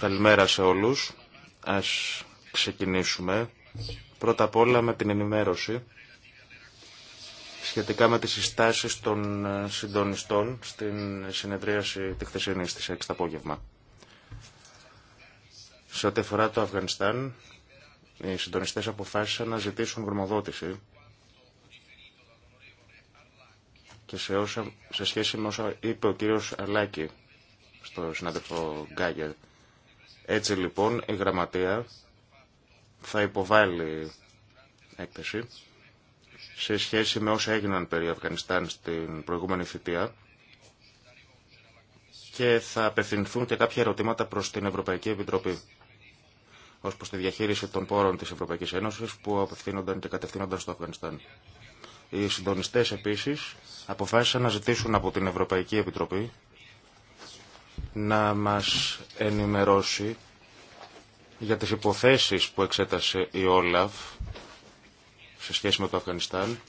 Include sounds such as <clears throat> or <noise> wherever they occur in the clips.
Καλημέρα σε όλους. Ας ξεκινήσουμε. Πρώτα απ' όλα με την ενημέρωση σχετικά με τις συστάσεις των συντονιστών στην συνεδρίαση τη χθεσινή της 6 το απόγευμα. Σε ό,τι αφορά το Αφγανιστάν, οι συντονιστές αποφάσισαν να ζητήσουν γνωμοδότηση και σε, όσα, σε σχέση με όσα είπε ο κύριος Αλάκη στο συνάδελφο Γκάγερ. Έτσι λοιπόν η γραμματεία θα υποβάλει έκθεση σε σχέση με όσα έγιναν περί Αφγανιστάν στην προηγούμενη θητεία και θα απευθυνθούν και κάποια ερωτήματα προς την Ευρωπαϊκή Επιτροπή ως προς τη διαχείριση των πόρων της Ευρωπαϊκής Ένωσης που απευθύνονταν και κατευθύνονταν στο Αφγανιστάν. Οι συντονιστές επίσης αποφάσισαν να ζητήσουν από την Ευρωπαϊκή Επιτροπή να μας ενημερώσει για τις υποθέσεις που εξέτασε η Όλαφ σε σχέση με το Αφγανιστάν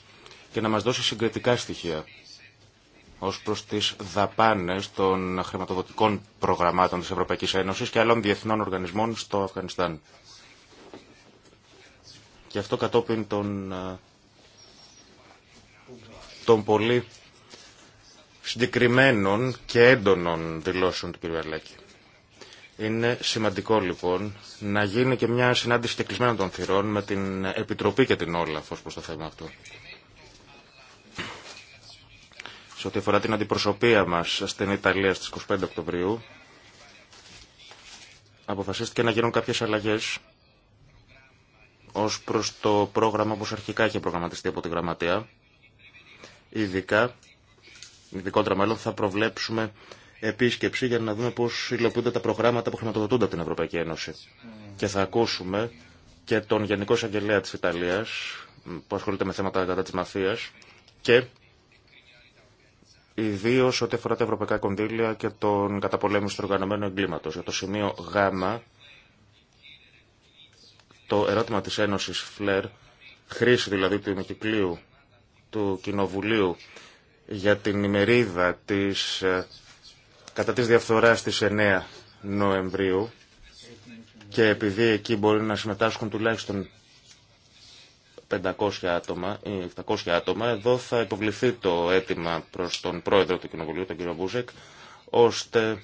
και να μας δώσει συγκριτικά στοιχεία ως προς τις δαπάνες των χρηματοδοτικών προγραμμάτων της Ευρωπαϊκής Ένωσης και άλλων διεθνών οργανισμών στο Αφγανιστάν. Και αυτό κατόπιν των των πολύ συγκεκριμένων και έντονων δηλώσεων του κ. Αλέκη. Είναι σημαντικό λοιπόν να γίνει και μια συνάντηση κλεισμένων των θυρών με την Επιτροπή και την όλα, ως προς το θέμα αυτό. Σε ό,τι αφορά την αντιπροσωπεία μας στην Ιταλία στις 25 Οκτωβρίου, αποφασίστηκε να γίνουν κάποιες αλλαγές ως προς το πρόγραμμα που αρχικά είχε προγραμματιστεί από τη Γραμματεία ειδικά, ειδικότερα μάλλον, θα προβλέψουμε επίσκεψη για να δούμε πώς υλοποιούνται τα προγράμματα που χρηματοδοτούνται από την Ευρωπαϊκή Ένωση. Και θα ακούσουμε και τον Γενικό Εισαγγελέα της Ιταλίας, που ασχολείται με θέματα κατά της μαφίας, και ιδίω ό,τι αφορά τα ευρωπαϊκά κονδύλια και τον καταπολέμηση του οργανωμένου εγκλήματος. Για το σημείο Γ, το ερώτημα της Ένωσης ΦΛΕΡ, χρήση δηλαδή του ημικυκλίου του Κοινοβουλίου για την ημερίδα της, ε, κατά της διαφθοράς της 9 Νοεμβρίου και επειδή εκεί μπορεί να συμμετάσχουν τουλάχιστον 500 άτομα ή 700 άτομα, εδώ θα υποβληθεί το αίτημα προς τον πρόεδρο του Κοινοβουλίου, τον κύριο Βούζεκ, ώστε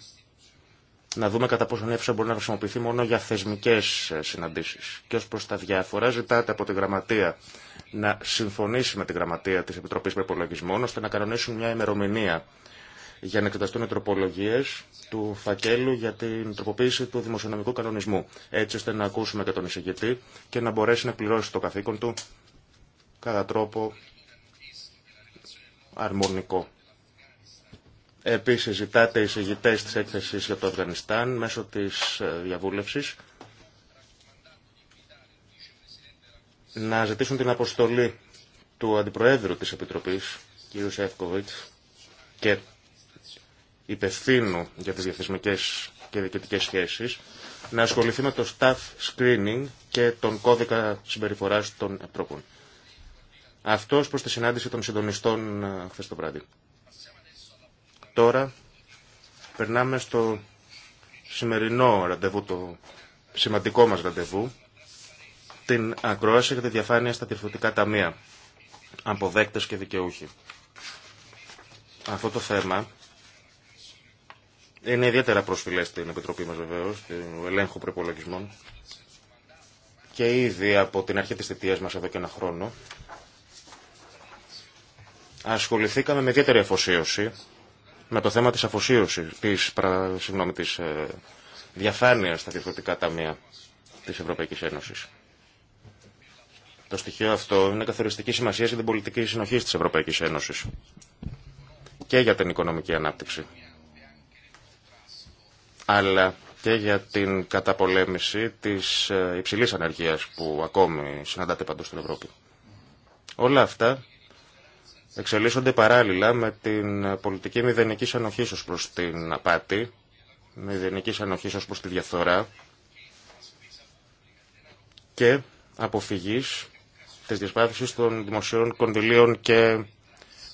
να δούμε κατά πόσο νεύσα μπορεί να χρησιμοποιηθεί μόνο για θεσμικές ε, συναντήσεις. Και ω προ τα διάφορα, ζητάτε από τη Γραμματεία να συμφωνήσει με τη Γραμματεία τη Επιτροπή Προπολογισμών ώστε να κανονίσουν μια ημερομηνία για να εξεταστούν οι τροπολογίε του φακέλου για την τροποποίηση του δημοσιονομικού κανονισμού. Έτσι ώστε να ακούσουμε και τον εισηγητή και να μπορέσει να πληρώσει το καθήκον του κατά τρόπο αρμονικό. Επίσης ζητάτε οι συγητές της έκθεσης για το Αφγανιστάν μέσω της ε, διαβούλευσης να ζητήσουν την αποστολή του Αντιπροέδρου της Επιτροπής, κ. Σεύκοβιτς, και υπευθύνου για τις διαθεσμικές και διοικητικές σχέσεις, να ασχοληθεί με το staff screening και τον κώδικα συμπεριφοράς των ανθρώπων. Αυτός προς τη συνάντηση των συντονιστών ε, χθε το βράδυ. Τώρα περνάμε στο σημερινό ραντεβού, το σημαντικό μας ραντεβού, την ακρόαση για τη διαφάνεια στα τυρφωτικά ταμεία, αποδέκτες και δικαιούχοι. Αυτό το θέμα είναι ιδιαίτερα προσφυλέ στην Επιτροπή μας βεβαίως του ελέγχου προπολογισμών. Και ήδη από την αρχή της θητείας μας εδώ και ένα χρόνο, ασχοληθήκαμε με ιδιαίτερη αφοσίωση με το θέμα της αφοσίωσης, της, συγγνώμη, ε, διαφάνειας στα διευθυντικά ταμεία της Ευρωπαϊκής Ένωσης. Το στοιχείο αυτό είναι καθοριστική σημασία για την πολιτική συνοχή της Ευρωπαϊκής Ένωσης και για την οικονομική ανάπτυξη, αλλά και για την καταπολέμηση της ε, υψηλής ανεργίας που ακόμη συναντάται παντού στην Ευρώπη. Όλα αυτά εξελίσσονται παράλληλα με την πολιτική μηδενική ανοχής ω προς την απάτη, μηδενικής ανοχής ω προς τη διαφθορά και αποφυγής της διασπάθηση των δημοσίων κονδυλίων και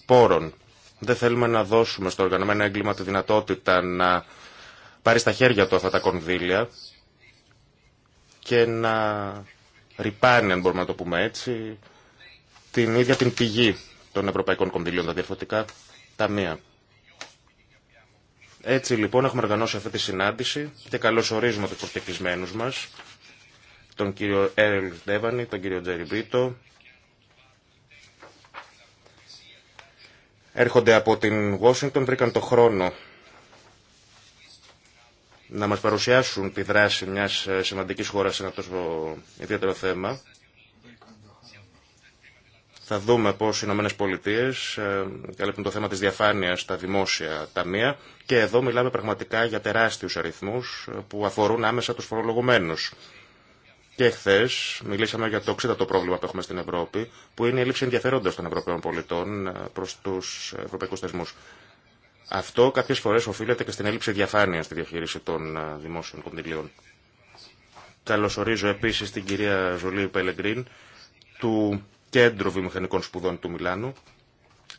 πόρων. Δεν θέλουμε να δώσουμε στο οργανωμένο έγκλημα τη δυνατότητα να πάρει στα χέρια του αυτά τα κονδύλια και να ρυπάνει, αν μπορούμε να το πούμε έτσι, την ίδια την πηγή των Ευρωπαϊκών Κονδυλίων, τα διαφορετικά ταμεία. Έτσι λοιπόν έχουμε οργανώσει αυτή τη συνάντηση και ορίζουμε τους προσκεκλισμένους μας, τον κύριο Έρελ Ντέβανη, τον κύριο Τζέρι Μπρίτο. Έρχονται από την Washington, βρήκαν το χρόνο να μας παρουσιάσουν τη δράση μιας ε, σημαντικής χώρας σε αυτό το ιδιαίτερο θέμα. Θα δούμε πώς οι Ηνωμένε Πολιτείε ε, καλύπτουν το θέμα της διαφάνειας στα δημόσια ταμεία και εδώ μιλάμε πραγματικά για τεράστιους αριθμούς ε, που αφορούν άμεσα τους φορολογουμένους. Και χθε μιλήσαμε για το ξύτατο πρόβλημα που έχουμε στην Ευρώπη, που είναι η έλλειψη ενδιαφέροντο των Ευρωπαίων πολιτών ε, προ του ευρωπαϊκού θεσμού. Αυτό κάποιε φορέ οφείλεται και στην έλλειψη διαφάνεια στη διαχείριση των δημόσιων κονδυλίων. Καλωσορίζω επίση την κυρία Πελεγκρίν του Κέντρο Βιομηχανικών Σπουδών του Μιλάνου,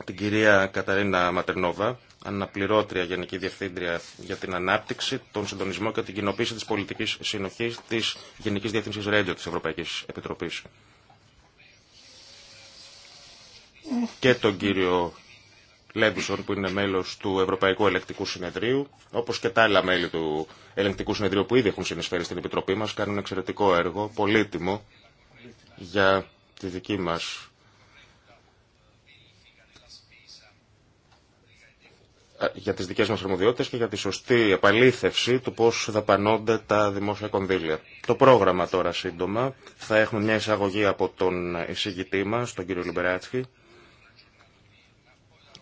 την κυρία Καταρίνα Ματερνόβα, αναπληρώτρια Γενική Διευθύντρια για την Ανάπτυξη, τον Συντονισμό και την Κοινοποίηση τη Πολιτική Συνοχή τη Γενική Διεύθυνση Ρέντιο τη Ευρωπαϊκή Επιτροπή. Και τον κύριο Λέμπισον, που είναι μέλο του Ευρωπαϊκού Ελεκτικού Συνεδρίου, όπω και τα άλλα μέλη του Ελεκτικού Συνεδρίου που ήδη έχουν συνεισφέρει στην Επιτροπή μα, κάνουν εξαιρετικό έργο, πολύτιμο, για τη δική μας για τις δικές μας αρμοδιότητες και για τη σωστή επαλήθευση του πώς δαπανώνται τα δημόσια κονδύλια. Το πρόγραμμα τώρα σύντομα θα έχουμε μια εισαγωγή από τον εισηγητή μας, τον κύριο Λιμπεράτσκι,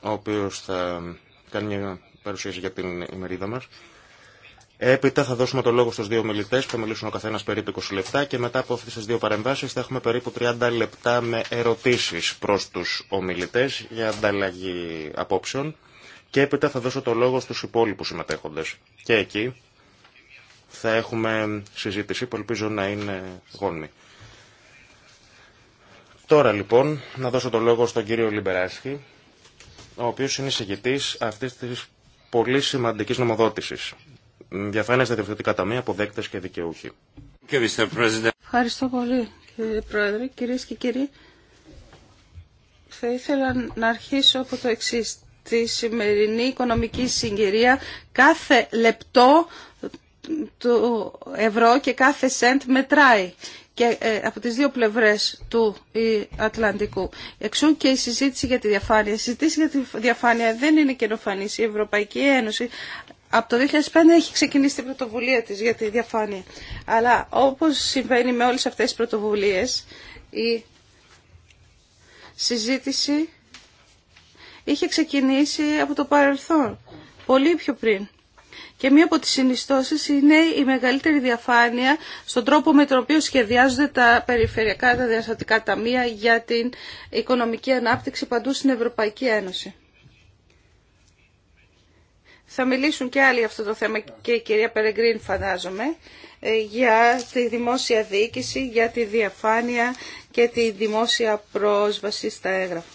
ο οποίος θα κάνει μια παρουσίαση για την ημερίδα μας. Έπειτα θα δώσουμε το λόγο στους δύο μιλητές που θα μιλήσουν ο καθένας περίπου 20 λεπτά και μετά από αυτές τις δύο παρεμβάσεις θα έχουμε περίπου 30 λεπτά με ερωτήσεις προς τους ομιλητές για ανταλλαγή απόψεων. Και έπειτα θα δώσω το λόγο στους υπόλοιπους συμμετέχοντες. Και εκεί θα έχουμε συζήτηση που ελπίζω να είναι γόνιμη. Τώρα λοιπόν να δώσω το λόγο στον κύριο Λιμπεράσχη, ο οποίος είναι συγκητής αυτής της πολύ σημαντικής νομοδότησης διαφάνεια στα διευθυντικά από δέκτες και δικαιούχοι. Ευχαριστώ πολύ κύριε Πρόεδρε. Κυρίες και κύριοι, θα ήθελα να αρχίσω από το εξή: Στη σημερινή οικονομική συγκυρία κάθε λεπτό του ευρώ και κάθε σέντ μετράει και ε, από τις δύο πλευρές του Ατλαντικού. Εξού και η συζήτηση για τη διαφάνεια. Η συζήτηση για τη διαφάνεια δεν είναι καινοφανής. Η Ευρωπαϊκή Ένωση από το 2005 έχει ξεκινήσει την πρωτοβουλία της για τη διαφάνεια. Αλλά όπως συμβαίνει με όλες αυτές τις πρωτοβουλίες, η συζήτηση είχε ξεκινήσει από το παρελθόν, πολύ πιο πριν. Και μία από τις συνιστώσεις είναι η μεγαλύτερη διαφάνεια στον τρόπο με τον οποίο σχεδιάζονται τα περιφερειακά, τα διαστατικά ταμεία για την οικονομική ανάπτυξη παντού στην Ευρωπαϊκή Ένωση. Θα μιλήσουν και άλλοι αυτό το θέμα και η κυρία Περεγκρίν φαντάζομαι ε, για τη δημόσια διοίκηση, για τη διαφάνεια και τη δημόσια πρόσβαση στα έγγραφα.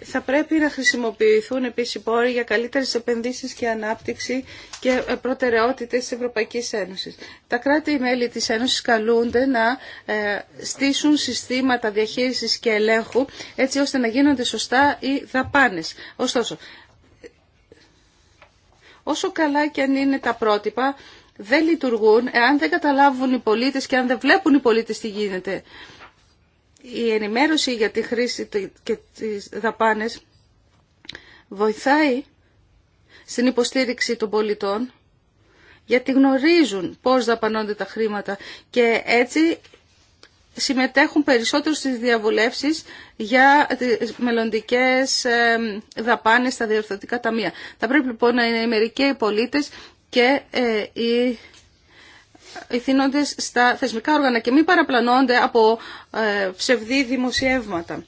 Θα πρέπει να χρησιμοποιηθούν επίσης οι πόροι για καλύτερες επενδύσεις και ανάπτυξη και ε, προτεραιότητες της Ευρωπαϊκής Ένωσης. Τα κράτη-μέλη της Ένωσης καλούνται να ε, στήσουν συστήματα διαχείρισης και ελέγχου έτσι ώστε να γίνονται σωστά οι δαπάνες. Ωστόσο, όσο καλά και αν είναι τα πρότυπα, δεν λειτουργούν εάν δεν καταλάβουν οι πολίτες και αν δεν βλέπουν οι πολίτες τι γίνεται η ενημέρωση για τη χρήση και τις δαπάνες βοηθάει στην υποστήριξη των πολιτών γιατί γνωρίζουν πώς δαπανώνται τα χρήματα και έτσι συμμετέχουν περισσότερο στις διαβουλεύσεις για τις μελλοντικές ε, δαπάνες στα διορθωτικά ταμεία. Θα πρέπει λοιπόν να είναι οι μερικοί πολίτες και ε, οι ηθήνονται στα θεσμικά όργανα και μην παραπλανώνται από ε, ψευδή δημοσιεύματα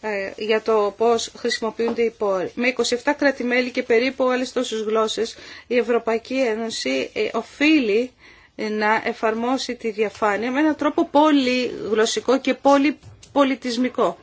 ε, για το πώς χρησιμοποιούνται οι πόροι. Με 27 κράτη-μέλη και περίπου όλες τόσες γλώσσες, η Ευρωπαϊκή Ένωση ε, οφείλει να εφαρμόσει τη διαφάνεια με έναν τρόπο πολύ γλωσσικό και πολύ πολιτισμικό.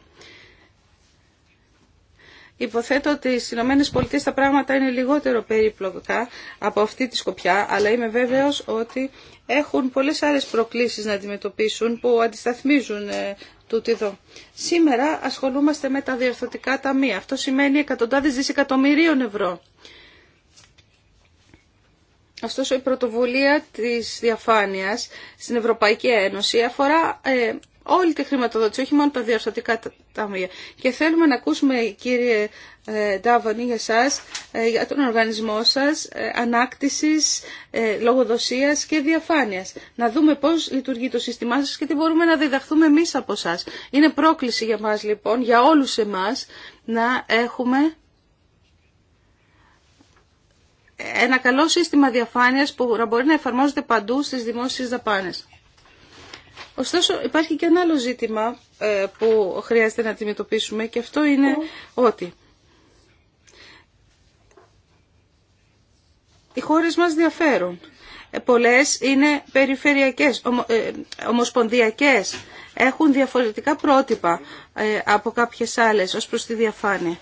Υποθέτω ότι στι Ηνωμένε Πολιτείε τα πράγματα είναι λιγότερο περίπλοκα από αυτή τη σκοπιά, αλλά είμαι βέβαιος ότι έχουν πολλές άλλες προκλήσεις να αντιμετωπίσουν που αντισταθμίζουν ε, τούτη εδώ. Σήμερα ασχολούμαστε με τα διορθωτικά ταμεία. Αυτό σημαίνει εκατοντάδες δισεκατομμυρίων ευρώ. Ωστόσο η πρωτοβουλία της διαφάνειας στην Ευρωπαϊκή Ένωση αφορά ε, όλη τη χρηματοδότηση, όχι μόνο τα διαρθωτικά ταμεία. Και θέλουμε να ακούσουμε, κύριε ε, Ντάβανη, για εσά, για τον οργανισμό σας, ε, ανάκτησης, ε, λογοδοσίας και διαφάνειας. Να δούμε πώς λειτουργεί το σύστημά σας και τι μπορούμε να διδαχθούμε εμείς από εσά. Είναι πρόκληση για μας, λοιπόν, για όλους εμάς, να έχουμε ένα καλό σύστημα διαφάνειας που να μπορεί να εφαρμόζεται παντού στις δημόσιες δαπάνες. Ωστόσο υπάρχει και ένα άλλο ζήτημα ε, που χρειάζεται να αντιμετωπίσουμε και αυτό είναι ότι οι χώρες μας διαφέρουν. Ε, πολλές είναι περιφερειακές, ε, ομοσπονδιακές, έχουν διαφορετικά πρότυπα από κάποιες άλλες ως προς τη διαφάνεια.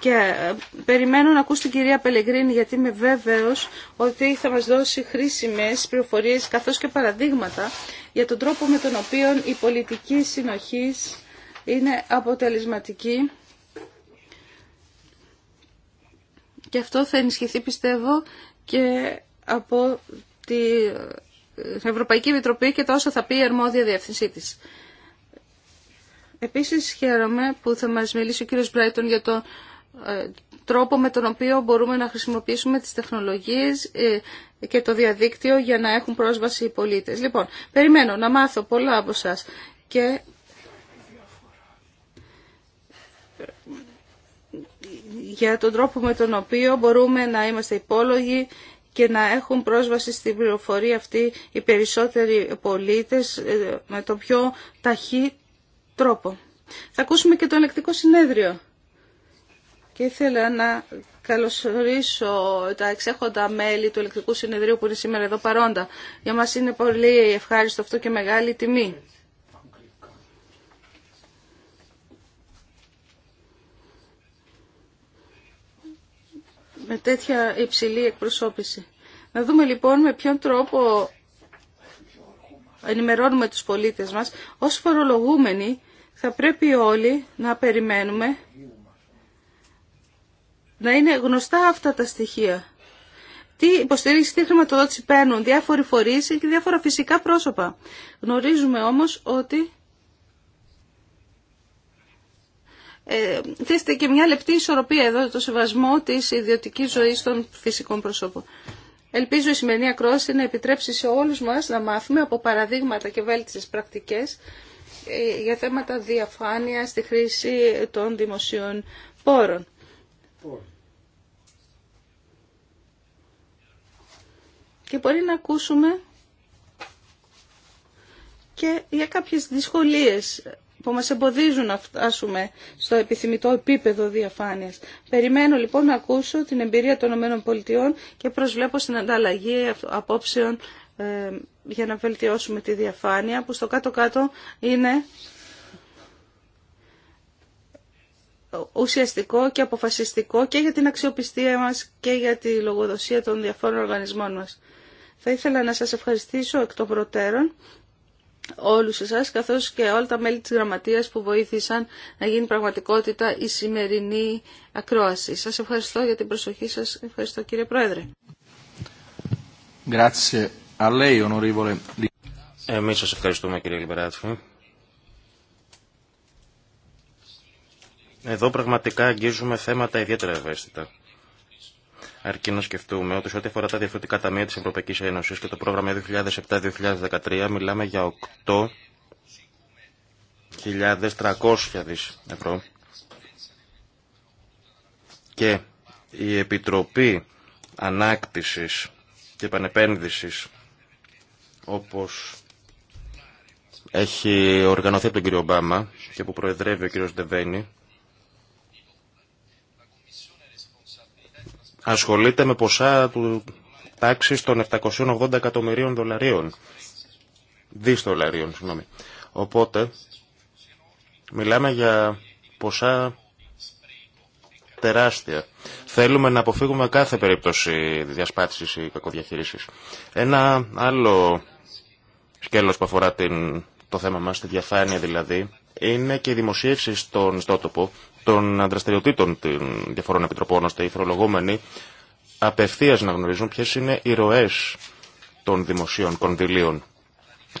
Και ε, περιμένω να ακούσω την κυρία Πελεγκρίνη γιατί είμαι βέβαιος ότι θα μας δώσει χρήσιμες πληροφορίες καθώς και παραδείγματα για τον τρόπο με τον οποίο η πολιτική συνοχής είναι αποτελεσματική και αυτό θα ενισχυθεί πιστεύω και από την Ευρωπαϊκή Επιτροπή και τόσο θα πει η αρμόδια διεύθυνσή της. Επίσης χαίρομαι που θα μας μιλήσει ο κύριος για το ε, τρόπο με τον οποίο μπορούμε να χρησιμοποιήσουμε τις τεχνολογίες ε, και το διαδίκτυο για να έχουν πρόσβαση οι πολίτες. Λοιπόν, περιμένω να μάθω πολλά από σας και για τον τρόπο με τον οποίο μπορούμε να είμαστε υπόλογοι και να έχουν πρόσβαση στην πληροφορία αυτή οι περισσότεροι πολίτες ε, με το πιο ταχύ τρόπο. Θα ακούσουμε και το ελεκτικό συνέδριο και ήθελα να καλωσορίσω τα εξέχοντα μέλη του Ελεκτρικού Συνεδρίου που είναι σήμερα εδώ παρόντα. Για μας είναι πολύ ευχάριστο αυτό και μεγάλη τιμή. Με τέτοια υψηλή εκπροσώπηση. Να δούμε λοιπόν με ποιον τρόπο ενημερώνουμε τους πολίτες μας. Ως φορολογούμενοι θα πρέπει όλοι να περιμένουμε να είναι γνωστά αυτά τα στοιχεία. Τι υποστηρίζει τι χρηματοδότηση παίρνουν διάφοροι φορείς και διάφορα φυσικά πρόσωπα. Γνωρίζουμε όμως ότι ε, και μια λεπτή ισορροπία εδώ το σεβασμό της ιδιωτικής ζωής των φυσικών προσώπων. Ελπίζω η σημερινή ακρόαση να επιτρέψει σε όλους μας να μάθουμε από παραδείγματα και βέλτιστες πρακτικές ε, για θέματα διαφάνεια στη χρήση των δημοσίων πόρων. Και μπορεί να ακούσουμε και για κάποιες δυσκολίες που μας εμποδίζουν να φτάσουμε στο επιθυμητό επίπεδο διαφάνειας. Περιμένω λοιπόν να ακούσω την εμπειρία των ΗΠΑ και προσβλέπω στην ανταλλαγή απόψεων ε, για να βελτιώσουμε τη διαφάνεια που στο κάτω-κάτω είναι ουσιαστικό και αποφασιστικό και για την αξιοπιστία μας και για τη λογοδοσία των διαφόρων οργανισμών μας. Θα ήθελα να σας ευχαριστήσω εκ των προτέρων όλους εσάς καθώς και όλα τα μέλη της γραμματείας που βοήθησαν να γίνει πραγματικότητα η σημερινή ακρόαση. Σας ευχαριστώ για την προσοχή σας. Ευχαριστώ κύριε Πρόεδρε. Εμείς σας ευχαριστούμε κύριε Λιμπεράτσου. Εδώ πραγματικά αγγίζουμε θέματα ιδιαίτερα ευαίσθητα. Αρκεί να σκεφτούμε ότι σε ό,τι αφορά τα διαφορετικά ταμεία τη Ευρωπαϊκή Ένωση και το πρόγραμμα 2007-2013, μιλάμε για 8.300 ευρώ. Και η Επιτροπή Ανάκτησης και Πανεπένδυσης όπως έχει οργανωθεί από τον κύριο Ομπάμα και που προεδρεύει ο κύριος Ντεβένη, ασχολείται με ποσά του τάξης των 780 εκατομμυρίων δολαρίων. Δις συγγνώμη. Οπότε, μιλάμε για ποσά τεράστια. Θέλουμε να αποφύγουμε κάθε περίπτωση διασπάθησης ή κακοδιαχείρισης. Ένα άλλο σκέλος που αφορά την, το θέμα μας, τη διαφάνεια δηλαδή, είναι και οι δημοσίευση στον ιστότοπο των δραστηριοτήτων των διαφορών επιτροπών, ώστε οι φορολογούμενοι απευθεία να γνωρίζουν ποιε είναι οι ροές των δημοσίων κονδυλίων.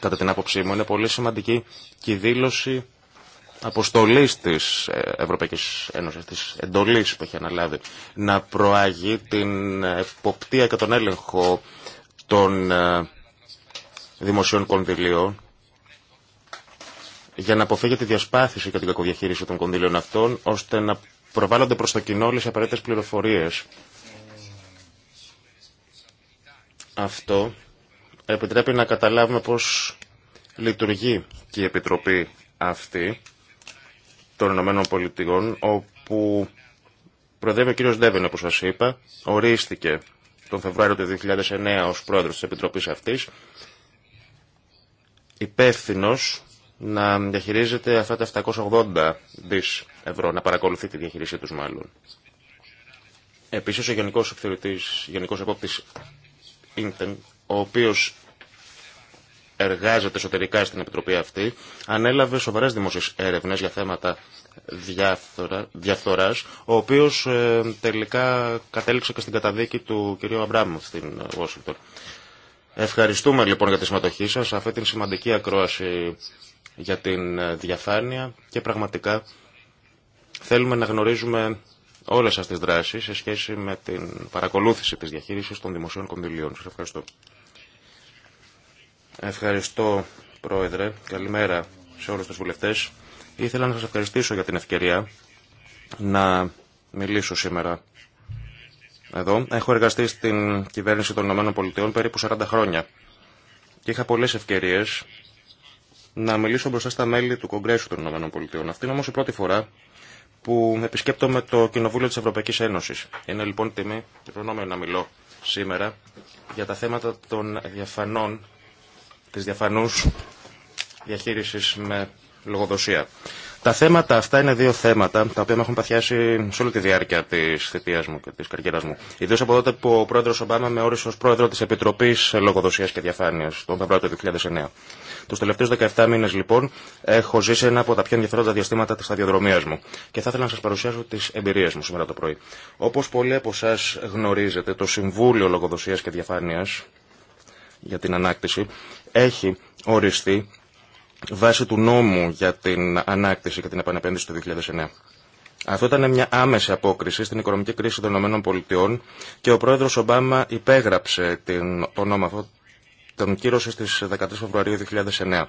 Κατά την άποψή μου είναι πολύ σημαντική και η δήλωση αποστολή τη Ευρωπαϊκή Ένωση, τη εντολή, που έχει αναλάβει, να προάγει την εποπτεία και τον έλεγχο των ε, δημοσίων κονδυλίων για να αποφύγει τη διασπάθηση και την κακοδιαχείριση των κονδύλων αυτών, ώστε να προβάλλονται προς το κοινό όλες οι απαραίτητες πληροφορίες. Αυτό επιτρέπει να καταλάβουμε πώς λειτουργεί και η Επιτροπή αυτή των Ηνωμένων Πολιτειών, όπου προεδρεύει ο κ. Ντέβεν, όπως σας είπα, ορίστηκε τον Φεβρουάριο του 2009 ως πρόεδρος της Επιτροπής αυτής, υπεύθυνο να διαχειρίζεται αυτά τα 780 δις ευρώ, να παρακολουθεί τη διαχείρισή τους μάλλον. Επίσης ο Γενικός Επόπτη Γενικός Επόπτης Ίντεν, ο οποίος εργάζεται εσωτερικά στην Επιτροπή αυτή, ανέλαβε σοβαρές δημόσιες έρευνες για θέματα διαφθορα, διαφθοράς, ο οποίος ε, τελικά κατέληξε και στην καταδίκη του κυρίου Αμπράμου στην Washington. Ευχαριστούμε λοιπόν για τη συμμετοχή σας αυτή την σημαντική ακρόαση για την ε, διαφάνεια και πραγματικά θέλουμε να γνωρίζουμε όλες αυτές τις δράσεις σε σχέση με την παρακολούθηση της διαχείρισης των δημοσίων κονδυλίων. Σας ευχαριστώ. Ευχαριστώ, Πρόεδρε. Καλημέρα σε όλους τους βουλευτές. Ήθελα να σας ευχαριστήσω για την ευκαιρία να μιλήσω σήμερα εδώ. Έχω εργαστεί στην κυβέρνηση των ΗΠΑ περίπου 40 χρόνια και είχα πολλές ευκαιρίες να μιλήσω μπροστά στα μέλη του Κογκρέσου των ΗΠΑ. Αυτή είναι όμω η πρώτη φορά που επισκέπτομαι το Κοινοβούλιο τη Ευρωπαϊκή Ένωση. Είναι λοιπόν τιμή και προνόμιο να μιλώ σήμερα για τα θέματα των διαφανών, τη διαφανού διαχείριση με λογοδοσία. Τα θέματα αυτά είναι δύο θέματα τα οποία με έχουν παθιάσει σε όλη τη διάρκεια τη θητεία μου και τη καριέρα μου. Ιδίω από τότε που ο πρόεδρο Ομπάμα με όρισε ω πρόεδρο τη Επιτροπή Λογοδοσία και Διαφάνεια τον Φεβρουάριο του 2009. Του τελευταίου 17 μήνε, λοιπόν, έχω ζήσει ένα από τα πιο ενδιαφέροντα διαστήματα τη σταδιοδρομία μου. Και θα ήθελα να σα παρουσιάσω τι εμπειρίε μου σήμερα το πρωί. Όπω πολλοί από εσά γνωρίζετε, το Συμβούλιο Λογοδοσία και Διαφάνεια για την ανάκτηση έχει οριστεί βάσει του νόμου για την ανάκτηση και την επανεπένδυση του 2009. Αυτό ήταν μια άμεση απόκριση στην οικονομική κρίση των ΗΠΑ και ο πρόεδρος Ομπάμα υπέγραψε την, το νόμο αυτό τον κύρωσε στις 13 Φεβρουαρίου 2009.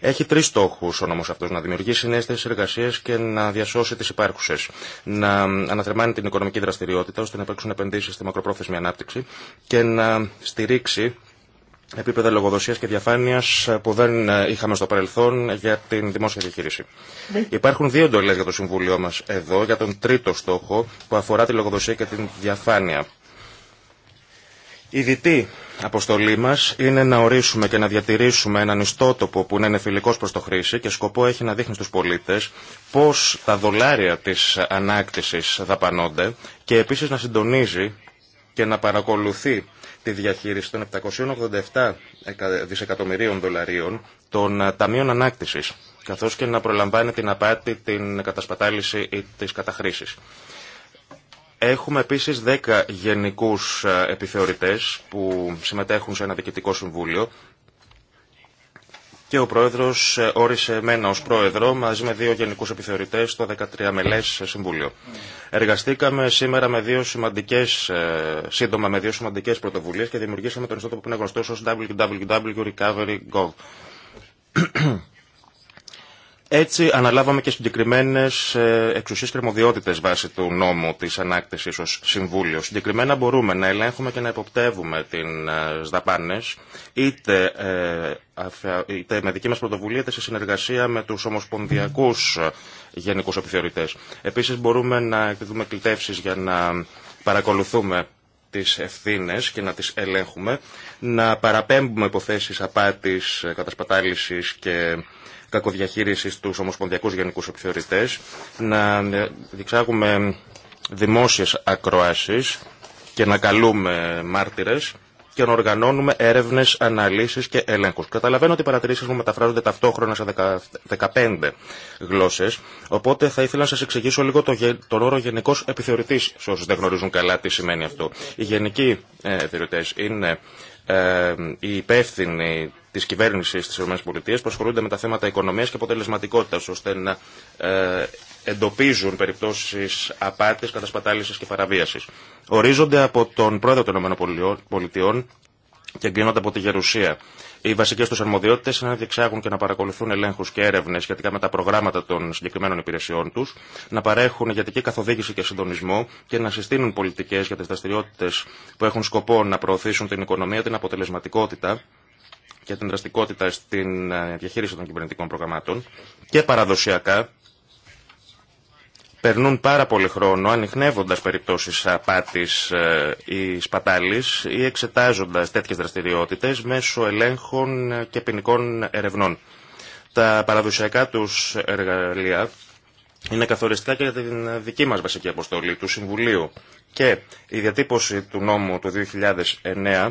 Έχει τρει στόχου ο νόμο αυτό. Να δημιουργήσει νέε θέσει εργασία και να διασώσει τι υπάρχουσες, Να αναθερμάνει την οικονομική δραστηριότητα ώστε να υπάρξουν επενδύσει στη μακροπρόθεσμη ανάπτυξη και να στηρίξει επίπεδα λογοδοσία και διαφάνεια που δεν είχαμε στο παρελθόν για την δημόσια διαχείριση. Υπάρχουν δύο εντολέ για το Συμβούλιο μα εδώ για τον τρίτο στόχο που αφορά τη λογοδοσία και την διαφάνεια η διτή αποστολή μα είναι να ορίσουμε και να διατηρήσουμε έναν ιστότοπο που να είναι φιλικό προ το χρήση και σκοπό έχει να δείχνει στου πολίτε πώ τα δολάρια τη ανάκτηση δαπανώνται και επίση να συντονίζει και να παρακολουθεί τη διαχείριση των 787 δισεκατομμυρίων δολαρίων των ε, ταμείων ανάκτησης, καθώς και να προλαμβάνει την απάτη, την κατασπατάληση ή τις καταχρήσεις. Έχουμε επίσης 10 γενικούς ε, επιθεωρητές που συμμετέχουν σε ένα διοικητικό συμβούλιο και ο Πρόεδρος ε, όρισε εμένα ως Πρόεδρο μαζί με δύο γενικούς επιθεωρητές στο 13 μελές συμβούλιο. Εργαστήκαμε σήμερα με δύο σημαντικές, ε, σύντομα με δύο σημαντικές πρωτοβουλίες και δημιουργήσαμε τον ιστότοπο που είναι γνωστό ως www.recovery.gov έτσι αναλάβαμε και συγκεκριμένε ε, εξουσίε και βάσει του νόμου τη ανάκτηση ω συμβούλιο. Συγκεκριμένα μπορούμε να ελέγχουμε και να υποπτεύουμε τι ε, δαπάνε είτε, ε, είτε με δική μα πρωτοβουλία είτε σε συνεργασία με του ομοσπονδιακού γενικού επιθεωρητέ. Επίση μπορούμε να εκδίδουμε κλητεύσει για να παρακολουθούμε τις ευθύνες και να τις ελέγχουμε, να παραπέμπουμε υποθέσεις απάτης, κατασπατάληση και κακοδιαχείριση τους ομοσπονδιακούς γενικού επιθεωρητές, να διεξάγουμε δημόσιες ακροασει και να καλούμε μάρτυρες και να οργανώνουμε έρευνε, αναλύσει και ελέγχου. Καταλαβαίνω ότι οι παρατηρήσει μου μεταφράζονται ταυτόχρονα σε 15 γλώσσε, οπότε θα ήθελα να σα εξηγήσω λίγο το, τον όρο Γενικό Επιθεωρητή, σε όσου δεν γνωρίζουν καλά τι σημαίνει αυτό. Οι γενικοί ε, επιθεωρητέ είναι ε, οι υπεύθυνοι τη κυβέρνηση τη ΗΠΑ που ασχολούνται με τα θέματα οικονομία και αποτελεσματικότητα, ώστε να ε, εντοπίζουν περιπτώσει απάτη, κατασπατάληση και παραβίαση. Ορίζονται από τον πρόεδρο των ΗΠΑ και εγκρίνονται από τη Γερουσία. Οι βασικέ του αρμοδιότητε είναι να διεξάγουν και να παρακολουθούν ελέγχου και έρευνε σχετικά με τα προγράμματα των συγκεκριμένων υπηρεσιών του, να παρέχουν ηγετική καθοδήγηση και συντονισμό και να συστήνουν πολιτικέ για τι δραστηριότητε που έχουν σκοπό να προωθήσουν την οικονομία, την αποτελεσματικότητα και την δραστικότητα στην ε, διαχείριση των κυβερνητικών προγραμμάτων και παραδοσιακά περνούν πάρα πολύ χρόνο ανοιχνεύοντας περιπτώσεις απάτης ή ε, σπατάλης ή εξετάζοντας τέτοιες δραστηριότητες μέσω ελέγχων και ποινικών ερευνών. Τα παραδοσιακά τους εργαλεία είναι καθοριστικά και για την δική μας βασική αποστολή του Συμβουλίου. Και η διατύπωση του νόμου του 2009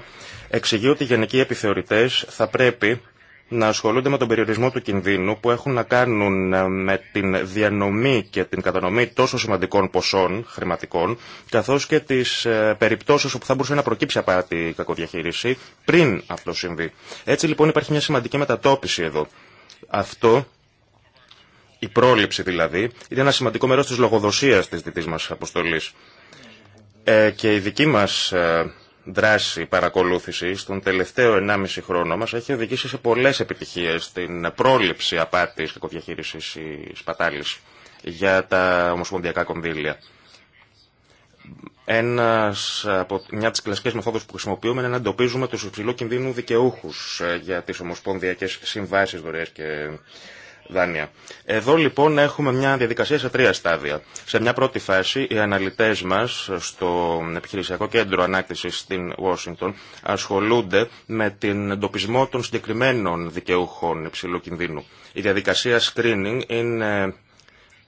εξηγεί ότι οι γενικοί επιθεωρητές θα πρέπει να ασχολούνται με τον περιορισμό του κινδύνου που έχουν να κάνουν ε, με την διανομή και την κατανομή τόσο σημαντικών ποσών χρηματικών, καθώς και τις ε, περιπτώσεις όπου θα μπορούσε να προκύψει απάτη κακοδιαχείριση πριν αυτό συμβεί. Έτσι λοιπόν υπάρχει μια σημαντική μετατόπιση εδώ. Αυτό η πρόληψη δηλαδή, είναι ένα σημαντικό μέρος της λογοδοσίας της δυτής μας αποστολής. Ε, και η δική μας ε, δράση παρακολούθηση στον τελευταίο 1,5 χρόνο μας έχει οδηγήσει σε πολλές επιτυχίες την πρόληψη απάτης και κοδιαχείρισης ή σπατάλης για τα ομοσπονδιακά κονδύλια. Ένας από μια από τις κλασικές μεθόδους που χρησιμοποιούμε είναι να εντοπίζουμε τους υψηλού κινδύνου δικαιούχους ε, για τις ομοσπονδιακές συμβάσεις δωρεές και εδώ λοιπόν έχουμε μια διαδικασία σε τρία στάδια. Σε μια πρώτη φάση οι αναλυτές μας στο επιχειρησιακό κέντρο ανάκτησης στην Washington ασχολούνται με την εντοπισμό των συγκεκριμένων δικαιούχων υψηλού κινδύνου. Η διαδικασία screening είναι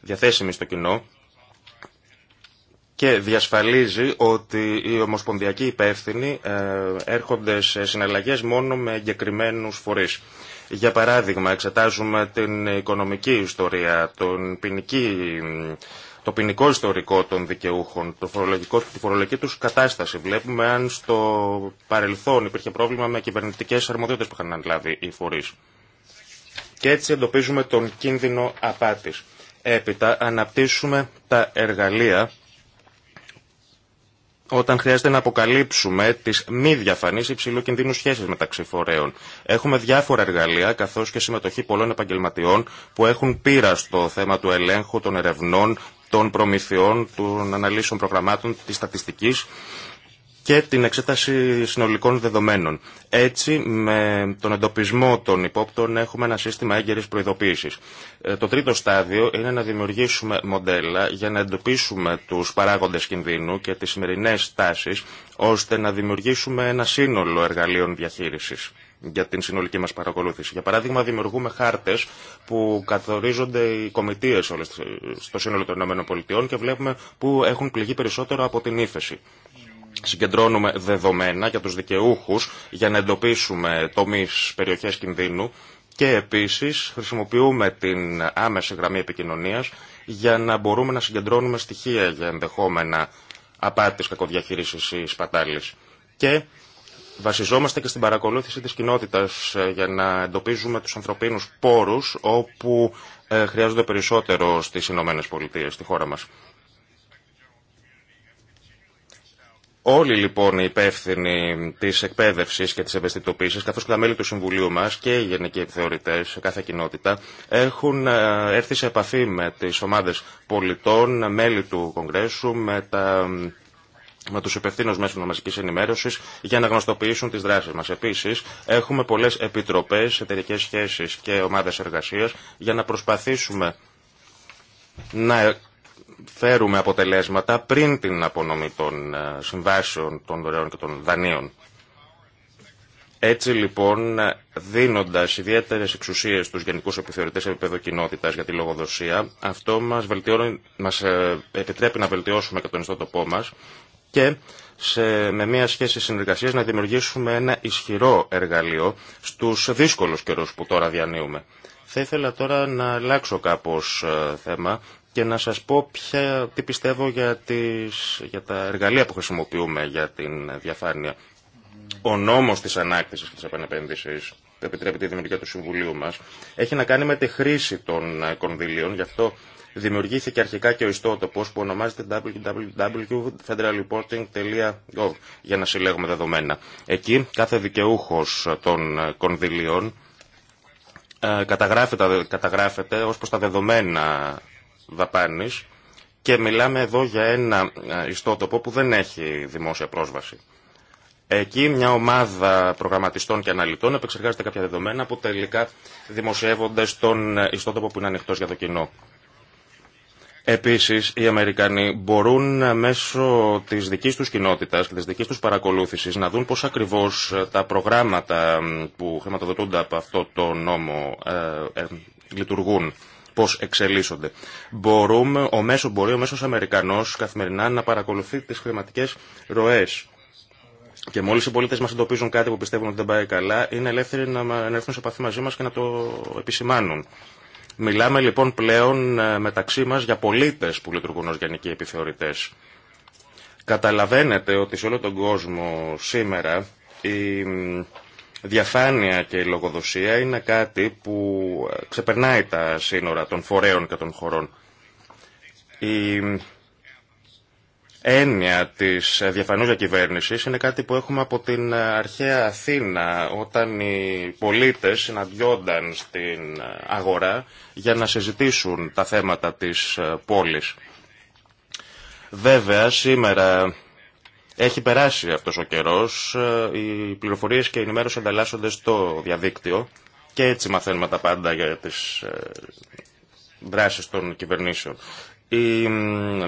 διαθέσιμη στο κοινό και διασφαλίζει ότι οι ομοσπονδιακοί υπεύθυνοι ε, έρχονται σε συναλλαγές μόνο με εγκεκριμένους φορείς. Για παράδειγμα, εξετάζουμε την οικονομική ιστορία, τον το ποινικό ιστορικό των δικαιούχων, το φορολογικό, τη φορολογική τους κατάσταση. Βλέπουμε αν στο παρελθόν υπήρχε πρόβλημα με κυβερνητικές αρμοδιότητες που είχαν αναλάβει οι φορείς. Και έτσι εντοπίζουμε τον κίνδυνο απάτης. Έπειτα αναπτύσσουμε τα εργαλεία όταν χρειάζεται να αποκαλύψουμε τι μη διαφανεί υψηλού κινδύνου σχέσει μεταξύ φορέων. Έχουμε διάφορα εργαλεία, καθώ και συμμετοχή πολλών επαγγελματιών που έχουν πείρα στο θέμα του ελέγχου, των ερευνών, των προμηθειών, των αναλύσεων προγραμμάτων, τη στατιστική και την εξέταση συνολικών δεδομένων. Έτσι, με τον εντοπισμό των υπόπτων έχουμε ένα σύστημα έγκαιρης προειδοποίησης. Ε, το τρίτο στάδιο είναι να δημιουργήσουμε μοντέλα για να εντοπίσουμε τους παράγοντες κινδύνου και τις σημερινές τάσεις, ώστε να δημιουργήσουμε ένα σύνολο εργαλείων διαχείρισης για την συνολική μας παρακολούθηση. Για παράδειγμα, δημιουργούμε χάρτες που καθορίζονται οι κομιτείες στο σύνολο των ΗΠΑ και βλέπουμε που έχουν πληγεί περισσότερο από την ύφεση συγκεντρώνουμε δεδομένα για τους δικαιούχους για να εντοπίσουμε τομείς περιοχές κινδύνου και επίσης χρησιμοποιούμε την άμεση γραμμή επικοινωνίας για να μπορούμε να συγκεντρώνουμε στοιχεία για ενδεχόμενα απάτης, κακοδιαχείρισης ή σπατάλης. Και βασιζόμαστε και στην παρακολούθηση της κοινότητας ε, για να εντοπίζουμε τους ανθρωπίνους πόρους όπου ε, χρειάζονται περισσότερο στις Ηνωμένε Πολιτείες, στη χώρα μας. Όλοι λοιπόν οι υπεύθυνοι τη εκπαίδευση και τη ευαισθητοποίηση, καθώ και τα μέλη του Συμβουλίου μα και οι γενικοί επιθεωρητέ σε κάθε κοινότητα, έχουν ε, έρθει σε επαφή με τι ομάδε πολιτών, μέλη του Κογκρέσου, με τα με του υπευθύνου μέσων μαζική ενημέρωση για να γνωστοποιήσουν τι δράσει μα. Επίση, έχουμε πολλέ επιτροπέ, εταιρικέ σχέσει και ομάδε εργασία για να προσπαθήσουμε να φέρουμε αποτελέσματα πριν την απονομή των ε, συμβάσεων των δωρεών και των δανείων. Έτσι λοιπόν, δίνοντα ιδιαίτερε εξουσίε στου γενικού επιθεωρητέ επίπεδο κοινότητα για τη λογοδοσία, αυτό μα μας ε, επιτρέπει να βελτιώσουμε και τον ιστότοπό μα και σε, με μια σχέση συνεργασία να δημιουργήσουμε ένα ισχυρό εργαλείο στου δύσκολου καιρού που τώρα διανύουμε. Θα ήθελα τώρα να αλλάξω κάπως ε, θέμα και να σας πω ποια, τι πιστεύω για, τις, για τα εργαλεία που χρησιμοποιούμε για την διαφάνεια. Ο νόμος της ανάκτησης και της επανεπένδυσης που επιτρέπει τη δημιουργία του Συμβουλίου μας έχει να κάνει με τη χρήση των κονδυλίων, γι' αυτό δημιουργήθηκε αρχικά και ο ιστότοπος που ονομάζεται www.federalreporting.gov για να συλλέγουμε δεδομένα. Εκεί κάθε δικαιούχος των κονδυλίων ε, καταγράφεται, καταγράφεται ως προς τα δεδομένα δαπάνης και μιλάμε εδώ για ένα ιστότοπο που δεν έχει δημόσια πρόσβαση. Εκεί μια ομάδα προγραμματιστών και αναλυτών επεξεργάζεται κάποια δεδομένα που τελικά δημοσιεύονται στον ε, ιστότοπο που είναι ανοιχτό για το κοινό. Επίσης, οι Αμερικανοί μπορούν ε, μέσω της δικής τους κοινότητας και της δικής τους παρακολούθησης να δουν πώς ακριβώς ε, τα προγράμματα που χρηματοδοτούνται από αυτό το νόμο λειτουργούν πώς εξελίσσονται. Μπορούμε, ο μέσο, μπορεί ο μέσος Αμερικανός καθημερινά να παρακολουθεί τις χρηματικές ροές. Και μόλι οι πολίτε μα εντοπίζουν κάτι που πιστεύουν ότι δεν πάει καλά, είναι ελεύθεροι να έρθουν σε επαφή μαζί μα και να το επισημάνουν. Μιλάμε λοιπόν πλέον ε, μεταξύ μα για πολίτε που λειτουργούν ω γενικοί επιθεωρητέ. Καταλαβαίνετε ότι σε όλο τον κόσμο σήμερα διαφάνεια και η λογοδοσία είναι κάτι που ε, ξεπερνάει τα σύνορα των φορέων και των χωρών. Η έννοια της ε, διαφανούς διακυβέρνησης είναι κάτι που έχουμε από την ε, αρχαία Αθήνα όταν οι πολίτες συναντιόνταν στην αγορά για να συζητήσουν τα θέματα της πόλης. Βέβαια, σήμερα έχει περάσει αυτός ο καιρός, ε, οι πληροφορίες και οι ενημέρωση ανταλλάσσονται στο διαδίκτυο και έτσι μαθαίνουμε τα πάντα για τις ε, δράσεις των κυβερνήσεων. Η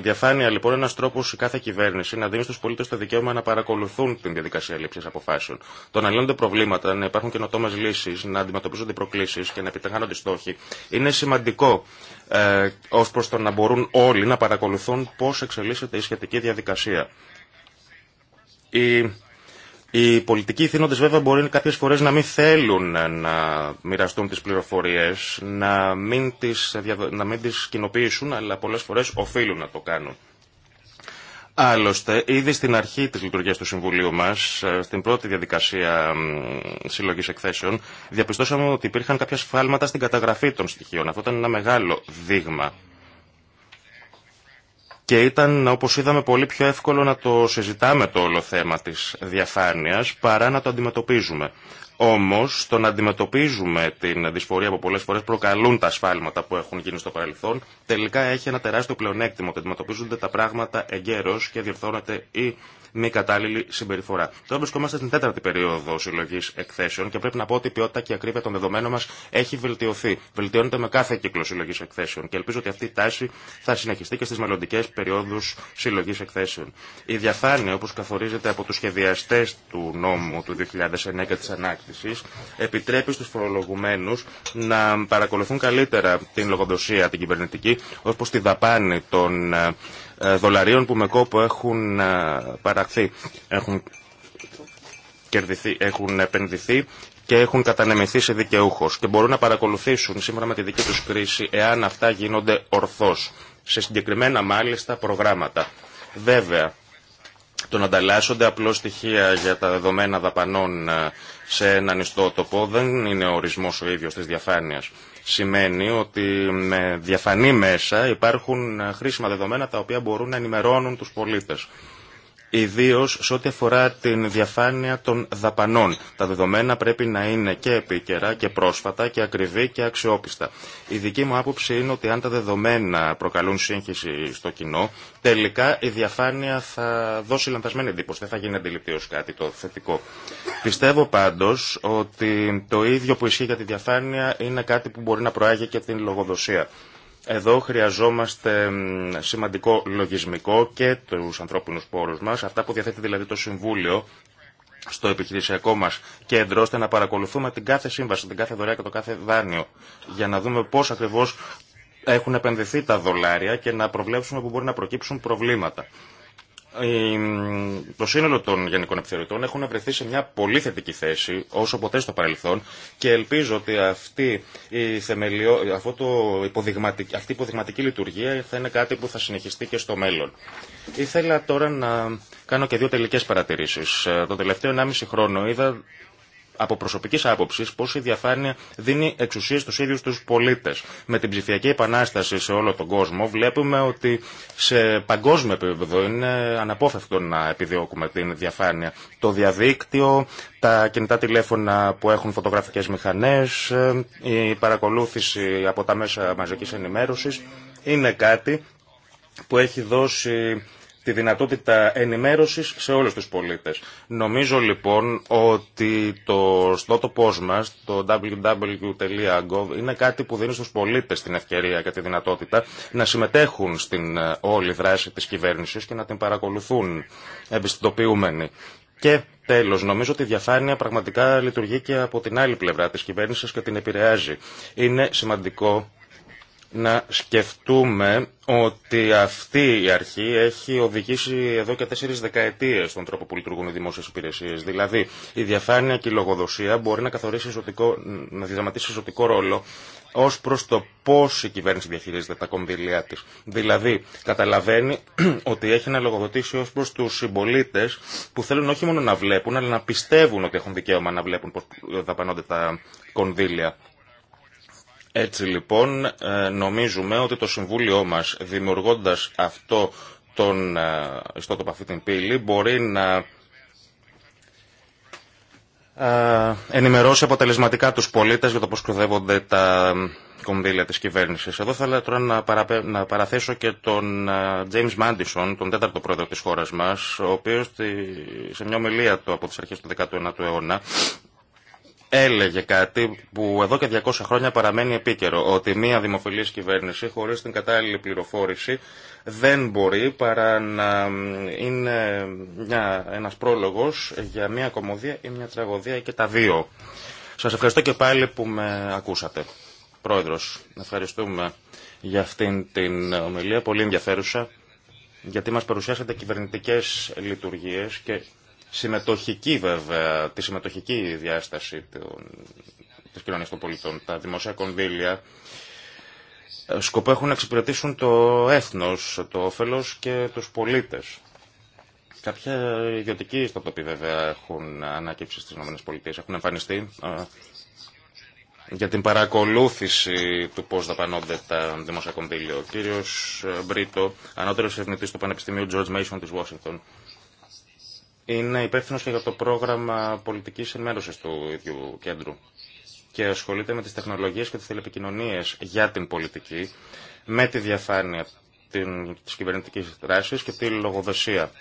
διαφάνεια λοιπόν είναι ένα τρόπο σε κάθε κυβέρνηση να δίνει στου πολίτε το δικαίωμα να παρακολουθούν την διαδικασία λήψη αποφάσεων. Το να λύνονται προβλήματα, να υπάρχουν καινοτόμε λύσει, να αντιμετωπίζονται προκλήσει και να επιτυγχάνονται στόχοι είναι σημαντικό ε, ω προ το να μπορούν όλοι να παρακολουθούν πώ εξελίσσεται η σχετική διαδικασία. Οι, οι πολιτικοί ηθήνοντε, βέβαια μπορεί κάποιες φορές να μην θέλουν να μοιραστούν τις πληροφορίες, να μην τι να κοινοποιήσουν, αλλά πολλές φορές οφείλουν να το κάνουν. Άλλωστε, ήδη στην αρχή της λειτουργίας του Συμβουλίου μας, ε, στην πρώτη διαδικασία συλλογής εκθέσεων, διαπιστώσαμε ότι υπήρχαν κάποια σφάλματα στην καταγραφή των στοιχείων. Αυτό ήταν ένα μεγάλο δείγμα και ήταν, όπως είδαμε, πολύ πιο εύκολο να το συζητάμε το όλο θέμα της διαφάνειας παρά να το αντιμετωπίζουμε. Όμως, το να αντιμετωπίζουμε την δυσφορία που πολλές φορές προκαλούν τα ασφάλματα που έχουν γίνει στο παρελθόν, τελικά έχει ένα τεράστιο πλεονέκτημα ότι αντιμετωπίζονται τα πράγματα εγκαίρως και διορθώνεται η μη κατάλληλη συμπεριφορά. Τώρα βρισκόμαστε στην τέταρτη περίοδο συλλογή εκθέσεων και πρέπει να πω ότι η ποιότητα και η ακρίβεια των δεδομένων μα έχει βελτιωθεί. Βελτιώνεται με κάθε κύκλο συλλογή εκθέσεων και ελπίζω ότι αυτή η τάση θα συνεχιστεί και στι μελλοντικέ περιόδου συλλογή εκθέσεων. Η διαφάνεια, όπω καθορίζεται από του σχεδιαστέ του νόμου του 2009 και τη ανάκτηση, επιτρέπει στου φορολογουμένου να παρακολουθούν καλύτερα την λογοδοσία την κυβερνητική ω τη δαπάνη των ε, ε, δολαρίων που με κόπο έχουν ε, παραχθεί, έχουν, κερδιθεί, έχουν επενδυθεί και έχουν κατανεμηθεί σε δικαιούχος και μπορούν να παρακολουθήσουν σήμερα με τη δική τους κρίση εάν αυτά γίνονται ορθώς, σε συγκεκριμένα μάλιστα προγράμματα. Βέβαια, το να ανταλλάσσονται απλώς στοιχεία για τα δεδομένα δαπανών ε, σε έναν ιστότοπο δεν είναι ο ορισμός ο ίδιος της διαφάνειας σημαίνει ότι με διαφανή μέσα υπάρχουν χρήσιμα δεδομένα τα οποία μπορούν να ενημερώνουν τους πολίτες. Ιδίω σε ό,τι αφορά την διαφάνεια των δαπανών. Τα δεδομένα πρέπει να είναι και επίκαιρα και πρόσφατα και ακριβή και αξιόπιστα. Η δική μου άποψη είναι ότι αν τα δεδομένα προκαλούν σύγχυση στο κοινό, τελικά η διαφάνεια θα δώσει λανθασμένη εντύπωση. Δεν θα γίνει αντιληπτή ω κάτι το θετικό. Πιστεύω πάντω ότι το ίδιο που ισχύει για τη διαφάνεια είναι κάτι που μπορεί να προάγει και την λογοδοσία. Εδώ χρειαζόμαστε σημαντικό λογισμικό και τους ανθρώπινους πόρους μας, αυτά που διαθέτει δηλαδή το Συμβούλιο στο επιχειρησιακό μας κέντρο, ώστε να παρακολουθούμε την κάθε σύμβαση, την κάθε δωρεά και το κάθε δάνειο, για να δούμε πώς ακριβώς έχουν επενδυθεί τα δολάρια και να προβλέψουμε που μπορεί να προκύψουν προβλήματα. Ε, το σύνολο των γενικών επιθεωρητών έχουν βρεθεί σε μια πολύ θετική θέση όσο ποτέ στο παρελθόν και ελπίζω ότι αυτή η, αυτό υποδειγματική, αυτή η λειτουργία θα είναι κάτι που θα συνεχιστεί και στο μέλλον. Ήθελα τώρα να κάνω και δύο τελικές παρατηρήσεις. Ε, το τελευταίο 1,5 χρόνο είδα από προσωπική άποψη πώ η διαφάνεια δίνει εξουσίες στου ίδιου του πολίτε. Με την ψηφιακή επανάσταση σε όλο τον κόσμο βλέπουμε ότι σε παγκόσμιο επίπεδο είναι αναπόφευκτο να επιδιώκουμε την διαφάνεια. Το διαδίκτυο, τα κινητά τηλέφωνα που έχουν φωτογραφικέ μηχανέ, ε, η παρακολούθηση από τα μέσα μαζική ενημέρωση είναι κάτι που έχει δώσει τη δυνατότητα ενημέρωσης σε όλους τους πολίτες. Νομίζω λοιπόν ότι το στότοπό μας, το www.gov, είναι κάτι που δίνει στους πολίτες την ευκαιρία και τη δυνατότητα να συμμετέχουν στην ε, όλη δράση της κυβέρνησης και να την παρακολουθούν εμπιστοποιούμενοι. Και τέλος, νομίζω ότι η διαφάνεια πραγματικά λειτουργεί και από την άλλη πλευρά τη κυβέρνηση και την επηρεάζει. Είναι σημαντικό να σκεφτούμε ότι αυτή η αρχή έχει οδηγήσει εδώ και τέσσερι δεκαετίε τον τρόπο που λειτουργούν οι δημόσιε υπηρεσίε. Δηλαδή, η διαφάνεια και η λογοδοσία μπορεί να καθορίσει ισοτικό, να ισοτικό ρόλο ω προ το πώ η κυβέρνηση διαχειρίζεται τα κονδύλια τη. Δηλαδή, καταλαβαίνει <clears throat> ότι έχει να λογοδοτήσει ω προ του συμπολίτε που θέλουν όχι μόνο να βλέπουν, αλλά να πιστεύουν ότι έχουν δικαίωμα να βλέπουν πώ δαπανώνται τα κονδύλια. Έτσι λοιπόν ε, νομίζουμε ότι το Συμβούλιο μας δημιουργώντας αυτό τον ε, ιστότοπο αυτή την πύλη μπορεί να ε, ενημερώσει αποτελεσματικά τους πολίτες για το πώς κροδεύονται τα κονδύλια της κυβέρνησης. Εδώ θα ήθελα τώρα να, παραθέσω και τον James Μάντισον, τον τέταρτο πρόεδρο της χώρας μας, ο οποίος σε μια ομιλία του από τις αρχές του 19ου αιώνα έλεγε κάτι που εδώ και 200 χρόνια παραμένει επίκαιρο, ότι μια δημοφιλής κυβέρνηση χωρίς την κατάλληλη πληροφόρηση δεν μπορεί παρά να είναι μια, ένας πρόλογος για μια κομμωδία ή μια τραγωδία και τα δύο. Σας ευχαριστώ και πάλι που με ακούσατε. Πρόεδρος, ευχαριστούμε για αυτήν την ομιλία, πολύ ενδιαφέρουσα, γιατί μας παρουσιάσατε κυβερνητικές λειτουργίες και συμμετοχική βέβαια, τη συμμετοχική διάσταση της κοινωνίας των πολιτών. Τα δημοσία κονδύλια ε, σκοπό έχουν να εξυπηρετήσουν το έθνος, το όφελος και τους πολίτες. Κάποια ιδιωτική τοπίο βέβαια έχουν ανακύψει στις ΗΠΑ, έχουν εμφανιστεί ε, για την παρακολούθηση του πώς δαπανώνται τα δημοσία κονδύλια. Ο κύριος ε, Μπρίτο, ανώτερος ερευνητής του Πανεπιστημίου George Mason της Washington, είναι υπεύθυνο και για το πρόγραμμα πολιτικής ενημέρωσης του ίδιου κέντρου και ασχολείται με τις τεχνολογίες και τις τηλεπικοινωνίε για την πολιτική, με τη διαφάνεια τη κυβερνητική δράση και τη λογοδοσία.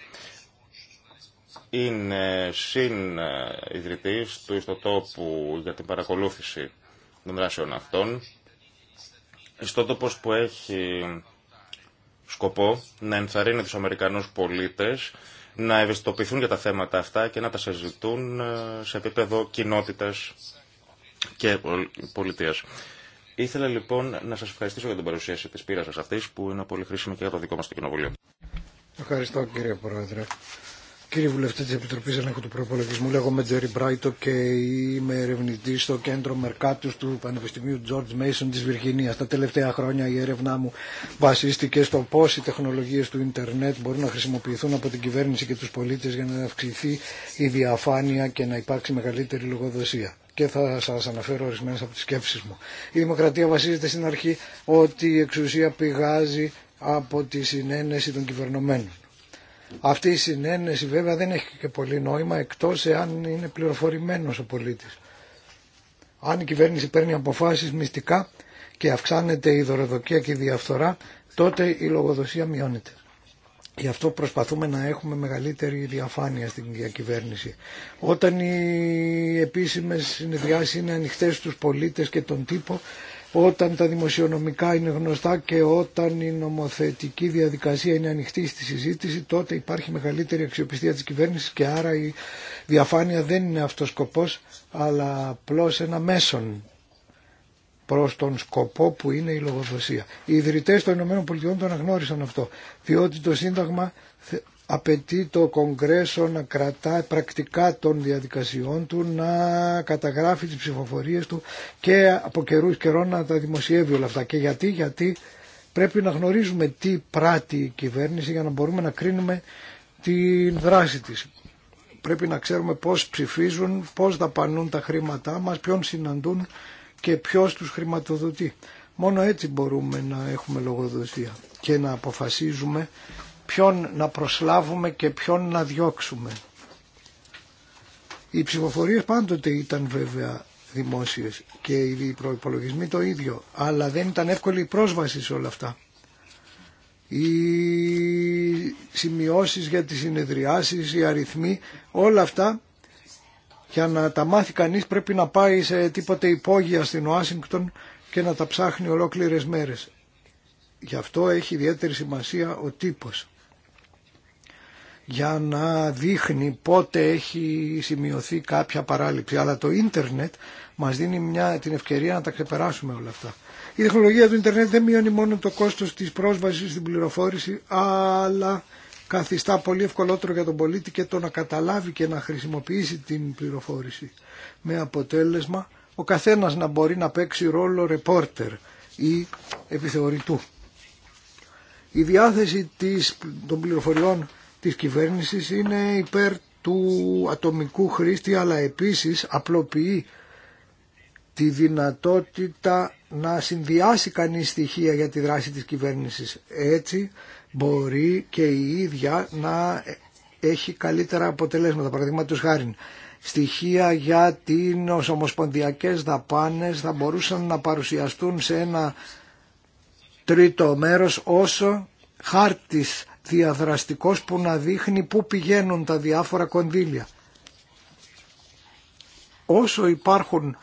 Είναι συν ε, του ιστοτόπου για την παρακολούθηση των δράσεων αυτών, ιστότοπος που έχει σκοπό να ενθαρρύνει τους Αμερικανούς πολίτες να ευαισθητοποιηθούν για τα θέματα αυτά και να τα συζητούν ε, σε επίπεδο κοινότητα και πολιτεία. Ήθελα λοιπόν να σα ευχαριστήσω για την παρουσίαση τη πείρα σα αυτή που είναι πολύ χρήσιμη και για το δικό μα το κοινοβούλιο. Ευχαριστώ κύριε Πρόεδρε. Κύριε Βουλευτή τη Επιτροπή Ελέγχου του Προπολογισμού, λέγομαι Τζέρι Μπράιτο και είμαι ερευνητή στο κέντρο Μερκάτου του Πανεπιστημίου George Mason τη Βιργινία. Τα τελευταία χρόνια η έρευνά μου βασίστηκε στο πώ οι τεχνολογίε του Ιντερνετ μπορούν να χρησιμοποιηθούν από την κυβέρνηση και του πολίτε για να αυξηθεί η διαφάνεια και να υπάρξει μεγαλύτερη λογοδοσία. Και θα σα αναφέρω ορισμένε από τι σκέψει μου. Η δημοκρατία βασίζεται στην αρχή ότι η εξουσία πηγάζει από τη συνένεση των κυβερνομένων αυτή η συνένεση βέβαια δεν έχει και πολύ νόημα εκτός εάν είναι πληροφορημένος ο πολίτης. Αν η κυβέρνηση παίρνει αποφάσεις μυστικά και αυξάνεται η δωροδοκία και η διαφθορά, τότε η λογοδοσία μειώνεται. Γι' αυτό προσπαθούμε να έχουμε μεγαλύτερη διαφάνεια στην διακυβέρνηση. Όταν οι επίσημες συνεδριάσεις είναι ανοιχτές στους πολίτες και τον τύπο, όταν τα δημοσιονομικά είναι γνωστά και όταν η νομοθετική διαδικασία είναι ανοιχτή στη συζήτηση, τότε υπάρχει μεγαλύτερη αξιοπιστία της κυβέρνησης και άρα η διαφάνεια δεν είναι αυτός σκοπός, αλλά απλώς ένα μέσον προς τον σκοπό που είναι η λογοδοσία. Οι ιδρυτές των ΗΠΑ το αναγνώρισαν αυτό, διότι το Σύνταγμα απαιτεί το Κογκρέσο να κρατά πρακτικά των διαδικασιών του, να καταγράφει τις ψηφοφορίες του και από καιρού καιρό να τα δημοσιεύει όλα αυτά. Και γιατί, γιατί πρέπει να γνωρίζουμε τι πράττει η κυβέρνηση για να μπορούμε να κρίνουμε την δράση της. Πρέπει να ξέρουμε πώς ψηφίζουν, πώς δαπανούν τα χρήματά μας, ποιον συναντούν και ποιος τους χρηματοδοτεί. Μόνο έτσι μπορούμε να έχουμε λογοδοσία και να αποφασίζουμε ποιον να προσλάβουμε και ποιον να διώξουμε. Οι ψηφοφορίες πάντοτε ήταν βέβαια δημόσιες και οι προπολογισμοί το ίδιο, αλλά δεν ήταν εύκολη η πρόσβαση σε όλα αυτά. Οι σημειώσεις για τις συνεδριάσεις, οι αριθμοί, όλα αυτά για να τα μάθει κανείς πρέπει να πάει σε τίποτε υπόγεια στην Ουάσιγκτον και να τα ψάχνει ολόκληρες μέρες. Γι' αυτό έχει ιδιαίτερη σημασία ο τύπος για να δείχνει πότε έχει σημειωθεί κάποια παράληψη. Αλλά το ίντερνετ μας δίνει μια, την ευκαιρία να τα ξεπεράσουμε όλα αυτά. Η τεχνολογία του ίντερνετ δεν μειώνει μόνο το κόστος της πρόσβασης στην πληροφόρηση, αλλά καθιστά πολύ ευκολότερο για τον πολίτη και το να καταλάβει και να χρησιμοποιήσει την πληροφόρηση. Με αποτέλεσμα ο καθένας να μπορεί να παίξει ρόλο ρεπόρτερ ή επιθεωρητού. Η διάθεση των πληροφοριών της κυβέρνησης είναι υπέρ του ατομικού χρήστη αλλά επίσης απλοποιεί τη δυνατότητα να συνδυάσει κανείς στοιχεία για τη δράση της κυβέρνησης. Έτσι μπορεί και η ίδια να έχει καλύτερα αποτελέσματα. Παραδείγματο χάρη, στοιχεία για την ομοσπονδιακές δαπάνες θα μπορούσαν να παρουσιαστούν σε ένα τρίτο μέρος όσο χάρτης διαδραστικός που να δείχνει πού πηγαίνουν τα διάφορα κονδύλια. Όσο υπάρχουν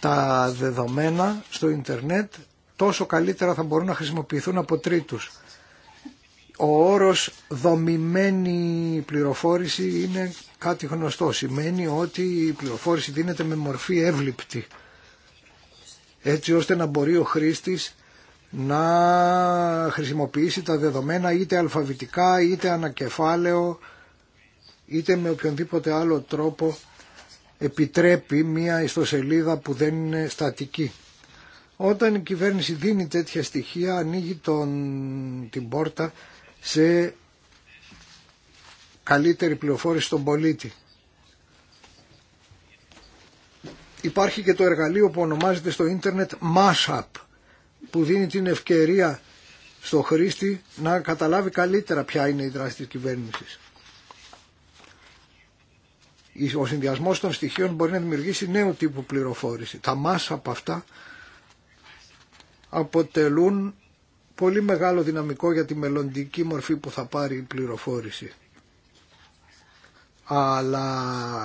τα δεδομένα στο ίντερνετ, τόσο καλύτερα θα μπορούν να χρησιμοποιηθούν από τρίτους. Ο όρος δομημένη πληροφόρηση είναι κάτι γνωστό. Σημαίνει ότι η πληροφόρηση δίνεται με μορφή εύληπτη, έτσι ώστε να μπορεί ο χρήστης να χρησιμοποιήσει τα δεδομένα είτε αλφαβητικά είτε ανακεφάλαιο είτε με οποιονδήποτε άλλο τρόπο επιτρέπει μια ιστοσελίδα που δεν είναι στατική. Όταν η κυβέρνηση δίνει τέτοια στοιχεία ανοίγει τον, την πόρτα σε καλύτερη πληροφόρηση στον πολίτη. Υπάρχει και το εργαλείο που ονομάζεται στο ίντερνετ Mashup που δίνει την ευκαιρία στο χρήστη να καταλάβει καλύτερα ποια είναι η δράση της κυβέρνησης. Ο συνδυασμός των στοιχείων μπορεί να δημιουργήσει νέο τύπο πληροφόρηση. Τα μάσα από αυτά αποτελούν πολύ μεγάλο δυναμικό για τη μελλοντική μορφή που θα πάρει η πληροφόρηση. Αλλά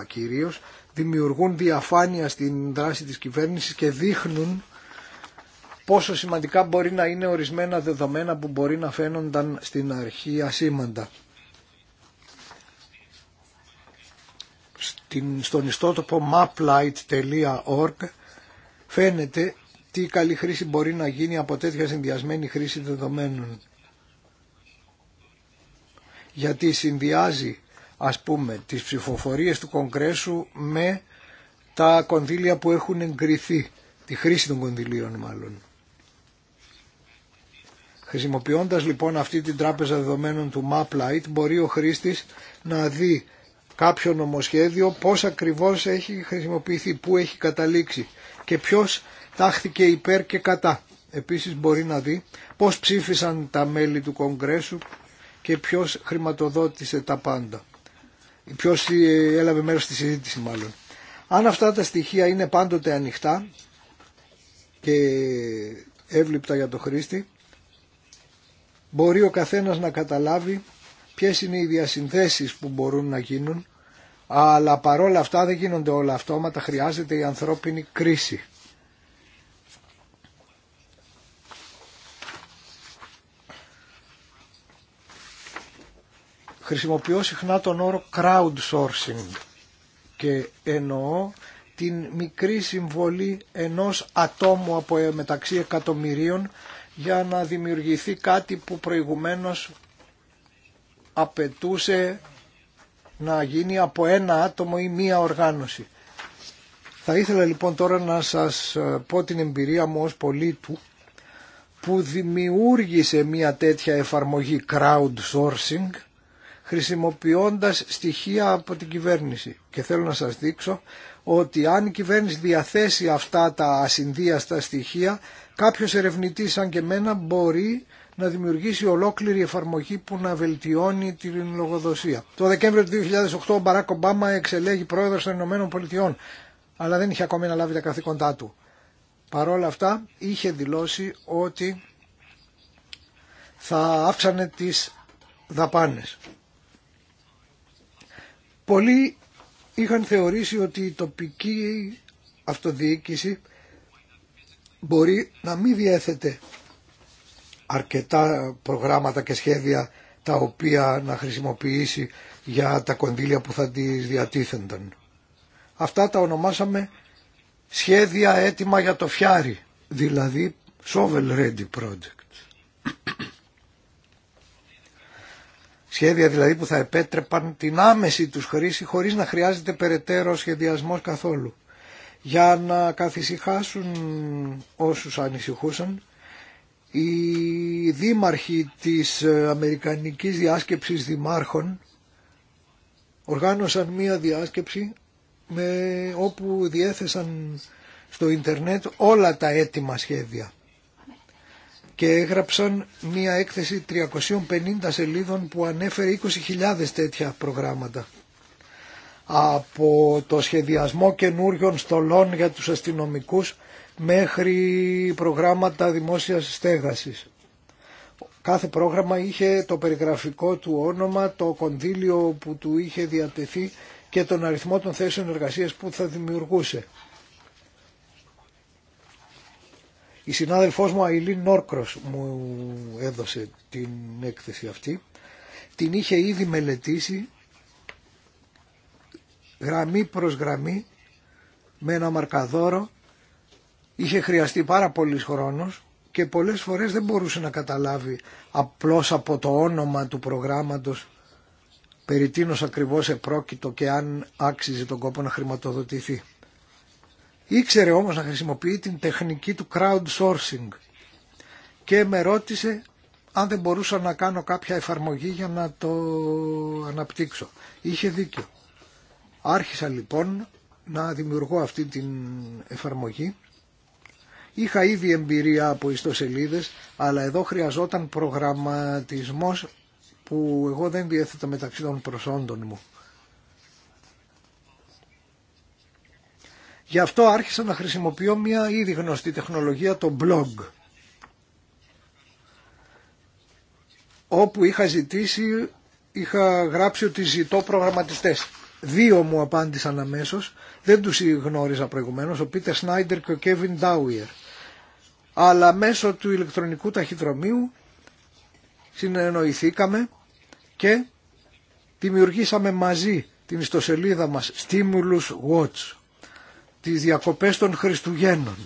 κυρίως δημιουργούν διαφάνεια στην δράση της κυβέρνησης και δείχνουν πόσο σημαντικά μπορεί να είναι ορισμένα δεδομένα που μπορεί να φαίνονταν στην αρχή ασήμαντα. στον ιστότοπο maplight.org φαίνεται τι καλή χρήση μπορεί να γίνει από τέτοια συνδυασμένη χρήση δεδομένων. Γιατί συνδυάζει ας πούμε τις ψηφοφορίες του Κογκρέσου με τα κονδύλια που έχουν εγκριθεί, τη χρήση των κονδυλίων μάλλον. Χρησιμοποιώντας λοιπόν αυτή την τράπεζα δεδομένων του MapLight μπορεί ο χρήστης να δει κάποιο νομοσχέδιο πώς ακριβώς έχει χρησιμοποιηθεί, πού έχει καταλήξει και ποιος τάχθηκε υπέρ και κατά. Επίσης μπορεί να δει πώς ψήφισαν τα μέλη του Κογκρέσου και ποιος χρηματοδότησε τα πάντα. Ποιος ε, έλαβε μέρος στη συζήτηση μάλλον. Αν αυτά τα στοιχεία είναι πάντοτε ανοιχτά και εύληπτα για το χρήστη, μπορεί ο καθένας να καταλάβει ποιες είναι οι διασυνθέσεις που μπορούν να γίνουν, αλλά παρόλα αυτά δεν γίνονται όλα αυτόματα, χρειάζεται η ανθρώπινη κρίση. Χρησιμοποιώ συχνά τον όρο crowdsourcing και εννοώ την μικρή συμβολή ενός ατόμου από ε, μεταξύ εκατομμυρίων για να δημιουργηθεί κάτι που προηγουμένως απαιτούσε να γίνει από ένα άτομο ή μία οργάνωση. Θα ήθελα λοιπόν τώρα να σας ε, πω την εμπειρία μου ως πολίτου που δημιούργησε μία τέτοια εφαρμογή crowdsourcing χρησιμοποιώντας στοιχεία από την κυβέρνηση. Και θέλω να σας δείξω ότι αν η κυβέρνηση διαθέσει αυτά τα ασυνδίαστα στοιχεία κάποιος ερευνητής σαν και μένα μπορεί να δημιουργήσει ολόκληρη εφαρμογή που να βελτιώνει την λογοδοσία. Το Δεκέμβριο του 2008 ο Μπαράκ Ομπάμα εξελέγει πρόεδρος των Ηνωμένων Πολιτειών, αλλά δεν είχε ακόμη να λάβει τα καθήκοντά του. Παρ' όλα αυτά είχε δηλώσει ότι θα αύξανε τις δαπάνες. Πολλοί είχαν θεωρήσει ότι η τοπική αυτοδιοίκηση μπορεί να μην διέθετε αρκετά προγράμματα και σχέδια τα οποία να χρησιμοποιήσει για τα κονδύλια που θα τις διατίθενταν. Αυτά τα ονομάσαμε σχέδια έτοιμα για το φιάρι, δηλαδή Shovel Ready Project. Σχέδια δηλαδή που θα επέτρεπαν την άμεση τους χρήση χωρίς να χρειάζεται περαιτέρω σχεδιασμός καθόλου για να καθησυχάσουν όσους ανησυχούσαν οι δήμαρχοι της Αμερικανικής Διάσκεψης Δημάρχων οργάνωσαν μία διάσκεψη με, όπου διέθεσαν στο ίντερνετ όλα τα έτοιμα σχέδια και έγραψαν μία έκθεση 350 σελίδων που ανέφερε 20.000 τέτοια προγράμματα από το σχεδιασμό καινούριων στολών για τους αστυνομικούς μέχρι προγράμματα δημόσιας στέγασης. Κάθε πρόγραμμα είχε το περιγραφικό του όνομα, το κονδύλιο που του είχε διατεθεί και τον αριθμό των θέσεων εργασίας που θα δημιουργούσε. Η συνάδελφός μου Αιλίν Νόρκρος μου έδωσε την έκθεση αυτή. Την είχε ήδη μελετήσει γραμμή προς γραμμή με ένα μαρκαδόρο είχε χρειαστεί πάρα πολύς χρόνος και πολλές φορές δεν μπορούσε να καταλάβει απλώς από το όνομα του προγράμματος περί τίνος ακριβώς επρόκειτο και αν άξιζε τον κόπο να χρηματοδοτηθεί. Ήξερε όμως να χρησιμοποιεί την τεχνική του crowdsourcing και με ρώτησε αν δεν μπορούσα να κάνω κάποια εφαρμογή για να το αναπτύξω. Είχε δίκιο. Άρχισα λοιπόν να δημιουργώ αυτή την εφαρμογή. Είχα ήδη εμπειρία από ιστοσελίδες, αλλά εδώ χρειαζόταν προγραμματισμός που εγώ δεν διέθετα μεταξύ των προσόντων μου. Γι' αυτό άρχισα να χρησιμοποιώ μια ήδη γνωστή τεχνολογία, το blog. Όπου είχα ζητήσει, είχα γράψει ότι ζητώ προγραμματιστές. Δύο μου απάντησαν αμέσω, δεν του γνώριζα προηγουμένω. ο Πίτερ Σνάιντερ και ο Κέβιν Ντάουιερ. Αλλά μέσω του ηλεκτρονικού ταχυδρομείου συνεννοηθήκαμε και δημιουργήσαμε μαζί την ιστοσελίδα μας Stimulus Watch, τις διακοπές των Χριστουγέννων.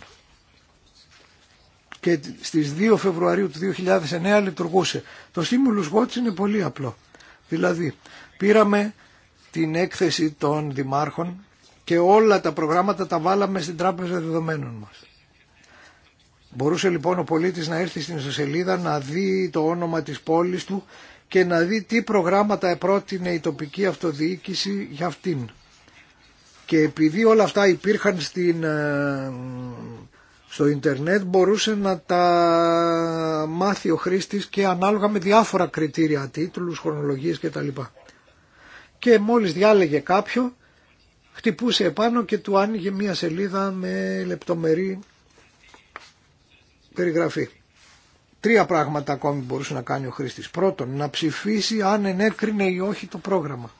Και στις 2 Φεβρουαρίου του 2009 λειτουργούσε. Το Stimulus Watch είναι πολύ απλό. Δηλαδή, πήραμε την έκθεση των δημάρχων και όλα τα προγράμματα τα βάλαμε στην τράπεζα δεδομένων μας. Μπορούσε λοιπόν ο πολίτης να έρθει στην ιστοσελίδα να δει το όνομα της πόλης του και να δει τι προγράμματα επρότεινε η τοπική αυτοδιοίκηση για αυτήν. Και επειδή όλα αυτά υπήρχαν στην, ε, στο ίντερνετ μπορούσε να τα μάθει ο χρήστης και ανάλογα με διάφορα κριτήρια, τίτλους, χρονολογίες κτλ και μόλις διάλεγε κάποιο χτυπούσε επάνω και του άνοιγε μία σελίδα με λεπτομερή περιγραφή. Τρία πράγματα ακόμη μπορούσε να κάνει ο χρήστης. Πρώτον, να ψηφίσει αν ενέκρινε ή όχι το πρόγραμμα.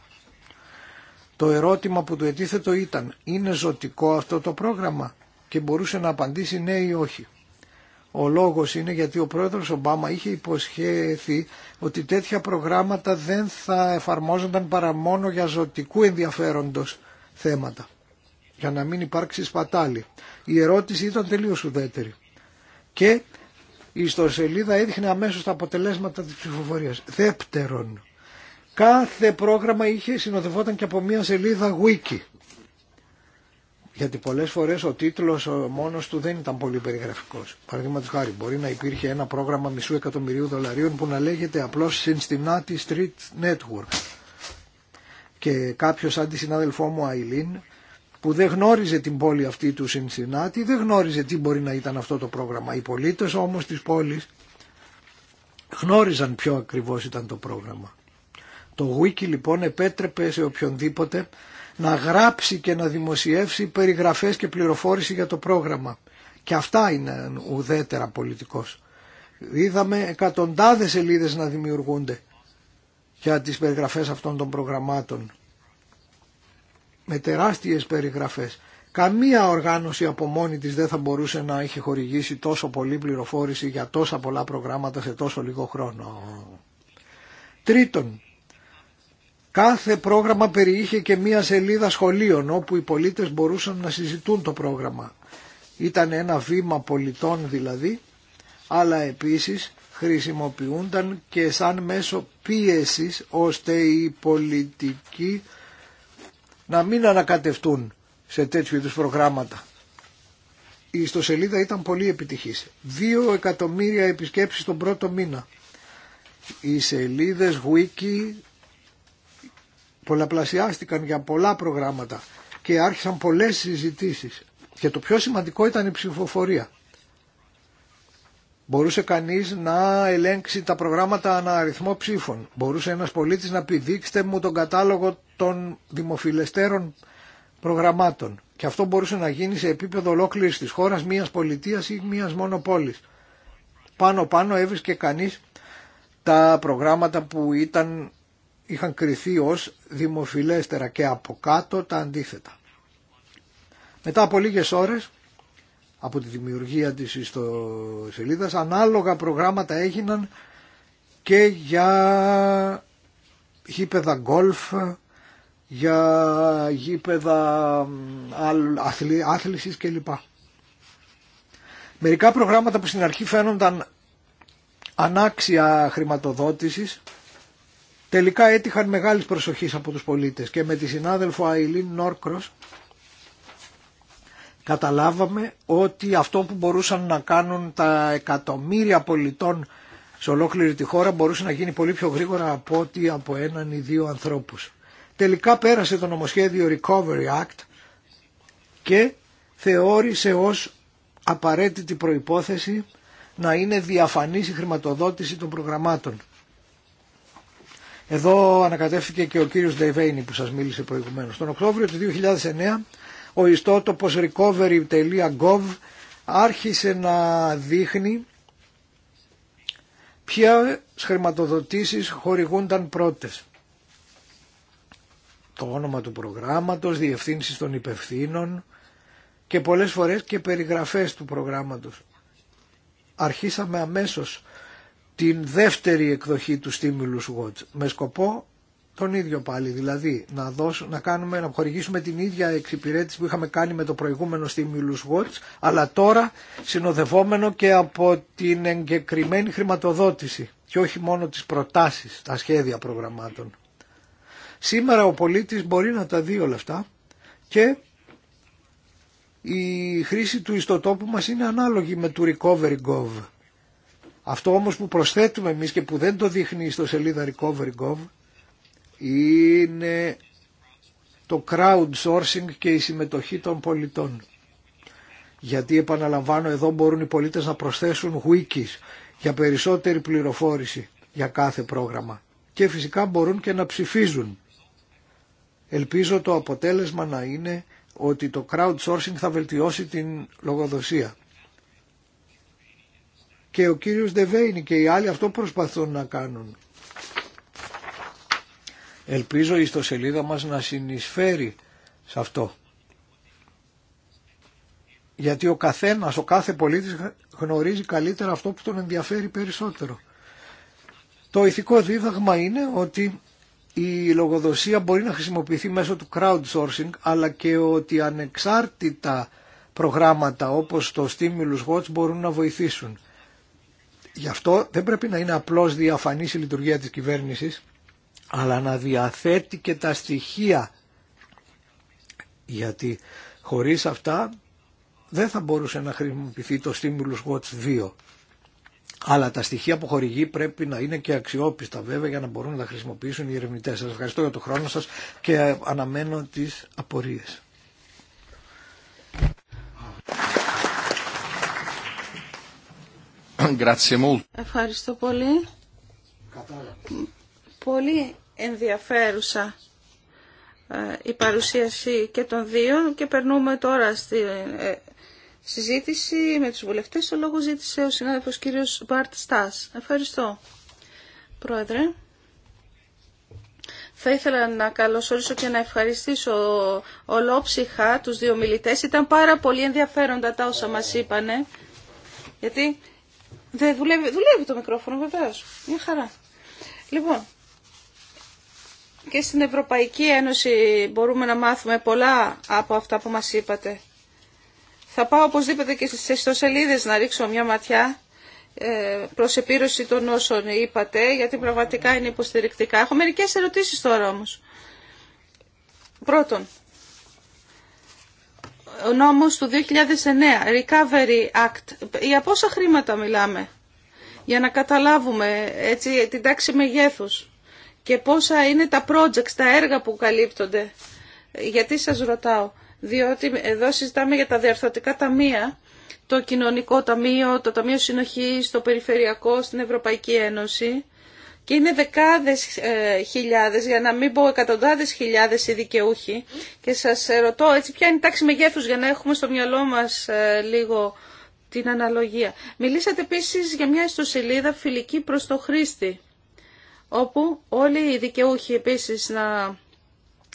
Το ερώτημα που του ετίθετο ήταν, είναι ζωτικό αυτό το πρόγραμμα και μπορούσε να απαντήσει ναι ή όχι. Ο λόγος είναι γιατί ο πρόεδρος Ομπάμα είχε υποσχέθει ότι τέτοια προγράμματα δεν θα εφαρμόζονταν παρά μόνο για ζωτικού ενδιαφέροντος θέματα, για να μην υπάρξει σπατάλη. Η ερώτηση ήταν τελείως ουδέτερη. Και η ιστοσελίδα έδειχνε αμέσως τα αποτελέσματα της ψηφοφορίας. Δεύτερον, κάθε πρόγραμμα είχε συνοδευόταν και από μία σελίδα wiki γιατί πολλές φορές ο τίτλος μόνος του δεν ήταν πολύ περιγραφικός. Παραδείγματο χάρη, μπορεί να υπήρχε ένα πρόγραμμα μισού εκατομμυρίου δολαρίων που να λέγεται απλώς Cincinnati Street Network. Και κάποιος σαν τη συνάδελφό μου Αιλίν που δεν γνώριζε την πόλη αυτή του Cincinnati, δεν γνώριζε τι μπορεί να ήταν αυτό το πρόγραμμα. Οι πολίτες όμως της πόλης γνώριζαν ποιο ακριβώς ήταν το πρόγραμμα. Το Wiki λοιπόν επέτρεπε σε οποιονδήποτε να γράψει και να δημοσιεύσει περιγραφές και πληροφόρηση για το πρόγραμμα. Και αυτά είναι ουδέτερα πολιτικός. Είδαμε εκατοντάδες σελίδε να δημιουργούνται για τις περιγραφές αυτών των προγραμμάτων. Με τεράστιες περιγραφές. Καμία οργάνωση από μόνη της δεν θα μπορούσε να έχει χορηγήσει τόσο πολλή πληροφόρηση για τόσα πολλά προγράμματα σε τόσο λίγο χρόνο. Τρίτον, Κάθε πρόγραμμα περιείχε και μία σελίδα σχολείων όπου οι πολίτες μπορούσαν να συζητούν το πρόγραμμα. Ήταν ένα βήμα πολιτών δηλαδή, αλλά επίσης χρησιμοποιούνταν και σαν μέσο πίεσης ώστε οι πολιτικοί να μην ανακατευτούν σε τέτοιου είδους προγράμματα. Η ιστοσελίδα ήταν πολύ επιτυχής. Δύο εκατομμύρια επισκέψεις τον πρώτο μήνα. Οι σελίδες Wiki πολλαπλασιάστηκαν για πολλά προγράμματα και άρχισαν πολλές συζητήσεις. Και το πιο σημαντικό ήταν η ψηφοφορία. Μπορούσε κανείς να ελέγξει τα προγράμματα ανά αριθμό ψήφων. Μπορούσε ένας πολίτης να πει δείξτε μου τον κατάλογο των δημοφιλεστέρων προγραμμάτων. Και αυτό μπορούσε να γίνει σε επίπεδο ολόκληρης της χώρας, μίας πολιτείας ή μίας μόνο πόλης. Πάνω πάνω έβρισκε κανείς τα προγράμματα που ήταν είχαν κριθεί ως δημοφιλέστερα και από κάτω τα αντίθετα. Μετά από λίγες ώρες από τη δημιουργία της ιστοσελίδας ανάλογα προγράμματα έγιναν και για γήπεδα γκολφ, για γήπεδα άθλησης κλπ. Μερικά προγράμματα που στην αρχή φαίνονταν ανάξια χρηματοδότησης τελικά έτυχαν μεγάλης προσοχής από τους πολίτες και με τη συνάδελφο Αιλίν Νόρκρος καταλάβαμε ότι αυτό που μπορούσαν να κάνουν τα εκατομμύρια πολιτών σε ολόκληρη τη χώρα μπορούσε να γίνει πολύ πιο γρήγορα από ότι από έναν ή δύο ανθρώπους. Τελικά πέρασε το νομοσχέδιο Recovery Act και θεώρησε ως απαραίτητη προϋπόθεση να είναι διαφανής η χρηματοδότηση των προγραμμάτων. Εδώ ανακατεύθηκε και ο κύριος Ντεβέινι που σας μίλησε προηγουμένως. Τον Οκτώβριο του 2009 ο ιστότοπος recovery.gov άρχισε να δείχνει ποια χρηματοδοτήσεις χορηγούνταν πρώτες. Το όνομα του προγράμματος, διευθύνσεις των υπευθύνων και πολλές φορές και περιγραφές του προγράμματος. Αρχίσαμε αμέσως την δεύτερη εκδοχή του Stimulus Watch με σκοπό τον ίδιο πάλι, δηλαδή να, δώσω, να, κάνουμε, να χορηγήσουμε την ίδια εξυπηρέτηση που είχαμε κάνει με το προηγούμενο Stimulus Watch, αλλά τώρα συνοδευόμενο και από την εγκεκριμένη χρηματοδότηση και όχι μόνο τις προτάσεις, τα σχέδια προγραμμάτων. Σήμερα ο πολίτης μπορεί να τα δει όλα αυτά και η χρήση του ιστοτόπου μας είναι ανάλογη με του Recovery Gov αυτό όμως που προσθέτουμε εμείς και που δεν το δείχνει στο σελίδα Recovery.gov είναι το crowdsourcing και η συμμετοχή των πολιτών. Γιατί επαναλαμβάνω εδώ μπορούν οι πολίτες να προσθέσουν wikis για περισσότερη πληροφόρηση για κάθε πρόγραμμα. Και φυσικά μπορούν και να ψηφίζουν. Ελπίζω το αποτέλεσμα να είναι ότι το crowdsourcing θα βελτιώσει την λογοδοσία και ο κύριος Ντεβέινι και οι άλλοι αυτό προσπαθούν να κάνουν. Ελπίζω η ιστοσελίδα μας να συνεισφέρει σε αυτό. Γιατί ο καθένας, ο κάθε πολίτης γνωρίζει καλύτερα αυτό που τον ενδιαφέρει περισσότερο. Το ηθικό δίδαγμα είναι ότι η λογοδοσία μπορεί να χρησιμοποιηθεί μέσω του crowdsourcing αλλά και ότι ανεξάρτητα προγράμματα όπως το Stimulus Watch μπορούν να βοηθήσουν. Γι' αυτό δεν πρέπει να είναι απλώς διαφανής η λειτουργία της κυβέρνησης, αλλά να διαθέτει και τα στοιχεία. Γιατί χωρίς αυτά δεν θα μπορούσε να χρησιμοποιηθεί το Stimulus Watch 2. Αλλά τα στοιχεία που χορηγεί πρέπει να είναι και αξιόπιστα βέβαια για να μπορούν να τα χρησιμοποιήσουν οι ερευνητές. Σας ευχαριστώ για τον χρόνο σας και αναμένω τις απορίες. <clears throat> Ευχαριστώ πολύ. Πολύ ενδιαφέρουσα ε, η παρουσίαση και των δύο και περνούμε τώρα στη ε, συζήτηση με τους βουλευτές. Το λόγο ζήτησε ο συνάδελφος κύριος Μπάρτ Στάς. Ευχαριστώ, Πρόεδρε. Θα ήθελα να καλωσορίσω και να ευχαριστήσω ολόψυχα τους δύο μιλητές. Ήταν πάρα πολύ ενδιαφέροντα τα όσα μας είπανε, γιατί δεν δουλεύει, το μικρόφωνο βεβαίω. Μια χαρά. Λοιπόν, και στην Ευρωπαϊκή Ένωση μπορούμε να μάθουμε πολλά από αυτά που μας είπατε. Θα πάω οπωσδήποτε και στις ιστοσελίδες να ρίξω μια ματιά ε, προς επίρρωση των όσων είπατε, γιατί πραγματικά είναι υποστηρικτικά. Έχω μερικές ερωτήσεις τώρα όμως. Πρώτον, ο νόμος του 2009, Recovery Act. Για πόσα χρήματα μιλάμε, για να καταλάβουμε έτσι, την τάξη μεγέθους και πόσα είναι τα projects, τα έργα που καλύπτονται. Γιατί σας ρωτάω, διότι εδώ συζητάμε για τα διαρθρωτικά ταμεία, το κοινωνικό ταμείο, το ταμείο συνοχής, το περιφερειακό στην Ευρωπαϊκή Ένωση και είναι δεκάδες ε, χιλιάδες, για να μην πω εκατοντάδες χιλιάδες οι δικαιούχοι και σας ρωτώ έτσι ποια είναι η τάξη μεγέθους για να έχουμε στο μυαλό μας ε, λίγο την αναλογία. Μιλήσατε επίσης για μια ιστοσελίδα φιλική προς το χρήστη όπου όλοι οι δικαιούχοι επίσης να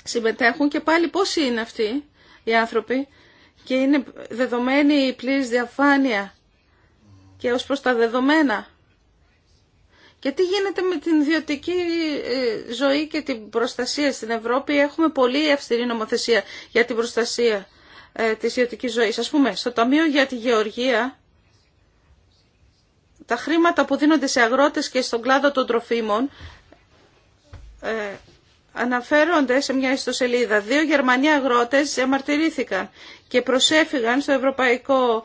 συμμετέχουν και πάλι πόσοι είναι αυτοί οι άνθρωποι και είναι δεδομένη η πλήρης διαφάνεια και ως προς τα δεδομένα και τι γίνεται με την ιδιωτική ε, ζωή και την προστασία στην Ευρώπη. Έχουμε πολύ αυστηρή νομοθεσία για την προστασία ε, της ιδιωτικής ζωής. Ας πούμε, στο Ταμείο για τη Γεωργία, τα χρήματα που δίνονται σε αγρότες και στον κλάδο των τροφίμων ε, αναφέρονται σε μια ιστοσελίδα. Δύο Γερμανοί αγρότες διαμαρτυρήθηκαν και προσέφηγαν στο Ευρωπαϊκό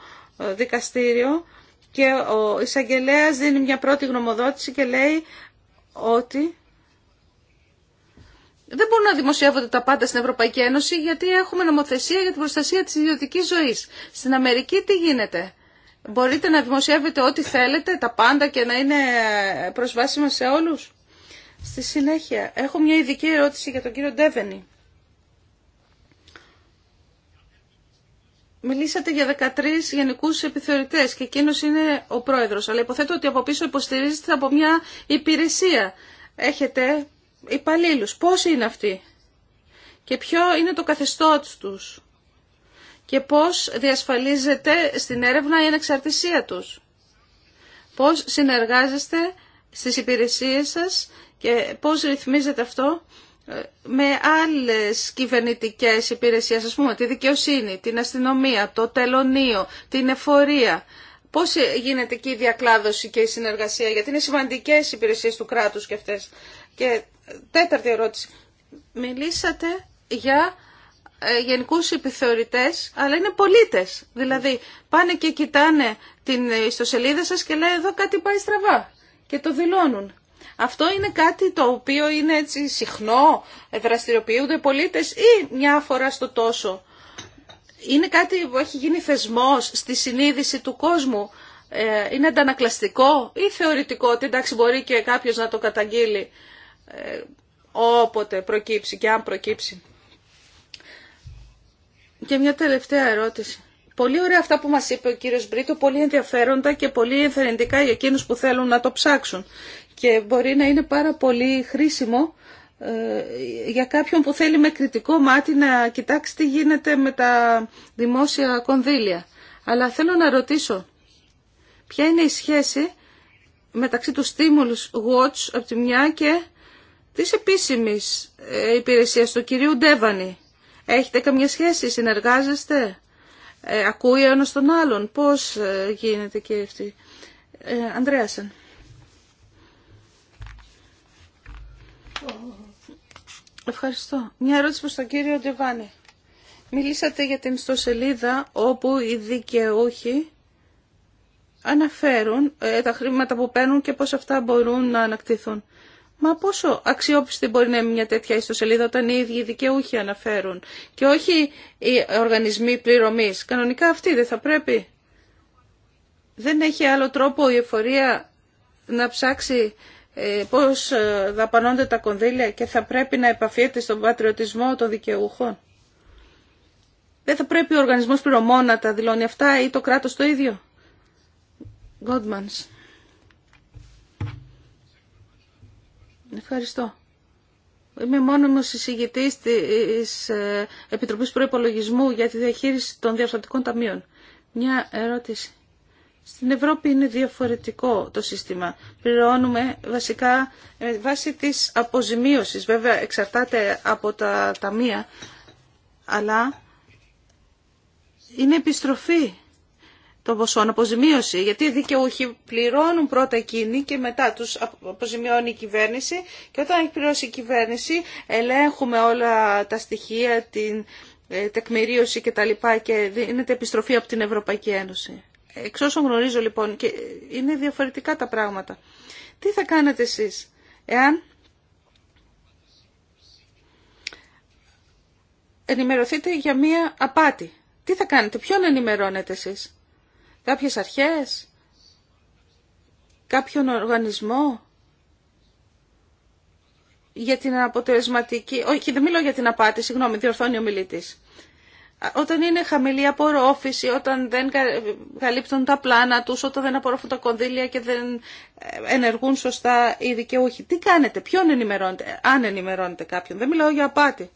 Δικαστήριο και ο εισαγγελέα δίνει μια πρώτη γνωμοδότηση και λέει ότι δεν μπορούν να δημοσιεύονται τα πάντα στην Ευρωπαϊκή Ένωση γιατί έχουμε νομοθεσία για την προστασία της ιδιωτικής ζωής. Στην Αμερική τι γίνεται. Μπορείτε να δημοσιεύετε ό,τι θέλετε, τα πάντα και να είναι προσβάσιμα σε όλους. Στη συνέχεια, έχω μια ειδική ερώτηση για τον κύριο Ντέβενη. Μιλήσατε για 13 γενικού επιθεωρητές και εκείνο είναι ο πρόεδρος, αλλά υποθέτω ότι από πίσω υποστηρίζεται από μια υπηρεσία. Έχετε υπαλλήλου. Πόσοι είναι αυτοί και ποιο είναι το καθεστώ τους και πώς διασφαλίζεται στην έρευνα η ανεξαρτησία τους. Πώς συνεργάζεστε στις υπηρεσίες σας και πώς ρυθμίζεται αυτό με άλλες κυβερνητικές υπηρεσίες, ας πούμε, τη δικαιοσύνη, την αστυνομία, το τελωνίο, την εφορία. Πώς γίνεται εκεί η διακλάδωση και η συνεργασία, γιατί είναι σημαντικές οι υπηρεσίες του κράτους και αυτές. Και τέταρτη ερώτηση. Μιλήσατε για ε, γενικούς επιθεωρητές, αλλά είναι πολίτες. Δηλαδή, πάνε και κοιτάνε την ιστοσελίδα σας και λέει εδώ κάτι πάει στραβά και το δηλώνουν. Αυτό είναι κάτι το οποίο είναι έτσι συχνό, δραστηριοποιούνται πολίτες ή μια φορά στο τόσο. Είναι κάτι που έχει γίνει θεσμός στη συνείδηση του κόσμου. Ε, είναι αντανακλαστικό ή θεωρητικό ότι εντάξει μπορεί και κάποιος να το καταγγείλει ε, όποτε προκύψει και αν προκύψει. Και μια τελευταία ερώτηση. Πολύ ωραία αυτά που μας είπε ο κύριος Μπρίτο, πολύ ενδιαφέροντα και πολύ ενθαρρυντικά για εκείνους που θέλουν να το ψάξουν και μπορεί να είναι πάρα πολύ χρήσιμο ε, για κάποιον που θέλει με κριτικό μάτι να κοιτάξει τι γίνεται με τα δημόσια κονδύλια. Αλλά θέλω να ρωτήσω, ποια είναι η σχέση μεταξύ του Stimulus Watch από τη μια και της επίσημης ε, υπηρεσίας του κυρίου Ντέβανη. Έχετε καμία σχέση, συνεργάζεστε, ε, ακούει ο ένας τον άλλον, πώς γίνεται και αυτή. Ε, Ανδρέασεν. Ευχαριστώ. Μια ερώτηση προς τον κύριο Ντεβάνη. Μιλήσατε για την ιστοσελίδα όπου οι δικαιούχοι αναφέρουν ε, τα χρήματα που παίρνουν και πώς αυτά μπορούν να ανακτηθούν. Μα πόσο αξιόπιστη μπορεί να είναι μια τέτοια ιστοσελίδα όταν οι ίδιοι δικαιούχοι αναφέρουν και όχι οι οργανισμοί πληρωμής. Κανονικά αυτοί δεν θα πρέπει. Δεν έχει άλλο τρόπο η εφορία να ψάξει ε, πώς ε, δαπανώνται τα κονδύλια και θα πρέπει να επαφιέται στον πατριωτισμό των δικαιούχων. Δεν θα πρέπει ο οργανισμός πληρωμών να τα δηλώνει αυτά ή το κράτος το ίδιο. Godmans. Ευχαριστώ. Είμαι μόνιμος εισηγητής της ε, Επιτροπής Προϋπολογισμού για τη διαχείριση των διαστατικών ταμείων. Μια ερώτηση. Στην Ευρώπη είναι διαφορετικό το σύστημα. Πληρώνουμε βασικά ε, βάση της αποζημίωσης. Βέβαια εξαρτάται από τα ταμεία, αλλά είναι επιστροφή το ποσών, αποζημίωση. Γιατί οι δικαιούχοι πληρώνουν πρώτα εκείνοι και μετά τους αποζημιώνει η κυβέρνηση και όταν έχει πληρώσει η κυβέρνηση ελέγχουμε όλα τα στοιχεία, την ε, τεκμηρίωση κτλ. Και, και δίνεται επιστροφή από την Ευρωπαϊκή Ένωση. Εξ όσων γνωρίζω λοιπόν, και είναι διαφορετικά τα πράγματα. Τι θα κάνετε εσείς, εάν ενημερωθείτε για μία απάτη. Τι θα κάνετε, ποιον ενημερώνετε εσείς. Κάποιες αρχές, κάποιον οργανισμό για την αποτελεσματική... Όχι, δεν μιλώ για την απάτη, συγγνώμη, διορθώνει ο μιλήτης όταν είναι χαμηλή απορρόφηση, όταν δεν καλύπτουν τα πλάνα τους, όταν δεν απορροφούν τα κονδύλια και δεν ε, ενεργούν σωστά οι δικαιούχοι. Τι κάνετε, ποιον ενημερώνετε, αν ενημερώνετε κάποιον. Δεν μιλάω για απάτη.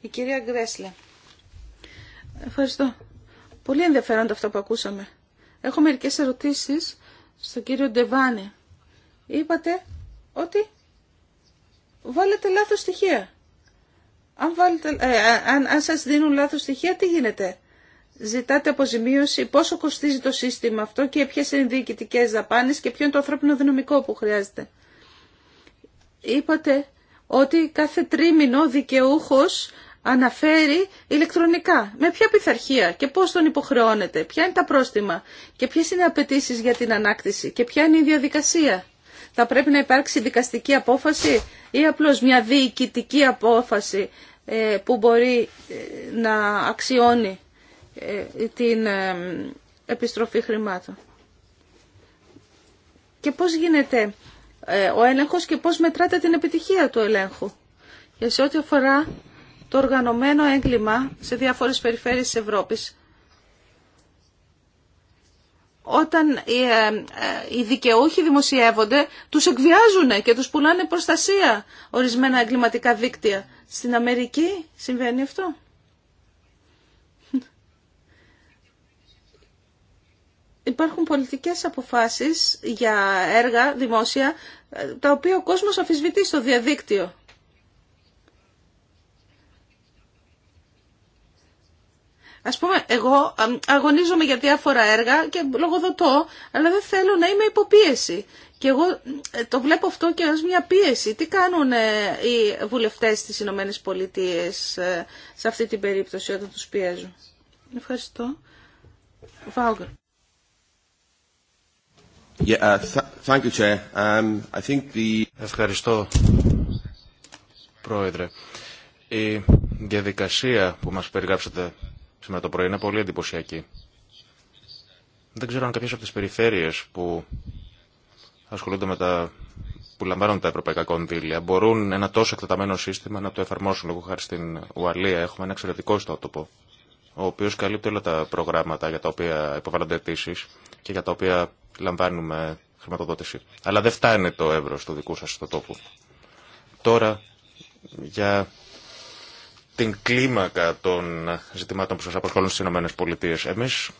Η κυρία Γκρέσλε. Ευχαριστώ. Πολύ ενδιαφέροντα αυτό που ακούσαμε. Έχω μερικές ερωτήσεις στον κύριο Ντεβάνη. Είπατε ότι βάλετε λάθος στοιχεία. Αν, βάλετε, ε, ε, αν, σας δίνουν λάθος στοιχεία, τι γίνεται. Ζητάτε αποζημίωση, πόσο κοστίζει το σύστημα αυτό και ποιε είναι οι διοικητικέ δαπάνες και ποιο είναι το ανθρώπινο δυναμικό που χρειάζεται. Είπατε ότι κάθε τρίμηνο δικαιούχο αναφέρει ηλεκτρονικά. Με ποια πειθαρχία και πώς τον υποχρεώνεται, ποια είναι τα πρόστιμα και ποιε είναι οι απαιτήσει για την ανάκτηση και ποια είναι η διαδικασία. Θα πρέπει να υπάρξει δικαστική απόφαση ή απλώς μια διοικητική απόφαση ε, που μπορεί ε, να αξιώνει ε, την επιστροφή χρημάτων. Και πώς γίνεται ο έλεγχος και πώς μετράτε την επιτυχία του ελέγχου. Για σε ό,τι αφορά το οργανωμένο έγκλημα σε διάφορες περιφέρειες της Ευρώπης, όταν ε, ε, οι δικαιούχοι δημοσιεύονται, τους εκβιάζουν και τους πουλάνε προστασία ορισμένα εγκληματικά δίκτυα. Στην Αμερική συμβαίνει αυτό. Υπάρχουν πολιτικές αποφάσεις για έργα δημόσια, ε, τα οποία ο κόσμος αφισβητεί στο διαδίκτυο. Ας πούμε, εγώ αγωνίζομαι για διάφορα έργα και λογοδοτώ, αλλά δεν θέλω να είμαι υποπίεση. Και εγώ ε, το βλέπω αυτό και ως μια πίεση. Τι κάνουν ε, οι βουλευτές της Ηνωμένε Πολιτείε ε, σε αυτή την περίπτωση όταν τους πιέζουν. Ευχαριστώ. Βάουγκρ. Yeah, uh, Um, the... Ευχαριστώ, Πρόεδρε. Η διαδικασία που μας περιγράψατε σήμερα το πρωί είναι πολύ εντυπωσιακή. Δεν ξέρω αν κάποιε από τι περιφέρειες που ασχολούνται με τα που λαμβάνουν τα ευρωπαϊκά κονδύλια μπορούν ένα τόσο εκτεταμένο σύστημα να το εφαρμόσουν. Λόγω χάρη στην Ουαλία έχουμε ένα εξαιρετικό ιστότοπο, ο οποίο καλύπτει όλα τα προγράμματα για τα οποία υποβάλλονται αιτήσει και για τα οποία λαμβάνουμε χρηματοδότηση. Αλλά δεν φτάνει το εύρο του δικού σα ιστοτόπου. Τώρα, για την κλίμακα των ζητημάτων που σας απασχολούν στις ΗΠΑ. Εμείς,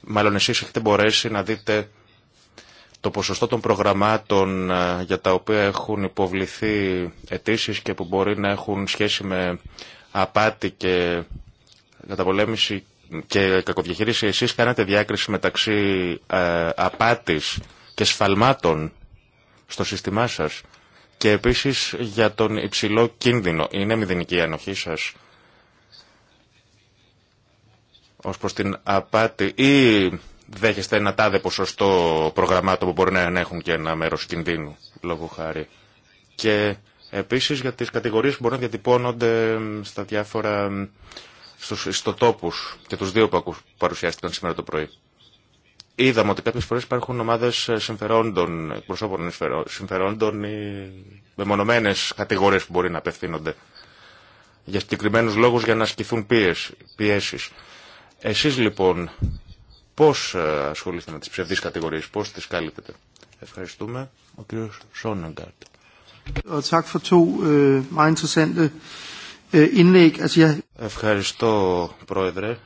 μάλλον εσείς έχετε μπορέσει να δείτε το ποσοστό των προγραμμάτων ε, για τα οποία έχουν υποβληθεί αιτήσει και που μπορεί να έχουν σχέση με απάτη και καταπολέμηση και κακοδιαχείριση, εσείς κάνατε διάκριση μεταξύ ε, απάτης και σφαλμάτων στο σύστημά σας. Και επίσης για τον υψηλό κίνδυνο. Είναι μηδενική η ανοχή σας ως προς την απάτη ή δέχεστε ένα τάδε ποσοστό προγραμμάτων που μπορεί να έχουν και ένα μέρος κινδύνου, λόγω χάρη. Και επίσης για τις κατηγορίες που μπορεί να διατυπώνονται στα διάφορα στους ιστοτόπους και τους δύο που παρουσιάστηκαν σήμερα το πρωί. Είδαμε ότι κάποιε φορές υπάρχουν ομάδε συμφερόντων, εκπροσώπων συμφερόντων ή μεμονωμένε κατηγορίες που μπορεί να απευθύνονται για συγκεκριμένου λόγους για να ασκηθούν πιέσει. Εσεί, Εσείς λοιπόν πώς ε, ασχολείστε με τις ψευδεί κατηγορίες, πώς τις κάλυπτετε. Ευχαριστούμε. Ο κύριος Σόνεγκάρτ. Øh, øh, Ευχαριστώ πρόεδρε.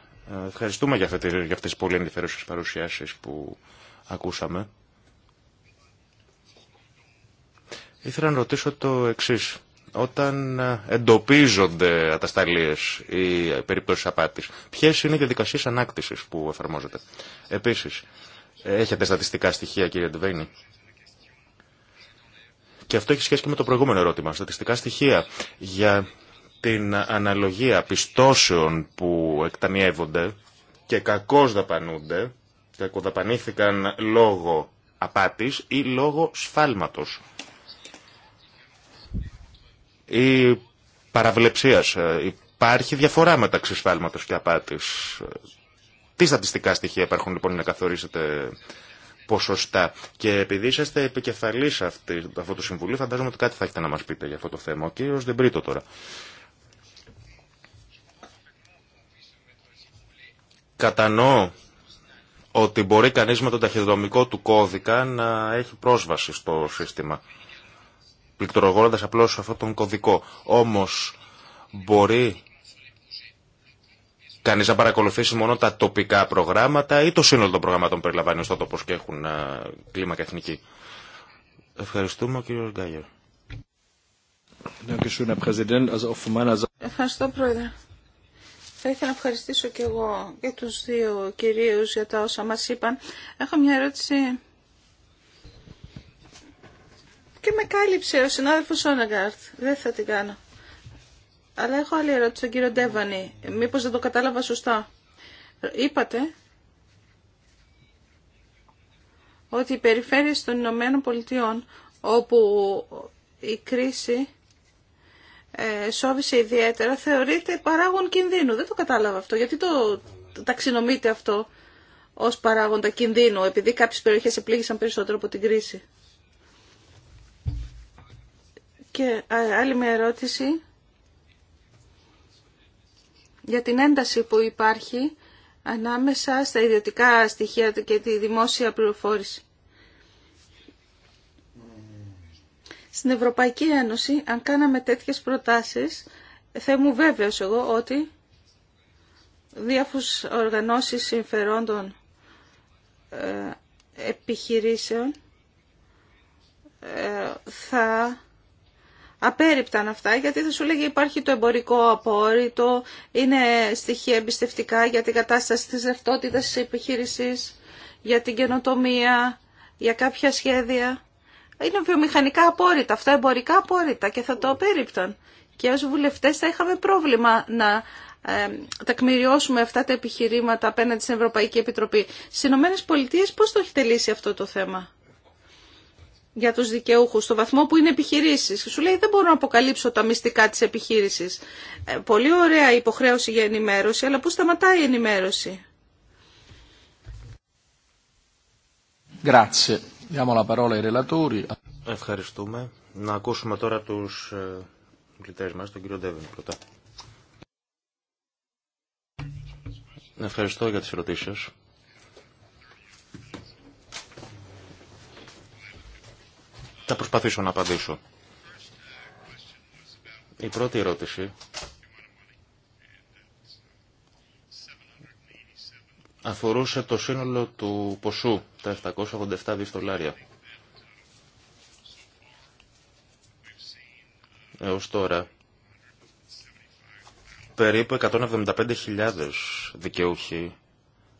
Ευχαριστούμε για, για αυτές τις πολύ ενδιαφέρουσες παρουσιάσεις που ακούσαμε. Ήθελα να ρωτήσω το εξής. Όταν ε, εντοπίζονται ατασταλίες ή ε, περίπτωσης απάτης, ποιες είναι οι διαδικασίες ανάκτησης που εφαρμόζονται. Επίσης, έχετε στατιστικά στοιχεία κύριε Ντβέινη. Και αυτό έχει σχέση και με το προηγούμενο ερώτημα. Στατιστικά στοιχεία για την αναλογία πιστώσεων που εκταμιεύονται και κακώς δαπανούνται, κακοδαπανήθηκαν λόγω απάτης ή λόγω σφάλματος ή παραβλεψίας. Ε, υπάρχει διαφορά μεταξύ σφάλματος και απάτης. Τι στατιστικά στοιχεία υπάρχουν λοιπόν να καθορίσετε ποσοστά. Και επειδή είσαστε επικεφαλής αυτού του συμβουλίου, φαντάζομαι ότι κάτι θα έχετε να μας πείτε για αυτό το θέμα. Ο κύριος Δεμπρίτο τώρα. Κατανοώ ότι μπορεί κανείς με τον ταχυδρομικό του κώδικα να έχει πρόσβαση στο σύστημα, πληκτρογόντας απλώς αυτόν τον κωδικό. Όμως μπορεί κανείς να παρακολουθήσει μόνο τα τοπικά προγράμματα ή το σύνολο των προγραμμάτων που περιλαμβάνει ο τόπος και έχουν κλίμακα εθνική. Ευχαριστούμε ο Γκάγερ. Ευχαριστώ πρόεδρε. Θα ήθελα να ευχαριστήσω και εγώ και τους δύο κυρίους για τα όσα μας είπαν. Έχω μια ερώτηση και με κάλυψε ο συνάδελφος Σόναγκαρτ. Δεν θα την κάνω. Αλλά έχω άλλη ερώτηση στον κύριο Ντέβανη. Μήπως δεν το κατάλαβα σωστά. Είπατε ότι οι περιφέρειες των Ηνωμένων Πολιτειών όπου η κρίση ε, σώβησε ιδιαίτερα θεωρείται παράγον κινδύνου. Δεν το κατάλαβα αυτό. Γιατί το ταξινομείται αυτό ως παράγοντα κινδύνου, επειδή κάποιες περιοχές επλήγησαν περισσότερο από την κρίση. Και άλλη μια ερώτηση για την ένταση που υπάρχει ανάμεσα στα ιδιωτικά στοιχεία και τη δημόσια πληροφόρηση. Στην Ευρωπαϊκή Ένωση, αν κάναμε τέτοιες προτάσεις, θα ήμουν βέβαιος εγώ ότι διάφορες οργανώσεις συμφερόντων ε, επιχειρήσεων ε, θα απέρριπταν αυτά γιατί θα σου λέγει υπάρχει το εμπορικό απόρριτο, είναι στοιχεία εμπιστευτικά για την κατάσταση της ρευτότητας της επιχείρησης, για την καινοτομία, για κάποια σχέδια είναι βιομηχανικά απόρριτα, αυτά εμπορικά απόρριτα και θα το απέριπταν. Και ως βουλευτές θα είχαμε πρόβλημα να ε, τακμηριώσουμε αυτά τα επιχειρήματα απέναντι στην Ευρωπαϊκή Επιτροπή. Στι Ηνωμένε Πολιτείε πώς το έχετε λύσει αυτό το θέμα για τους δικαιούχους, στο βαθμό που είναι επιχειρήσεις. Σου λέει δεν μπορώ να αποκαλύψω τα μυστικά της επιχείρησης. Ε, πολύ ωραία υποχρέωση για ενημέρωση, αλλά πού σταματάει η ενημέρωση. Grazie. Ευχαριστούμε. Να ακούσουμε τώρα τους ε, μιλητές μας, τον κύριο Ντέβιν πρώτα. Ευχαριστώ για τις ερωτήσεις σας. Θα προσπαθήσω να απαντήσω. Η πρώτη ερώτηση αφορούσε το σύνολο του ποσού, τα 787 δις δολάρια. Έως τώρα, περίπου 175.000 δικαιούχοι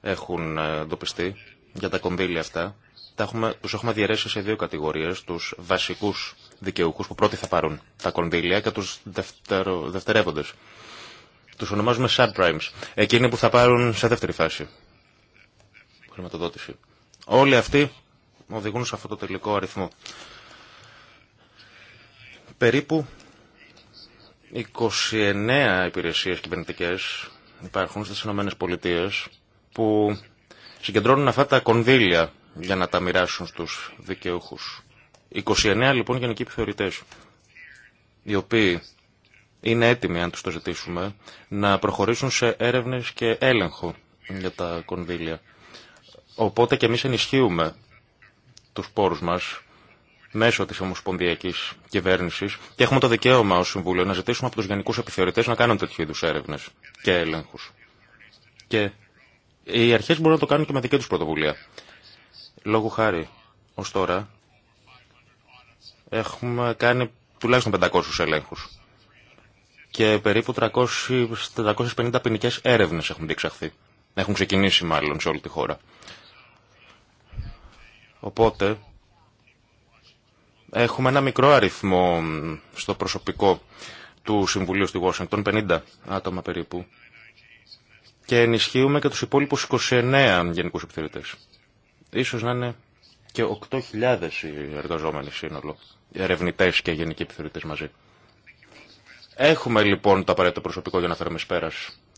έχουν ε, εντοπιστεί για τα κονδύλια αυτά. Τα έχουμε, τους έχουμε διαιρέσει σε δύο κατηγορίες, τους βασικούς δικαιούχους που πρώτοι θα πάρουν τα κονδύλια και τους δευτερο, δευτερεύοντες. Τους ονομάζουμε subprimes, εκείνοι που θα πάρουν σε δεύτερη φάση χρηματοδότηση. Όλοι αυτοί οδηγούν σε αυτό το τελικό αριθμό. Περίπου 29 υπηρεσίες κυβερνητικές υπάρχουν στις ΗΠΑ που συγκεντρώνουν αυτά τα κονδύλια για να τα μοιράσουν στους δικαιούχους. 29 λοιπόν γενικοί επιθεωρητές, οι οποίοι είναι έτοιμοι, αν τους το ζητήσουμε, να προχωρήσουν σε έρευνες και έλεγχο για τα κονδύλια. Οπότε και εμείς ενισχύουμε τους πόρους μας μέσω της Ομοσπονδιακής Κυβέρνησης και έχουμε το δικαίωμα ως Συμβούλιο να ζητήσουμε από τους γενικούς επιθεωρητές να κάνουν τέτοιου είδους έρευνες και έλεγχους. Και οι αρχές μπορούν να το κάνουν και με δική τους πρωτοβουλία. Λόγου χάρη, ως τώρα, έχουμε κάνει τουλάχιστον 500 ελέγχους και περίπου 300, 450 ποινικέ έρευνες έχουν διεξαχθεί. Έχουν ξεκινήσει μάλλον σε όλη τη χώρα. Οπότε έχουμε ένα μικρό αριθμό στο προσωπικό του Συμβουλίου στη Washington, 50 άτομα περίπου. Και ενισχύουμε και τους υπόλοιπους 29 γενικούς επιθεωρητές. Ίσως να είναι και 8.000 οι εργαζόμενοι σύνολο, ερευνητέ και γενικοί επιθεωρητέ μαζί. Έχουμε λοιπόν το απαραίτητο προσωπικό για να φέρουμε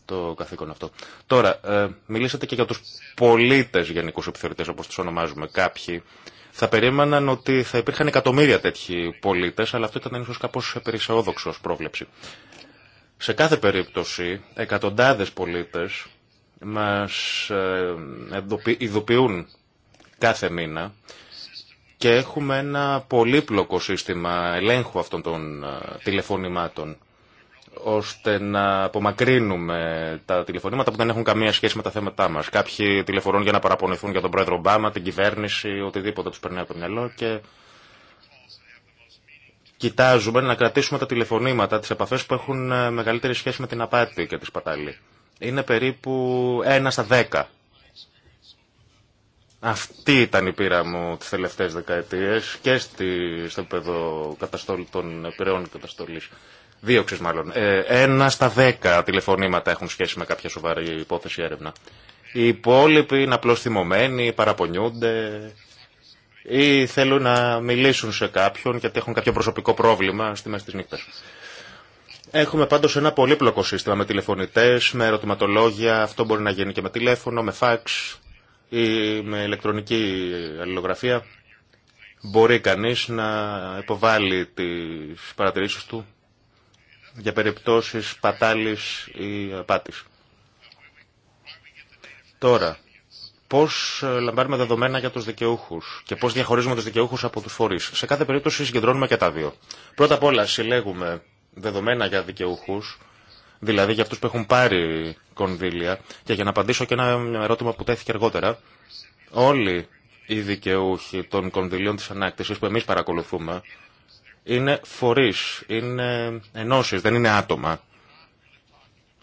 το καθήκον αυτό. Τώρα, ε, μιλήσατε και για τους πολίτες γενικούς επιθεωρητές, όπως τους ονομάζουμε κάποιοι. Θα περίμεναν ότι θα υπήρχαν εκατομμύρια τέτοιοι πολίτες, αλλά αυτό ήταν ίσως κάπως περισσαόδοξο ως πρόβλεψη. Σε κάθε περίπτωση, εκατοντάδες πολίτες μας ε, ειδοποιούν κάθε μήνα και έχουμε ένα πολύπλοκο σύστημα ελέγχου αυτών των ε, τηλεφωνημάτων ώστε να απομακρύνουμε τα τηλεφωνήματα που δεν έχουν καμία σχέση με τα θέματά μα. Κάποιοι τηλεφωνούν για να παραπονηθούν για τον πρόεδρο Ομπάμα, την κυβέρνηση, οτιδήποτε του περνάει από το μυαλό και κοιτάζουμε να κρατήσουμε τα τηλεφωνήματα, τι επαφέ που έχουν ε, μεγαλύτερη σχέση με την απάτη και τη σπατάλη. Είναι περίπου ένα στα δέκα. Αυτή ήταν η πείρα μου τις τελευταίες δεκαετίες και στη, στο επίπεδο των πυρεών καταστολής. Δίωξη μάλλον. Ε, ένα στα δέκα τηλεφωνήματα έχουν σχέση με κάποια σοβαρή υπόθεση έρευνα. Οι υπόλοιποι είναι απλώ θυμωμένοι, παραπονιούνται ή θέλουν να μιλήσουν σε κάποιον γιατί έχουν κάποιο προσωπικό πρόβλημα στη μέση τη νύχτα. Έχουμε πάντω ένα πολύπλοκο σύστημα με τηλεφωνητέ, με ερωτηματολόγια, αυτό μπορεί να γίνει και με τηλέφωνο, με φάξ ή με ηλεκτρονική αλληλογραφία. Μπορεί κανεί να υποβάλει τι παρατηρήσει του για περιπτώσεις πατάλης ή απάτης. Τώρα, πώς ε, λαμβάνουμε δεδομένα για τους δικαιούχους και πώς διαχωρίζουμε τους δικαιούχους από τους φορείς. Σε κάθε περίπτωση συγκεντρώνουμε και τα δύο. Πρώτα απ' όλα συλλέγουμε δεδομένα για δικαιούχους, δηλαδή για αυτούς που έχουν πάρει κονδύλια και για να απαντήσω και ένα ερώτημα που τέθηκε αργότερα, όλοι οι δικαιούχοι των κονδυλίων της ανάκτησης που εμείς παρακολουθούμε, είναι φορείς, είναι ενώσεις, δεν είναι άτομα.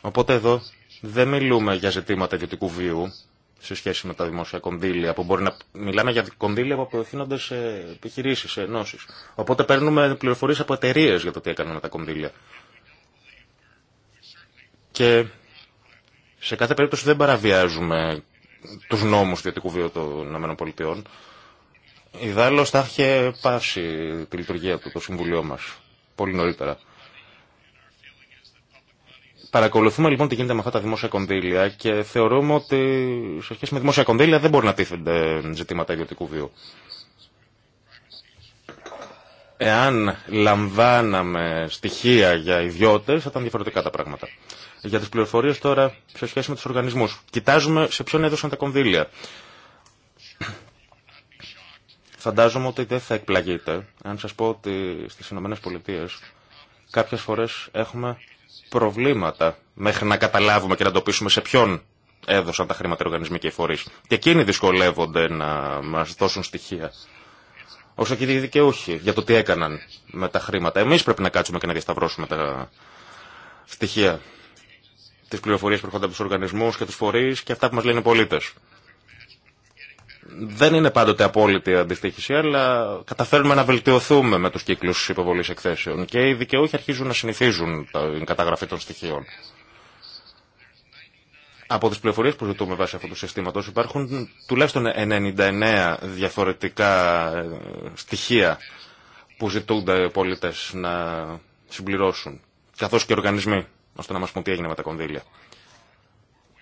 Οπότε εδώ δεν μιλούμε για ζητήματα ιδιωτικού βίου σε σχέση με τα δημόσια κονδύλια, που μπορεί να μιλάμε για κονδύλια που απευθύνονται σε επιχειρήσει, σε ενώσει. Οπότε παίρνουμε πληροφορίε από εταιρείε για το τι έκαναν τα κονδύλια. Και σε κάθε περίπτωση δεν παραβιάζουμε του νόμου ιδιωτικού βίου των ΗΠΑ. Ιδάλλως θα είχε πάση τη λειτουργία του το Συμβουλίο μας, πολύ νωρίτερα. Παρακολουθούμε λοιπόν τι γίνεται με αυτά τα δημόσια κονδύλια και θεωρούμε ότι σε σχέση με δημόσια κονδύλια δεν μπορεί να τίθενται ζητήματα ιδιωτικού βίου. Εάν λαμβάναμε στοιχεία για ιδιώτε, θα ήταν διαφορετικά τα πράγματα. Για τι πληροφορίε τώρα σε σχέση με του οργανισμού. Κοιτάζουμε σε ποιον έδωσαν τα κονδύλια. Φαντάζομαι ότι δεν θα εκπλαγείτε αν σας πω ότι στις Ηνωμένες Πολιτείες κάποιες φορές έχουμε προβλήματα μέχρι να καταλάβουμε και να εντοπίσουμε σε ποιον έδωσαν τα χρήματα οι οργανισμοί και οι φορείς. Και εκείνοι δυσκολεύονται να μας δώσουν στοιχεία. Όσο και οι δικαιούχοι για το τι έκαναν με τα χρήματα. Εμείς πρέπει να κάτσουμε και να διασταυρώσουμε τα στοιχεία. Τις πληροφορίες που έρχονται από τους οργανισμούς και τους φορείς και αυτά που μας λένε οι πολίτες δεν είναι πάντοτε απόλυτη αντιστοίχηση, αλλά καταφέρνουμε να βελτιωθούμε με τους κύκλους υποβολής εκθέσεων και οι δικαιούχοι αρχίζουν να συνηθίζουν την καταγραφή των στοιχείων. Από τις πληροφορίες που ζητούμε βάσει αυτού του συστήματος υπάρχουν τουλάχιστον 99 διαφορετικά ε, στοιχεία που ζητούνται οι πολίτες να συμπληρώσουν, καθώς και οργανισμοί, ώστε να μας πούν τι έγινε με τα κονδύλια.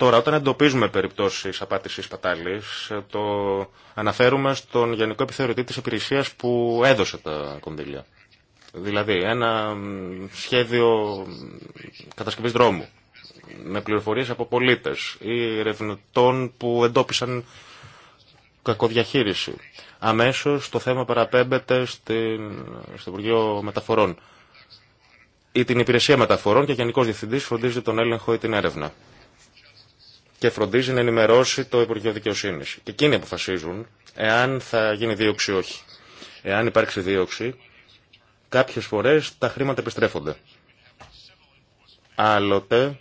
Τώρα, όταν εντοπίζουμε περιπτώσεις απάτησης πατάλη, ε, το αναφέρουμε στον Γενικό Επιθεωρητή της υπηρεσία που έδωσε τα κονδύλια. Δηλαδή, ένα σχέδιο κατασκευής δρόμου, με πληροφορίες από πολίτες ή ερευνητών που εντόπισαν κακοδιαχείριση. Αμέσως το θέμα παραπέμπεται στην, στο Υπουργείο Μεταφορών ή την Υπηρεσία Μεταφορών και γενικό Διευθυντής φροντίζει τον έλεγχο ή την έρευνα και φροντίζει να ενημερώσει το Υπουργείο Δικαιοσύνη. Και εκείνοι αποφασίζουν εάν θα γίνει δίωξη ή όχι. Εάν υπάρξει δίωξη, κάποιε φορέ τα χρήματα επιστρέφονται. Άλλοτε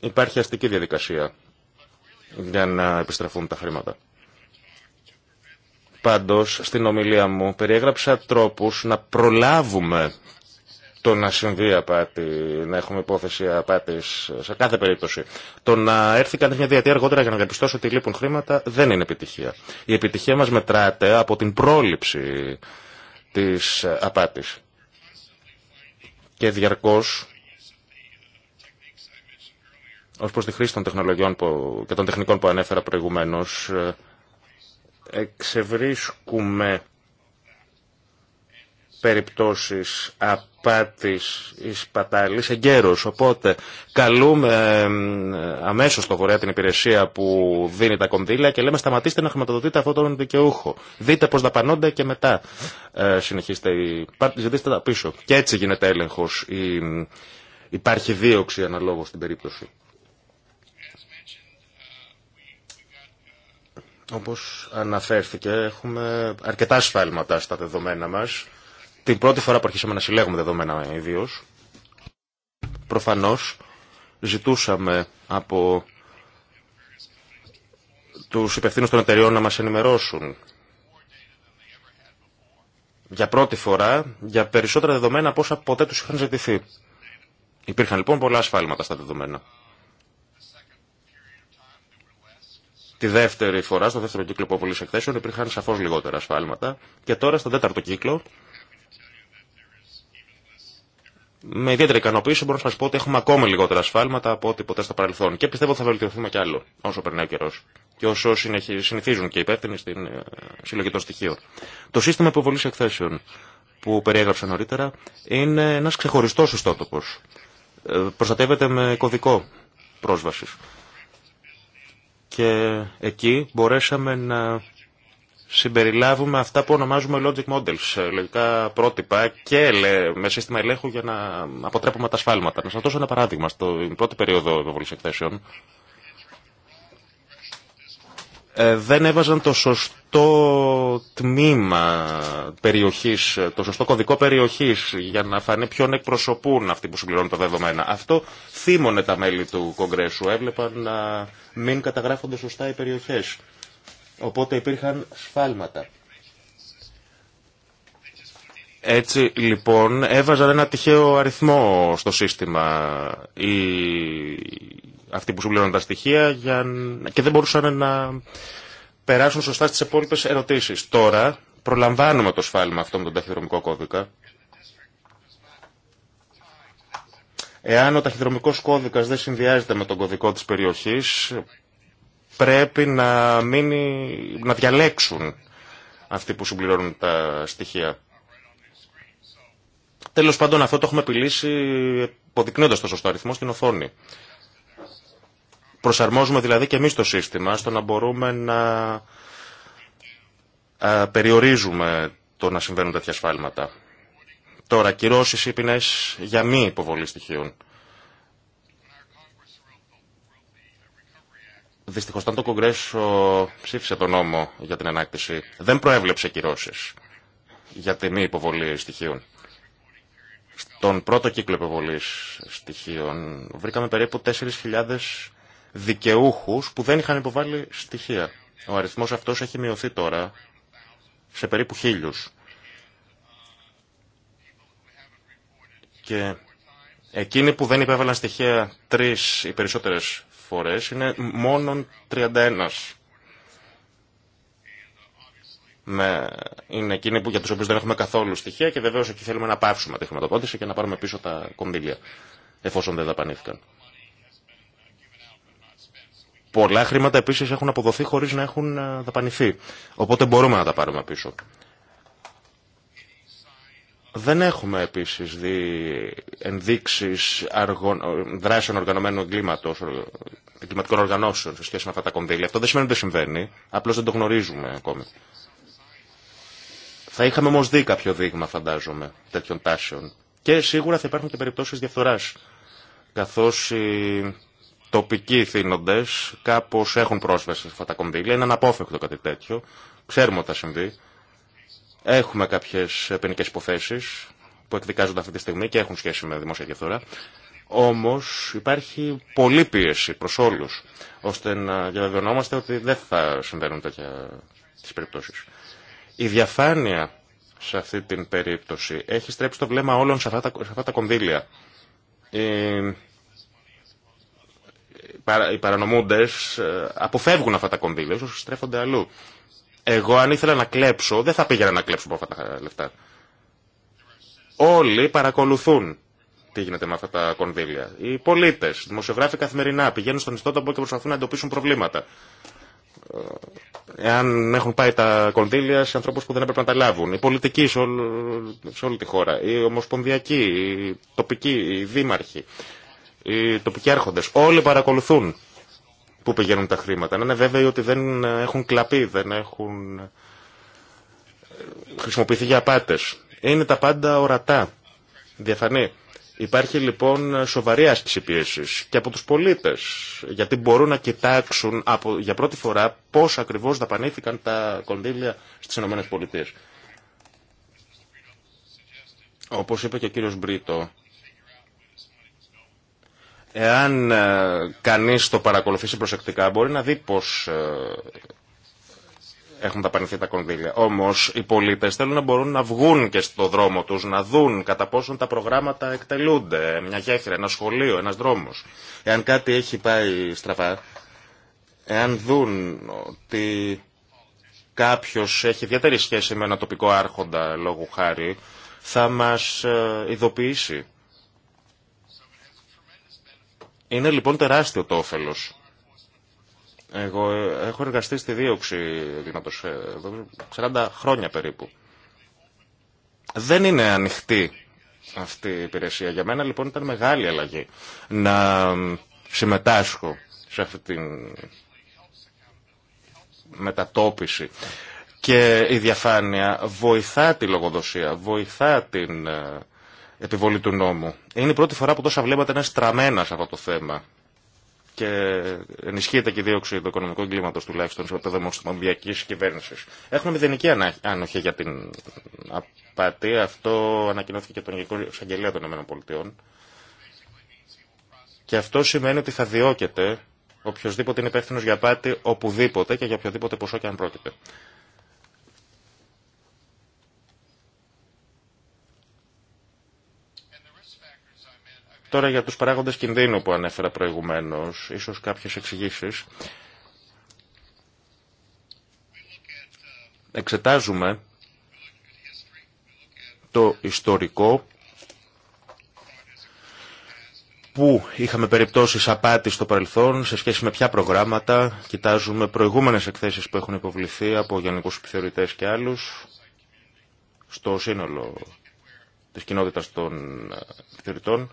υπάρχει αστική διαδικασία για να επιστραφούν τα χρήματα. Πάντως, στην ομιλία μου περιέγραψα τρόπους να προλάβουμε το να συμβεί απάτη, να έχουμε υπόθεση απάτη σε κάθε περίπτωση. Το να έρθει κανεί μια διετία αργότερα για να διαπιστώσει ότι λείπουν χρήματα δεν είναι επιτυχία. Η επιτυχία μα μετράται από την πρόληψη τη απάτη. Και διαρκώ ως προς τη χρήση των τεχνολογιών και των τεχνικών που ανέφερα προηγουμένως, ε, εξευρίσκουμε περιπτώσεις απάτης ή σπατάλης εγκαίρως. Οπότε καλούμε αμέσως το φορέα την υπηρεσία που δίνει τα κονδύλια και λέμε σταματήστε να χρηματοδοτείτε αυτόν τον δικαιούχο. Δείτε πώς δαπανώνται και μετά ε, συνεχίστε, ζητήστε τα πίσω. Και έτσι γίνεται έλεγχος. Η, σπαταλης οποτε καλουμε αμεσως το φορεα την υπηρεσια που δινει τα κονδυλια δίωξη αναλόγως στην περίπτωση. Όπως αναφέρθηκε, έχουμε αρκετά σφάλματα στα δεδομένα μας την πρώτη φορά που αρχίσαμε να συλλέγουμε δεδομένα ιδίω, προφανώς ζητούσαμε από τους υπευθύνου των εταιριών να μας ενημερώσουν για πρώτη φορά για περισσότερα δεδομένα από όσα ποτέ του είχαν ζητηθεί. Υπήρχαν λοιπόν πολλά ασφάλματα στα δεδομένα. Τη δεύτερη φορά, στο δεύτερο κύκλο υποβολή εκθέσεων, υπήρχαν σαφώ λιγότερα ασφάλματα. Και τώρα, στον τέταρτο κύκλο, με ιδιαίτερη ικανοποίηση μπορώ να σα πω ότι έχουμε ακόμη λιγότερα ασφάλματα από ό,τι ποτέ στο παρελθόν. Και πιστεύω ότι θα βελτιωθούμε κι άλλο όσο περνάει ο καιρό. Και όσο συνηθίζουν και οι υπεύθυνοι στην ε, συλλογή των στοιχείων. Το σύστημα υποβολή εκθέσεων που περιέγραψα νωρίτερα είναι ένα ξεχωριστό ιστότοπο. Ε, προστατεύεται με κωδικό πρόσβαση. Και εκεί μπορέσαμε να συμπεριλάβουμε αυτά που ονομάζουμε logic models, ε, λογικά πρότυπα και με σύστημα ελέγχου για να αποτρέπουμε τα σφάλματα. Να σα δώσω ένα παράδειγμα. Στην πρώτη περίοδο υποβολή εκθέσεων ε, δεν έβαζαν το σωστό τμήμα περιοχής, το σωστό κωδικό περιοχής για να φανεί ποιον εκπροσωπούν αυτοί που συμπληρώνουν τα δεδομένα. Αυτό θύμωνε τα μέλη του Κογκρέσου. Έβλεπαν να μην καταγράφονται σωστά οι περιοχές. Οπότε υπήρχαν σφάλματα. Έτσι λοιπόν έβαζαν ένα τυχαίο αριθμό στο σύστημα οι... αυτοί που συμπληρώναν τα στοιχεία για... και δεν μπορούσαν να περάσουν σωστά στις επόμενες ερωτήσεις. Τώρα προλαμβάνουμε το σφάλμα αυτό με τον ταχυδρομικό κώδικα. Εάν ο ταχυδρομικός κώδικας δεν συνδυάζεται με τον κωδικό της περιοχής, πρέπει να, μείνει, να διαλέξουν αυτοί που συμπληρώνουν τα στοιχεία. Τέλος πάντων αυτό το έχουμε επιλύσει υποδεικνύοντας το σωστό αριθμό στην οθόνη. Προσαρμόζουμε δηλαδή και εμείς το σύστημα στο να μπορούμε να περιορίζουμε το να συμβαίνουν τέτοια σφάλματα. Τώρα, κυρώσει ή για μη υποβολή στοιχείων. Δυστυχώ, όταν το Κογκρέσο ψήφισε τον νόμο για την ανάκτηση, δεν προέβλεψε κυρώσει για τη μη υποβολή στοιχείων. Στον πρώτο κύκλο υποβολή στοιχείων βρήκαμε περίπου 4.000 δικαιούχου που δεν είχαν υποβάλει στοιχεία. Ο αριθμό αυτό έχει μειωθεί τώρα σε περίπου χίλιους. Και εκείνοι που δεν υπέβαλαν στοιχεία τρει ή περισσότερε φορές είναι μόνον 31. είναι εκείνοι που, για τους οποίους δεν έχουμε καθόλου στοιχεία και βεβαίως εκεί θέλουμε να πάυσουμε τη χρηματοδότηση και να πάρουμε πίσω τα κονδύλια, εφόσον δεν δαπανήθηκαν. Πολλά χρήματα επίσης έχουν αποδοθεί χωρίς να έχουν ε, δαπανηθεί, οπότε μπορούμε να τα πάρουμε πίσω. Δεν έχουμε επίσης δει ενδείξεις αργων, δράσεων οργανωμένου εγκλήματος, εγκληματικών οργανώσεων σε σχέση με αυτά τα κονδύλια. Αυτό δεν σημαίνει ότι δεν συμβαίνει, απλώς δεν το γνωρίζουμε ακόμη. Θα είχαμε όμω δει κάποιο δείγμα, φαντάζομαι, τέτοιων τάσεων. Και σίγουρα θα υπάρχουν και περιπτώσεις διαφθοράς, καθώς οι τοπικοί θύνοντες κάπως έχουν πρόσβαση σε αυτά τα κονδύλια, είναι αναπόφευκτο κάτι τέτοιο, ξέρουμε ότι θα συμβεί Έχουμε κάποιε ποινικέ υποθέσει που εκδικάζονται αυτή τη στιγμή και έχουν σχέση με δημόσια διαφθορά. Όμω υπάρχει πολλή πίεση προ όλου, ώστε να διαβεβαιωνόμαστε ότι δεν θα συμβαίνουν τέτοια τι περιπτώσει. Η διαφάνεια σε αυτή την περίπτωση έχει στρέψει το βλέμμα όλων σε αυτά τα, σε κονδύλια. Οι, οι ε, αποφεύγουν αυτά τα κονδύλια, όσο στρέφονται αλλού. Εγώ αν ήθελα να κλέψω, δεν θα πήγαινα να κλέψω από αυτά τα λεφτά. Όλοι παρακολουθούν τι γίνεται με αυτά τα κονδύλια. Οι πολίτε, οι δημοσιογράφοι καθημερινά πηγαίνουν στον ιστότοπο και προσπαθούν να εντοπίσουν προβλήματα. Ε, εάν έχουν πάει τα κονδύλια σε ανθρώπου που δεν έπρεπε να τα λάβουν. Οι πολιτικοί σε, όλη, τη χώρα, οι ομοσπονδιακοί, οι τοπικοί, οι δήμαρχοι, οι τοπικοί άρχοντε, όλοι παρακολουθούν πού πηγαίνουν τα χρήματα. Να είναι βέβαιοι ότι δεν έχουν κλαπεί, δεν έχουν ε, χρησιμοποιηθεί για απάτες. Είναι τα πάντα ορατά, διαφανή. Υπάρχει λοιπόν σοβαρή άσκηση πίεση και από τους πολίτες, γιατί μπορούν να κοιτάξουν από, για πρώτη φορά πώς ακριβώς δαπανήθηκαν τα κονδύλια στις ΗΠΑ. Όπως είπε και ο κύριο Μπρίτο, Εάν ε, κανείς το παρακολουθήσει προσεκτικά μπορεί να δει πως ε, έχουν ταπανηθεί τα κονδύλια. Όμως οι πολίτες θέλουν να μπορούν να βγουν και στο δρόμο τους, να δουν κατά πόσον τα προγράμματα εκτελούνται. Μια γέφυρα, ένα σχολείο, ένας δρόμος. Εάν κάτι έχει πάει στραβά, εάν δουν ότι κάποιος έχει ιδιαίτερη σχέση με ένα τοπικό άρχοντα λόγου χάρη, θα μας ε, ειδοποιήσει. Είναι λοιπόν τεράστιο το όφελο. Εγώ ε, έχω εργαστεί στη δίωξη ε, εδώ 40 χρόνια περίπου. Δεν είναι ανοιχτή αυτή η υπηρεσία. Για μένα λοιπόν ήταν μεγάλη αλλαγή να συμμετάσχω σε αυτή την μετατόπιση. Και η διαφάνεια βοηθά τη λογοδοσία, βοηθά την ε, επιβολή του νόμου. Είναι η πρώτη φορά που τόσα βλέμματα είναι στραμμένα σε αυτό το θέμα και ενισχύεται και η δίωξη του οικονομικού εγκλήματο τουλάχιστον σε επίπεδο ομοσπονδιακή κυβέρνηση. Έχουμε μηδενική άνοχη για την απάτη. Αυτό ανακοινώθηκε και από τον Γενικό Εισαγγελέα των ΗΠΑ. Και αυτό σημαίνει ότι θα διώκεται οποιοδήποτε είναι υπεύθυνο για απάτη οπουδήποτε και για οποιοδήποτε ποσό και αν πρόκειται. Τώρα για τους παράγοντες κινδύνου που ανέφερα προηγουμένως, ίσως κάποιες εξηγήσεις. Εξετάζουμε το ιστορικό που είχαμε περιπτώσεις απάτη στο παρελθόν σε σχέση με ποια προγράμματα. Κοιτάζουμε προηγούμενες εκθέσεις που έχουν υποβληθεί από γενικούς επιθεωρητές και άλλους στο σύνολο της κοινότητας των επιθεωρητών.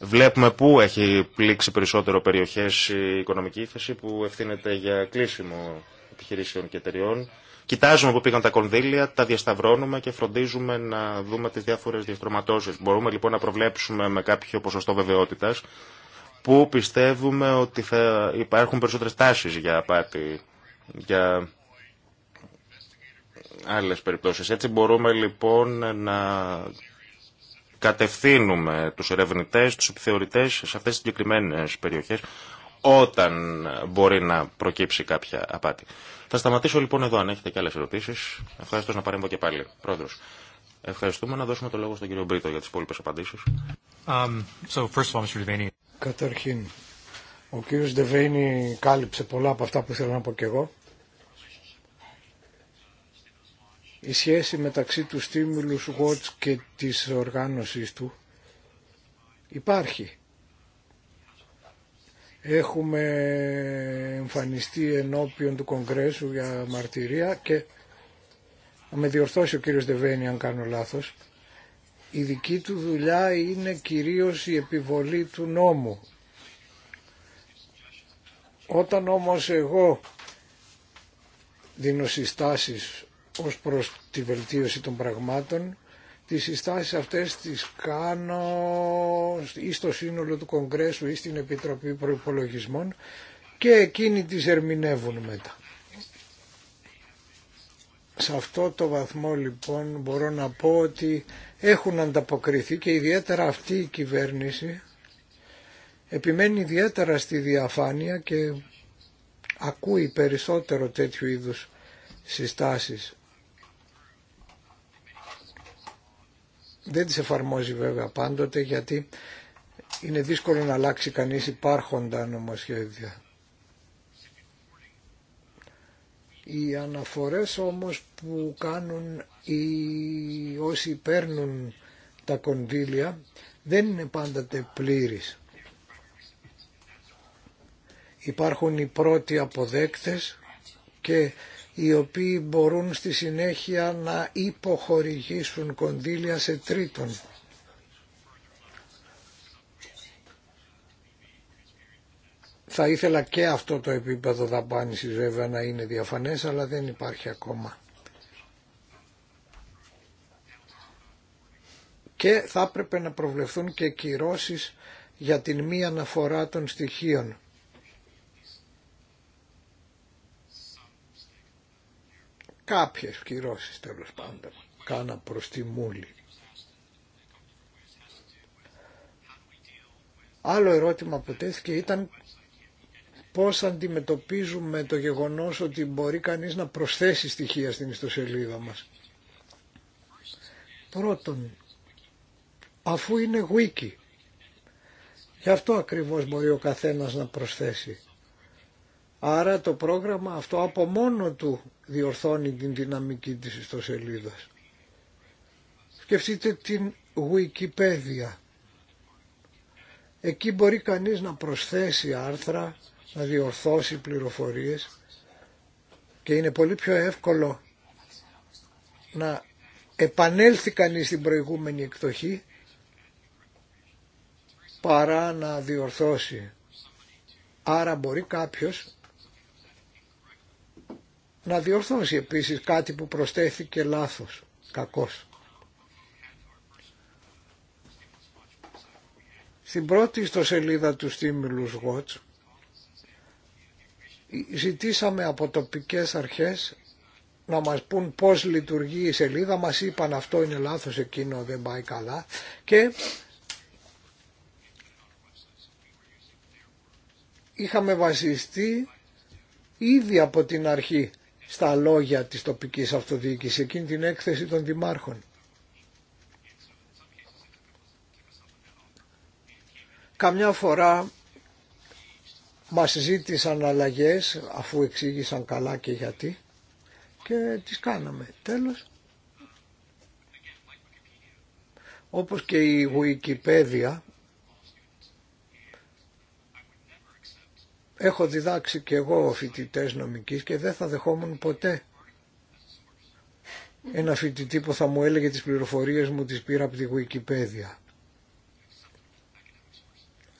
Βλέπουμε πού έχει πλήξει περισσότερο περιοχές η οικονομική ύφεση που ευθύνεται για κλείσιμο επιχειρήσεων και εταιριών. Κοιτάζουμε πού πήγαν τα κονδύλια, τα διασταυρώνουμε και φροντίζουμε να δούμε τις διάφορες διαστρωματώσεις. Μπορούμε λοιπόν να προβλέψουμε με κάποιο ποσοστό βεβαιότητας που πιστεύουμε ότι θα υπάρχουν περισσότερες τάσεις για απάτη, για άλλες περιπτώσεις. Έτσι μπορούμε λοιπόν να κατευθύνουμε τους ερευνητές, τους επιθεωρητές σε αυτές τις συγκεκριμένες περιοχές όταν μπορεί να προκύψει κάποια απάτη. Θα σταματήσω λοιπόν εδώ αν έχετε και άλλες ερωτήσεις. Ευχαριστώ να παρέμβω και πάλι. Πρόεδρος. Ευχαριστούμε να δώσουμε το λόγο στον κύριο Μπρίτο για τις υπόλοιπες απαντήσεις. Um, so Καταρχήν, ο κύριος Ντεβέινι κάλυψε πολλά από αυτά που ήθελα να πω και εγώ. η σχέση μεταξύ του Stimulus Watch και της οργάνωσης του υπάρχει. Έχουμε εμφανιστεί ενώπιον του Κογκρέσου για μαρτυρία και να με διορθώσει ο κύριος Δεβένη αν κάνω λάθος. Η δική του δουλειά είναι κυρίως η επιβολή του νόμου. Όταν όμως εγώ δίνω συστάσεις ως προς τη βελτίωση των πραγμάτων. Τις συστάσεις αυτές τις κάνω ή στο σύνολο του Κογκρέσου ή στην Επιτροπή Προϋπολογισμών και εκείνοι τις ερμηνεύουν μετά. Σε αυτό το βαθμό λοιπόν μπορώ να πω ότι έχουν ανταποκριθεί και ιδιαίτερα αυτή η κυβέρνηση επιμένει ιδιαίτερα στη διαφάνεια και ακούει περισσότερο τέτοιου είδους συστάσεις. Δεν τις εφαρμόζει βέβαια πάντοτε γιατί είναι δύσκολο να αλλάξει κανείς υπάρχοντα νομοσχέδια. Οι αναφορές όμως που κάνουν οι όσοι παίρνουν τα κονδύλια δεν είναι πάντοτε πλήρης. Υπάρχουν οι πρώτοι αποδέκτες και οι οποίοι μπορούν στη συνέχεια να υποχορηγήσουν κονδύλια σε τρίτον. Θα ήθελα και αυτό το επίπεδο δαπάνησης βέβαια να είναι διαφανές, αλλά δεν υπάρχει ακόμα. Και θα έπρεπε να προβλεφθούν και κυρώσεις για την μη αναφορά των στοιχείων. Κάποιες κυρώσεις τέλος πάντων κάνα προς τη μούλη. Άλλο ερώτημα που τέθηκε ήταν πώς αντιμετωπίζουμε το γεγονός ότι μπορεί κανείς να προσθέσει στοιχεία στην ιστοσελίδα μας. Πρώτον, αφού είναι wiki, γι' αυτό ακριβώς μπορεί ο καθένας να προσθέσει. Άρα το πρόγραμμα αυτό από μόνο του διορθώνει την δυναμική της ιστοσελίδας. Σκεφτείτε την Wikipedia. Εκεί μπορεί κανείς να προσθέσει άρθρα, να διορθώσει πληροφορίες και είναι πολύ πιο εύκολο να επανέλθει κανείς στην προηγούμενη εκδοχή παρά να διορθώσει. Άρα μπορεί κάποιος να διορθώσει επίσης κάτι που προστέθηκε λάθος, κακός. Στην πρώτη ιστοσελίδα του Stimulus Watch ζητήσαμε από τοπικές αρχές να μας πούν πώς λειτουργεί η σελίδα, μας είπαν αυτό είναι λάθος, εκείνο δεν πάει καλά και είχαμε βασιστεί ήδη από την αρχή στα λόγια της τοπικής αυτοδιοίκησης, εκείνη την έκθεση των δημάρχων. Καμιά φορά μας ζήτησαν αλλαγές, αφού εξήγησαν καλά και γιατί, και τις κάναμε. Τέλος, όπως και η Wikipedia, Έχω διδάξει και εγώ φοιτητέ νομικής και δεν θα δεχόμουν ποτέ ένα φοιτητή που θα μου έλεγε τις πληροφορίες μου τις πήρα από τη Wikipedia.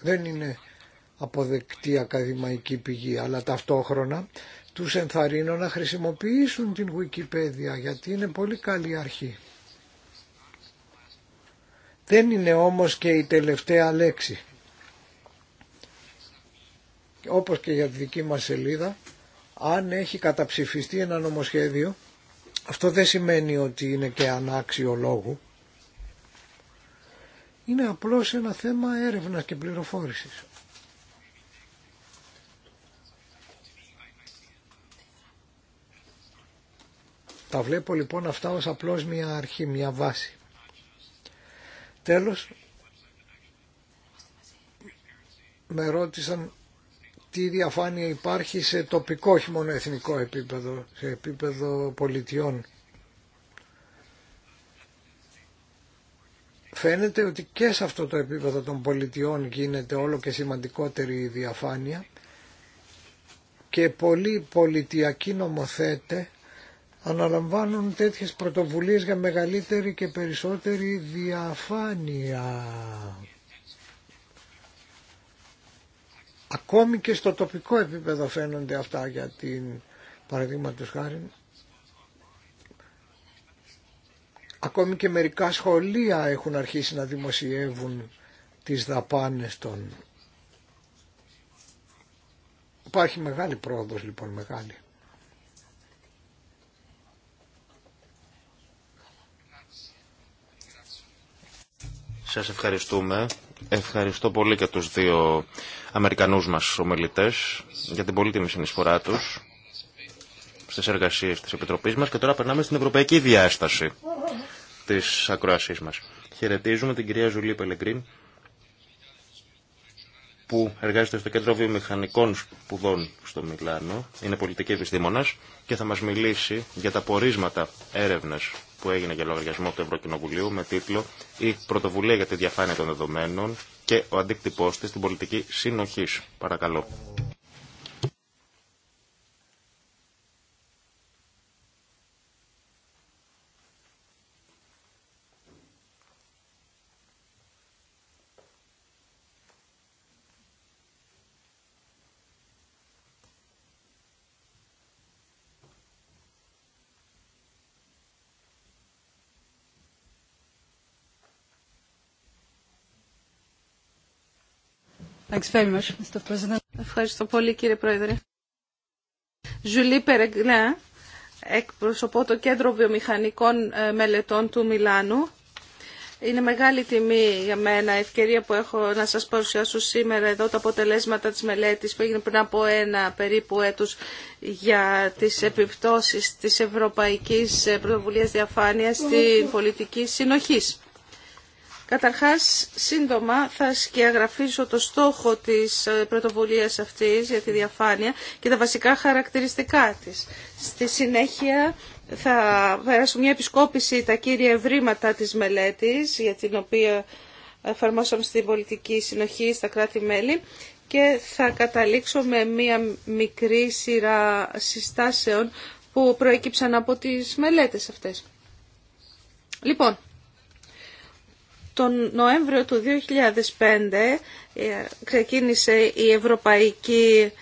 Δεν είναι αποδεκτή ακαδημαϊκή πηγή, αλλά ταυτόχρονα τους ενθαρρύνω να χρησιμοποιήσουν την Wikipedia γιατί είναι πολύ καλή αρχή. Δεν είναι όμως και η τελευταία λέξη όπως και για τη δική μας σελίδα, αν έχει καταψηφιστεί ένα νομοσχέδιο, αυτό δεν σημαίνει ότι είναι και ανάξιο λόγου. Είναι απλώς ένα θέμα έρευνας και πληροφόρησης. Τα βλέπω λοιπόν αυτά ως απλώς μια αρχή, μια βάση. Τέλος, με ρώτησαν η διαφάνεια υπάρχει σε τοπικό, όχι μόνο εθνικό επίπεδο, σε επίπεδο πολιτιών. Φαίνεται ότι και σε αυτό το επίπεδο των πολιτιών γίνεται όλο και σημαντικότερη η διαφάνεια και πολλοί πολιτιακοί νομοθέτε αναλαμβάνουν τέτοιες πρωτοβουλίες για μεγαλύτερη και περισσότερη διαφάνεια. Ακόμη και στο τοπικό επίπεδο φαίνονται αυτά για την παραδείγματο χάρη. Ακόμη και μερικά σχολεία έχουν αρχίσει να δημοσιεύουν τις δαπάνες των. Υπάρχει μεγάλη πρόοδος λοιπόν, μεγάλη. Σας ευχαριστούμε. Ευχαριστώ πολύ και τους δύο Αμερικανούς μας ομιλητές για την πολύτιμη συνεισφορά τους στις εργασίες της Επιτροπής μας και τώρα περνάμε στην ευρωπαϊκή διάσταση της ακροασής μας. Χαιρετίζουμε την κυρία Ζουλή Πελεγκρίν που εργάζεται στο Κέντρο Βιομηχανικών Σπουδών στο Μιλάνο, είναι πολιτική επιστήμονα και θα μας μιλήσει για τα πορίσματα έρευνας που έγινε για λογαριασμό του Ευρωκοινοβουλίου με τίτλο «Η πρωτοβουλία για τη διαφάνεια των δεδομένων και ο αντίκτυπός της στην πολιτική συνοχής. Παρακαλώ. Ευχαριστώ πολύ κύριε Πρόεδρε. Ζουλή Περεγκλέ, ναι, εκπροσωπώ το Κέντρο Βιομηχανικών ε, Μελετών του Μιλάνου. Είναι μεγάλη τιμή για μένα, ευκαιρία που έχω να σας παρουσιάσω σήμερα εδώ τα αποτελέσματα της μελέτης που έγινε πριν από ένα περίπου έτους για τις επιπτώσεις της Ευρωπαϊκής Πρωτοβουλίας Διαφάνειας στην πολιτική συνοχής. Καταρχάς, σύντομα θα σκιαγραφίσω το στόχο της ε, πρωτοβουλίας αυτής για τη διαφάνεια και τα βασικά χαρακτηριστικά της. Στη συνέχεια θα περάσω μια επισκόπηση τα κύρια ευρήματα της μελέτης για την οποία εφαρμόσαμε στην πολιτική συνοχή στα κράτη-μέλη και θα καταλήξω με μια μικρή σειρά συστάσεων που προέκυψαν από τις μελέτες αυτές. Λοιπόν, τον Νοέμβριο του 2005 ε, ξεκίνησε η Ευρωπαϊκή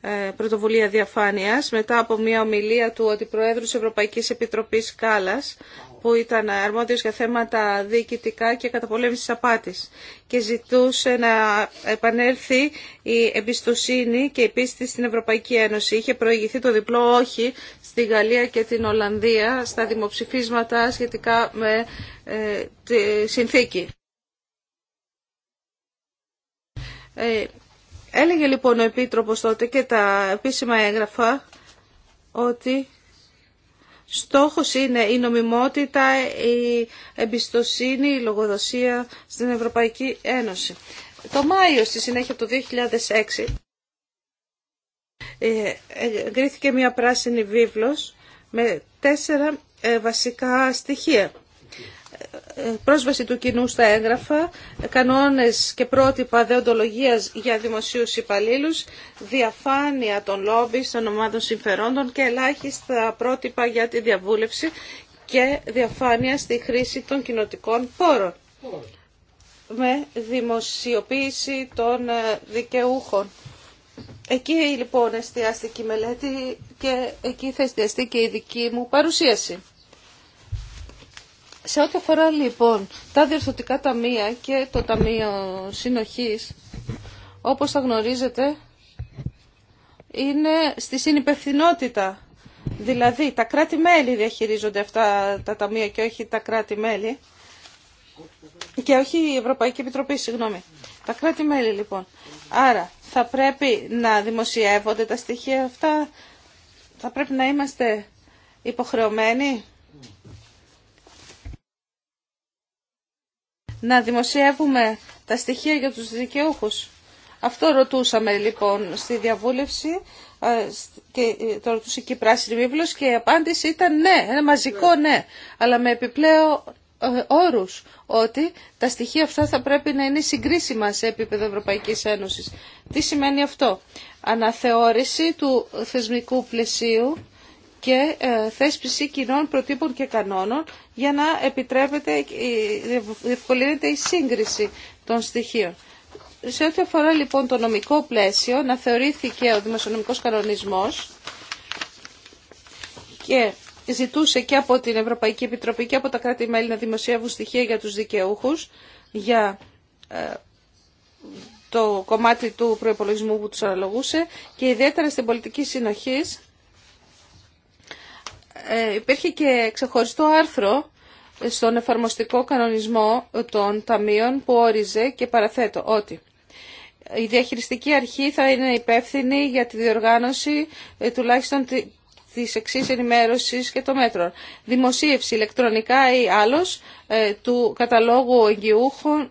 ε, Πρωτοβουλία Διαφάνειας μετά από μια ομιλία του Αντιπροέδρου της Ευρωπαϊκής Επιτροπής Κάλλας που ήταν αρμόδιος για θέματα διοικητικά και καταπολέμησης απάτης και ζητούσε να επανέλθει η εμπιστοσύνη και η πίστη στην Ευρωπαϊκή Ένωση. Είχε προηγηθεί το διπλό όχι στη Γαλλία και την Ολλανδία στα δημοψηφίσματα σχετικά με ε, τη συνθήκη. Ε, έλεγε λοιπόν ο Επίτροπος τότε και τα επίσημα έγγραφα ότι Στόχος είναι η νομιμότητα, η εμπιστοσύνη, η λογοδοσία στην Ευρωπαϊκή Ένωση. Το Μάιο στη συνέχεια του 2006 ε, εγκρίθηκε μια πράσινη βίβλος με τέσσερα ε, βασικά στοιχεία πρόσβαση του κοινού στα έγγραφα, κανόνες και πρότυπα δεοντολογίας για δημοσίους υπαλλήλους, διαφάνεια των λόμπι των ομάδων συμφερόντων και ελάχιστα πρότυπα για τη διαβούλευση και διαφάνεια στη χρήση των κοινοτικών πόρων με δημοσιοποίηση των ε, δικαιούχων. Εκεί λοιπόν εστιάστηκε η μελέτη και εκεί θα εστιαστεί και η δική μου παρουσίαση. Σε ό,τι αφορά λοιπόν τα διορθωτικά ταμεία και το Ταμείο Συνοχής, όπως θα γνωρίζετε, είναι στη συνυπευθυνότητα. Δηλαδή, τα κράτη-μέλη διαχειρίζονται αυτά τα ταμεία και όχι τα κράτη-μέλη. Και όχι η Ευρωπαϊκή Επιτροπή, συγγνώμη. Τα κράτη-μέλη λοιπόν. Άρα, θα πρέπει να δημοσιεύονται τα στοιχεία αυτά. Θα πρέπει να είμαστε υποχρεωμένοι να δημοσιεύουμε τα στοιχεία για τους δικαιούχους. Αυτό ρωτούσαμε λοιπόν στη διαβούλευση ε, και ε, το ρωτούσε και η πράσινη βίβλος και η απάντηση ήταν ναι, ένα μαζικό ναι, αλλά με επιπλέον ε, όρους ότι τα στοιχεία αυτά θα πρέπει να είναι συγκρίσιμα σε επίπεδο Ευρωπαϊκής Ένωσης. Τι σημαίνει αυτό. Αναθεώρηση του θεσμικού πλαισίου και ε, θέσπιση κοινών προτύπων και κανόνων για να επιτρέπεται, ε, διευκολύνεται η σύγκριση των στοιχείων. Σε ό,τι αφορά λοιπόν το νομικό πλαίσιο, να θεωρήθηκε ο δημοσιονομικός κανονισμός και ζητούσε και από την Ευρωπαϊκή Επιτροπή και από τα κράτη-μέλη να δημοσιεύουν στοιχεία για τους δικαιούχους, για ε, το κομμάτι του προϋπολογισμού που τους αναλογούσε και ιδιαίτερα στην πολιτική συνοχής ε, υπήρχε και ξεχωριστό άρθρο στον εφαρμοστικό κανονισμό των ταμείων που όριζε και παραθέτω ότι η διαχειριστική αρχή θα είναι υπεύθυνη για τη διοργάνωση ε, τουλάχιστον τη εξή ενημέρωσης και των μέτρων. Δημοσίευση ηλεκτρονικά ή άλλο ε, του καταλόγου εγγυούχων,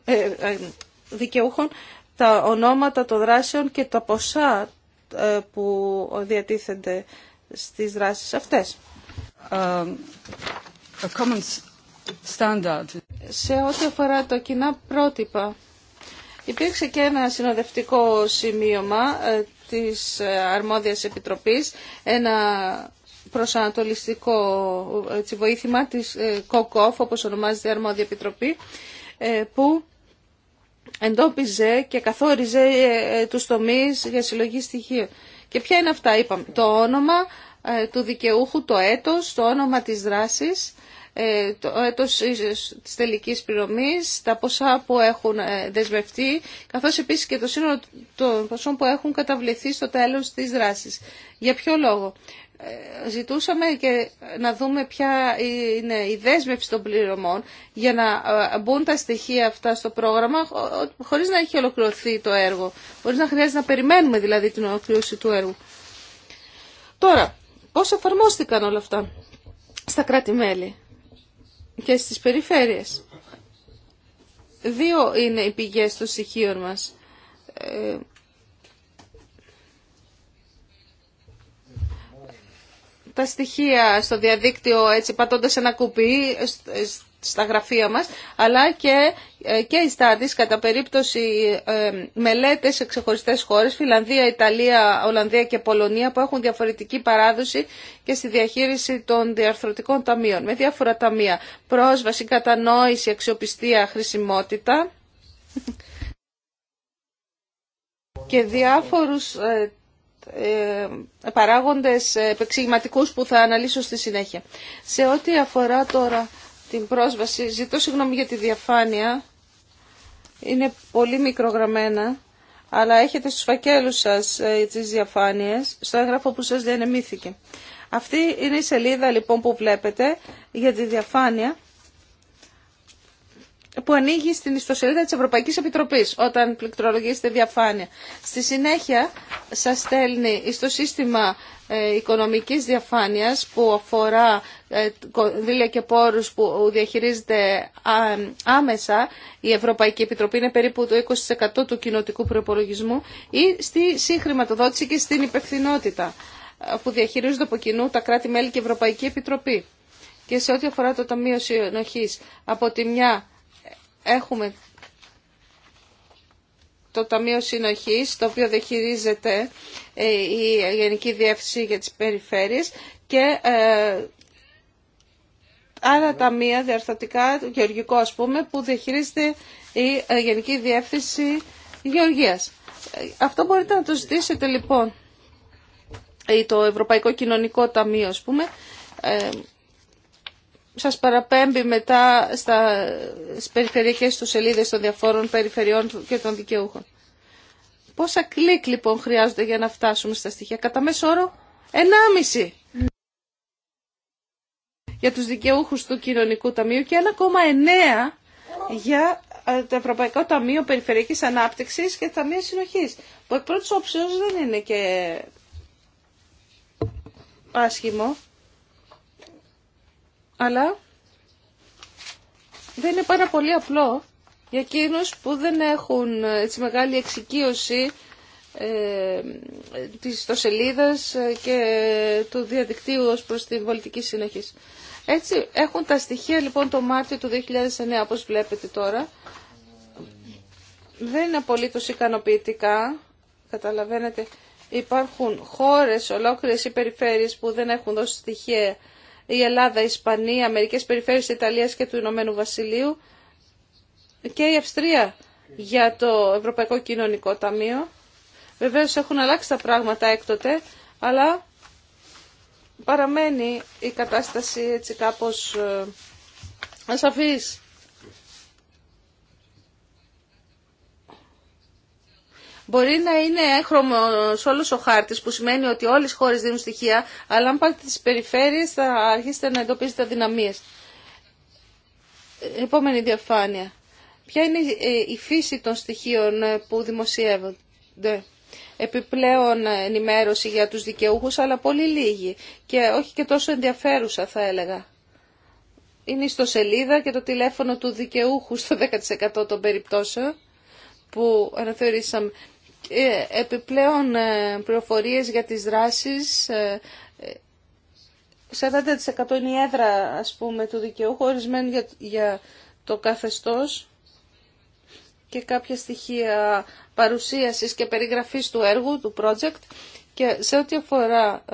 δικαιούχων, τα ονόματα των δράσεων και τα ποσά που διατίθενται στις δράσεις αυτές. Um, Σε ό,τι αφορά το κοινά πρότυπα, υπήρξε και ένα συνοδευτικό σημείωμα ε, της ε, Αρμόδιας Επιτροπής, ένα προσανατολιστικό έτσι, βοήθημα της COCOF ε, όπως ονομάζεται Αρμόδια Επιτροπή, που εντόπιζε και καθόριζε τους τομείς για συλλογή στοιχείων. Και ποια είναι αυτά, είπαμε, το όνομα, ε, του δικαιούχου το έτος, το όνομα της δράσης, ε, το έτος της τελικής πληρωμής, τα ποσά που έχουν ε, δεσμευτεί, καθώς επίσης και το σύνολο των ποσών που έχουν καταβληθεί στο τέλος της δράσης. Για ποιο λόγο. Ζητούσαμε και να δούμε ποια είναι η δέσμευση των πληρωμών για να μπουν τα στοιχεία αυτά στο πρόγραμμα χωρίς να έχει ολοκληρωθεί το έργο, χωρίς να χρειάζεται να περιμένουμε δηλαδή την ολοκλήρωση του έργου. Τώρα, Πώς εφαρμόστηκαν όλα αυτά στα κράτη-μέλη και στις περιφέρειες. Δύο είναι οι πηγές των στοιχείων μας. Ε, τα στοιχεία στο διαδίκτυο έτσι πατώντας ένα κουμπί στα γραφεία μας, αλλά και, ε, και οι κατά περίπτωση ε, μελέτες σε ξεχωριστές χώρες, Φιλανδία, Ιταλία, Ολλανδία και Πολωνία που έχουν διαφορετική παράδοση και στη διαχείριση των διαρθρωτικών ταμείων με διάφορα ταμεία. Πρόσβαση, κατανόηση, αξιοπιστία, χρησιμότητα <laughs> και διάφορους ε, παράγοντες επεξηγηματικούς που θα αναλύσω στη συνέχεια. Σε ό,τι αφορά τώρα την πρόσβαση. Ζητώ συγγνώμη για τη διαφάνεια. Είναι πολύ μικρογραμμένα, αλλά έχετε στους φακέλους σας ε, τις διαφάνειες, στο έγγραφο που σας διανεμήθηκε. Αυτή είναι η σελίδα λοιπόν που βλέπετε για τη διαφάνεια που ανοίγει στην ιστοσελίδα της Ευρωπαϊκής Επιτροπής όταν πληκτρολογήσετε διαφάνεια. Στη συνέχεια σας στέλνει στο σύστημα ε, οικονομικής διαφάνειας που αφορά ε, κονδύλια και πόρους που διαχειρίζεται άμεσα η Ευρωπαϊκή Επιτροπή είναι περίπου το 20% του κοινοτικού προπολογισμού ή στη συγχρηματοδότηση και στην υπευθυνότητα ε, που διαχειρίζονται από κοινού τα κράτη-μέλη και η Ευρωπαϊκή Επιτροπή. Και σε ό,τι αφορά το Ταμείο Συνοχής, από τη μια Έχουμε το Ταμείο Συνοχής, το οποίο διαχειρίζεται ε, η Γενική Διεύθυνση για τις Περιφέρειες και ε, άλλα ταμεία διαρθωτικά, γεωργικό ας πούμε, που διαχειρίζεται η ε, Γενική Διεύθυνση Γεωργίας. Αυτό μπορείτε να το ζητήσετε λοιπόν, ή το Ευρωπαϊκό Κοινωνικό Ταμείο ας πούμε, σας παραπέμπει μετά στα, στις περιφερειακές του σελίδες των διαφόρων περιφερειών και των δικαιούχων. Πόσα κλικ λοιπόν χρειάζονται για να φτάσουμε στα στοιχεία. Κατά μέσο όρο 1,5 για τους δικαιούχους του Κοινωνικού Ταμείου και 1,9 για ε, το Ευρωπαϊκό Ταμείο Περιφερειακής Ανάπτυξης και Ταμείο Συνοχής, που εκ πρώτης όψεως δεν είναι και άσχημο αλλά δεν είναι πάρα πολύ απλό για εκείνους που δεν έχουν έτσι, μεγάλη εξοικείωση ε, της ιστοσελίδας ε, και του διαδικτύου ως προς την πολιτική συνοχή. Έτσι έχουν τα στοιχεία λοιπόν το Μάρτιο του 2009 όπως βλέπετε τώρα. Δεν είναι απολύτως ικανοποιητικά, καταλαβαίνετε. Υπάρχουν χώρες, ολόκληρες η περιφέρειες που δεν έχουν δώσει στοιχεία η Ελλάδα, η Ισπανία, μερικές περιφέρειες της Ιταλίας και του Ηνωμένου Βασιλείου και η Αυστρία για το Ευρωπαϊκό Κοινωνικό Ταμείο. Βεβαίω έχουν αλλάξει τα πράγματα έκτοτε, αλλά παραμένει η κατάσταση έτσι κάπως ε, ασαφής. Μπορεί να είναι έγχρωμο όλο ο χάρτη, που σημαίνει ότι όλε οι χώρε δίνουν στοιχεία, αλλά αν πάτε στι περιφέρειε θα αρχίσετε να εντοπίζετε αδυναμίε. Επόμενη διαφάνεια. Ποια είναι η ε, φύση των στοιχείων ε, που δημοσιεύονται. Επιπλέον ε, ενημέρωση για τους δικαιούχους, αλλά πολύ λίγη και όχι και τόσο ενδιαφέρουσα θα έλεγα. Είναι η στοσελίδα και το τηλέφωνο του δικαιούχου στο 10% των περιπτώσεων που αναθεωρήσαμε. Ε, επιπλέον ε, προφορίες για τις δράσεις 40% ε, είναι η έδρα ας πούμε του δικαιούχου χωρισμένου για, για το καθεστώς και κάποια στοιχεία παρουσίασης και περιγραφής του έργου, του project και σε ό,τι αφορά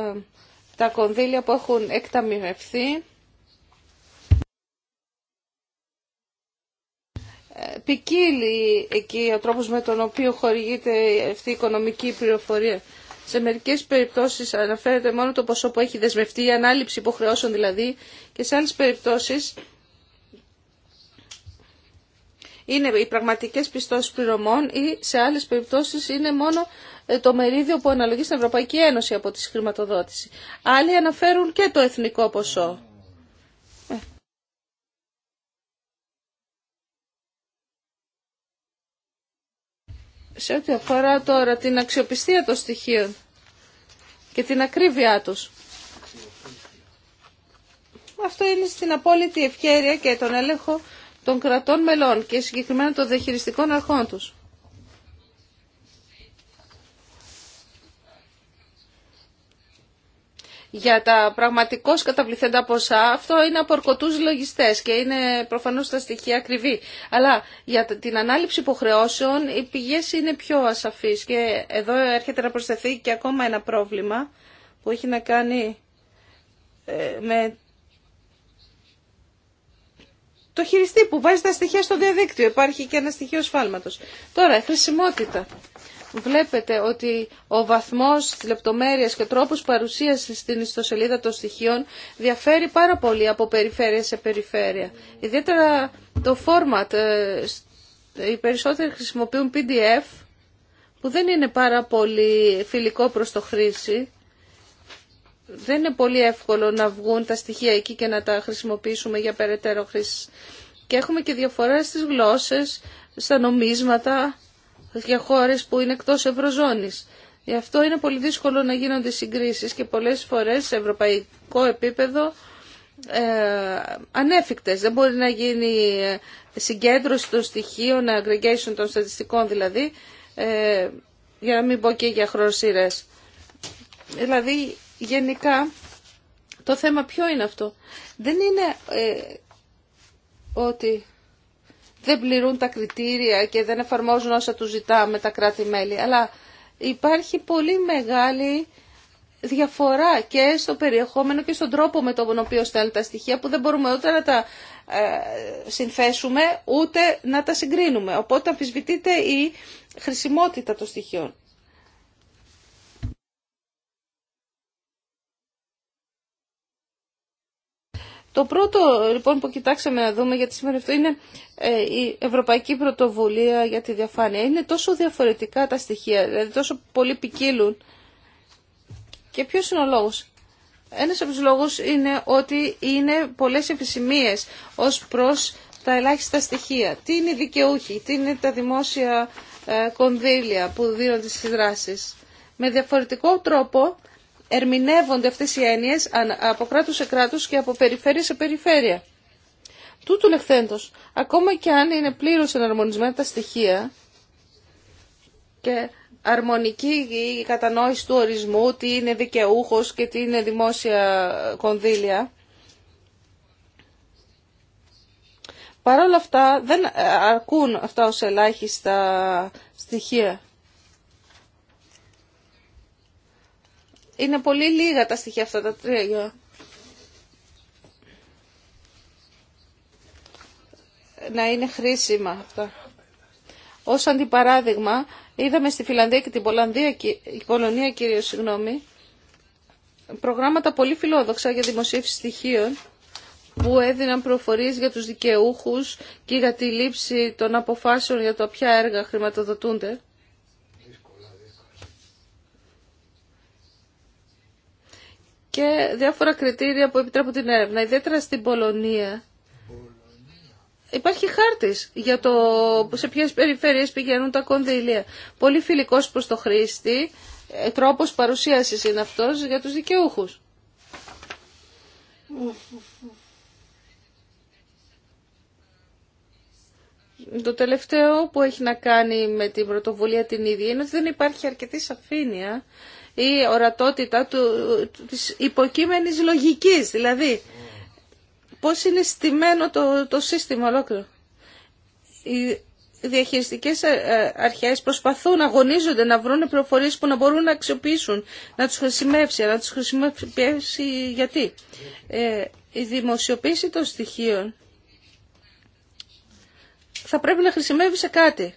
τα κονδύλια που έχουν εκταμιευθεί ποικίλει εκεί ο τρόπος με τον οποίο χορηγείται αυτή η οικονομική πληροφορία. Σε μερικέ περιπτώσει αναφέρεται μόνο το ποσό που έχει δεσμευτεί, η ανάληψη υποχρεώσεων δηλαδή, και σε άλλε περιπτώσει είναι οι πραγματικές πιστώσεις πληρωμών ή σε άλλες περιπτώσεις είναι μόνο ε, το μερίδιο που αναλογεί στην Ευρωπαϊκή Ένωση από τη χρηματοδότηση. Άλλοι αναφέρουν και το εθνικό ποσό. σε ό,τι αφορά τώρα την αξιοπιστία των στοιχείων και την ακρίβειά τους. Αυτό είναι στην απόλυτη ευκαιρία και τον έλεγχο των κρατών μελών και συγκεκριμένα των διαχειριστικών αρχών τους. για τα πραγματικώς καταβληθέντα ποσά, αυτό είναι από ορκωτού λογιστές και είναι προφανώς τα στοιχεία ακριβή. Αλλά για την ανάληψη υποχρεώσεων οι πηγέ είναι πιο ασαφεί. και εδώ έρχεται να προσθεθεί και ακόμα ένα πρόβλημα που έχει να κάνει ε, με το χειριστή που βάζει τα στοιχεία στο διαδίκτυο. Υπάρχει και ένα στοιχείο σφάλματος. Τώρα, χρησιμότητα βλέπετε ότι ο βαθμός, της λεπτομέρειας και τρόπος παρουσίασης στην ιστοσελίδα των στοιχείων διαφέρει πάρα πολύ από περιφέρεια σε περιφέρεια. Ιδιαίτερα το format, ε, οι περισσότεροι χρησιμοποιούν PDF που δεν είναι πάρα πολύ φιλικό προς το χρήση. Δεν είναι πολύ εύκολο να βγουν τα στοιχεία εκεί και να τα χρησιμοποιήσουμε για περαιτέρω χρήση. Και έχουμε και διαφορές στις γλώσσες, στα νομίσματα, για χώρες που είναι εκτός ευρωζώνης. Γι' αυτό είναι πολύ δύσκολο να γίνονται συγκρίσεις και πολλές φορές σε ευρωπαϊκό επίπεδο ε, ανέφικτες. Δεν μπορεί να γίνει ε, συγκέντρωση των στοιχείων, aggregation των στατιστικών δηλαδή, ε, για να μην πω και για χρονοσύρες. Δηλαδή, γενικά, το θέμα ποιο είναι αυτό. Δεν είναι ε, ότι δεν πληρούν τα κριτήρια και δεν εφαρμόζουν όσα τους ζητάμε τα κράτη-μέλη. Αλλά υπάρχει πολύ μεγάλη διαφορά και στο περιεχόμενο και στον τρόπο με τον οποίο στέλνουν τα στοιχεία που δεν μπορούμε ούτε να τα ε, συνθέσουμε ούτε να τα συγκρίνουμε. Οπότε αμφισβητείται η χρησιμότητα των στοιχείων. Το πρώτο λοιπόν που κοιτάξαμε να δούμε γιατί σήμερα αυτό είναι ε, η Ευρωπαϊκή Πρωτοβουλία για τη Διαφάνεια. Είναι τόσο διαφορετικά τα στοιχεία, δηλαδή τόσο πολύ ποικίλουν. Και ποιος είναι ο λόγος. Ένας από τους λόγους είναι ότι είναι πολλές επισημίες ως προς τα ελάχιστα στοιχεία. Τι είναι οι δικαιούχοι, τι είναι τα δημόσια ε, κονδύλια που δίνονται στις δράσεις. Με διαφορετικό τρόπο ερμηνεύονται αυτές οι έννοιες από κράτος σε κράτος και από περιφέρεια σε περιφέρεια. Τούτου λεχθέντος, ακόμα και αν είναι πλήρως εναρμονισμένα τα στοιχεία και αρμονική η κατανόηση του ορισμού, τι είναι δικαιούχος και τι είναι δημόσια κονδύλια, Παρ' όλα αυτά δεν αρκούν αυτά ως ελάχιστα στοιχεία. Είναι πολύ λίγα τα στοιχεία αυτά τα τρία. Να είναι χρήσιμα αυτά. Ως αντιπαράδειγμα, είδαμε στη Φιλανδία και την Πολανδία, η Πολωνία κυρίως, συγγνώμη, προγράμματα πολύ φιλόδοξα για δημοσίευση στοιχείων που έδιναν προφορίες για τους δικαιούχους και για τη λήψη των αποφάσεων για το ποια έργα χρηματοδοτούνται. και διάφορα κριτήρια που επιτρέπουν την έρευνα, ιδιαίτερα στην Πολωνία. Υπάρχει χάρτη για το σε ποιε περιφέρειε πηγαίνουν τα κονδύλια. Πολύ φιλικό προ το χρήστη, ε, τρόπο παρουσίαση είναι αυτό για του δικαιούχου. Το τελευταίο που έχει να κάνει με την πρωτοβουλία την ίδια είναι ότι δεν υπάρχει αρκετή σαφήνεια η ορατότητα του, της υποκείμενης λογικής, δηλαδή πώς είναι στημένο το, το σύστημα ολόκληρο. Οι διαχειριστικές ε, ε, αρχές προσπαθούν, αγωνίζονται να βρουν προφορίες που να μπορούν να αξιοποιήσουν, να τους χρησιμεύσει, να τους χρησιμεύσει γιατί. Ε, η δημοσιοποίηση των στοιχείων θα πρέπει να χρησιμεύει σε κάτι.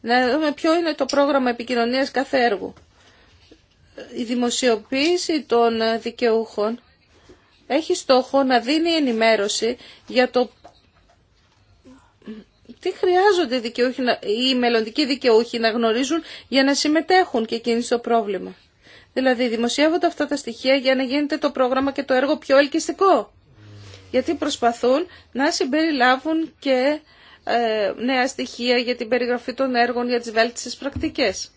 Να δούμε ποιο είναι το πρόγραμμα επικοινωνίας κάθε έργου η δημοσιοποίηση των δικαιούχων έχει στόχο να δίνει ενημέρωση για το τι χρειάζονται οι, δικαιούχοι, οι μελλοντικοί δικαιούχοι να γνωρίζουν για να συμμετέχουν και εκείνοι στο πρόβλημα. Δηλαδή δημοσιεύονται αυτά τα στοιχεία για να γίνεται το πρόγραμμα και το έργο πιο ελκυστικό. Γιατί προσπαθούν να συμπεριλάβουν και ε, νέα στοιχεία για την περιγραφή των έργων για τις βέλτιστες πρακτικές.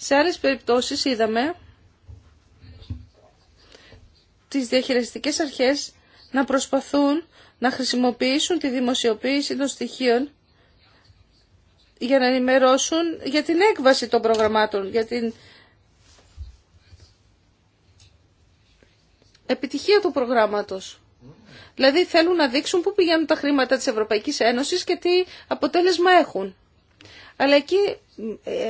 Σε άλλες περιπτώσεις είδαμε τις διαχειριστικές αρχές να προσπαθούν να χρησιμοποιήσουν τη δημοσιοποίηση των στοιχείων για να ενημερώσουν για την έκβαση των προγραμμάτων, για την επιτυχία του προγράμματος. Δηλαδή θέλουν να δείξουν πού πηγαίνουν τα χρήματα της Ευρωπαϊκής Ένωσης και τι αποτέλεσμα έχουν αλλά εκεί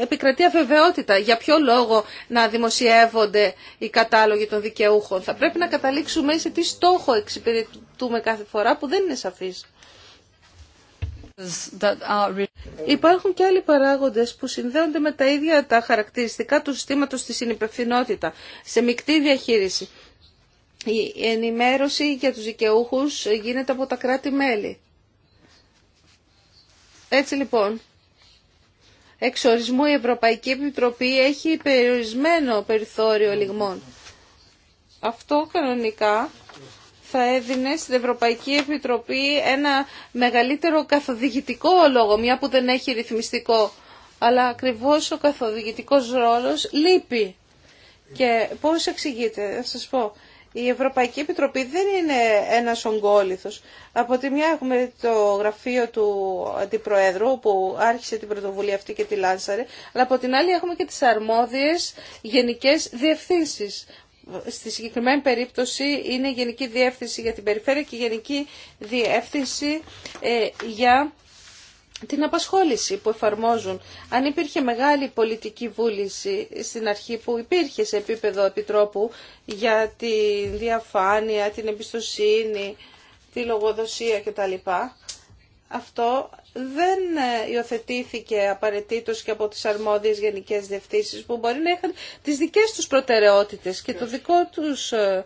επικρατεί αβεβαιότητα. Για ποιο λόγο να δημοσιεύονται οι κατάλογοι των δικαιούχων. Θα πρέπει να καταλήξουμε σε τι στόχο εξυπηρετούμε κάθε φορά που δεν είναι σαφής. Υπάρχουν και άλλοι παράγοντες που συνδέονται με τα ίδια τα χαρακτηριστικά του συστήματος στη συνυπευθυνότητα, σε μεικτή διαχείριση. Η ενημέρωση για τους δικαιούχους γίνεται από τα κράτη-μέλη. Έτσι λοιπόν, εξορισμού η Ευρωπαϊκή Επιτροπή έχει περιορισμένο περιθώριο λιγμών. Αυτό κανονικά θα έδινε στην Ευρωπαϊκή Επιτροπή ένα μεγαλύτερο καθοδηγητικό λόγο, μια που δεν έχει ρυθμιστικό. Αλλά ακριβώς ο καθοδηγητικός ρόλος λείπει. Και πώς εξηγείτε; θα σας πω η Ευρωπαϊκή Επιτροπή δεν είναι ένας ογκόληθος. Από τη μια έχουμε το γραφείο του Αντιπροέδρου που άρχισε την πρωτοβουλία αυτή και τη λάνσαρε, αλλά από την άλλη έχουμε και τις αρμόδιες γενικές διευθύνσεις. Στη συγκεκριμένη περίπτωση είναι Γενική Διεύθυνση για την Περιφέρεια και Γενική Διεύθυνση ε, για την απασχόληση που εφαρμόζουν. Αν υπήρχε μεγάλη πολιτική βούληση στην αρχή που υπήρχε σε επίπεδο επιτρόπου για τη διαφάνεια, την εμπιστοσύνη, τη λογοδοσία κτλ. Αυτό δεν ε, υιοθετήθηκε απαραίτητο και από τις αρμόδιες γενικές διευθύνσεις που μπορεί να είχαν τις δικές τους προτεραιότητες και το δικό τους ε,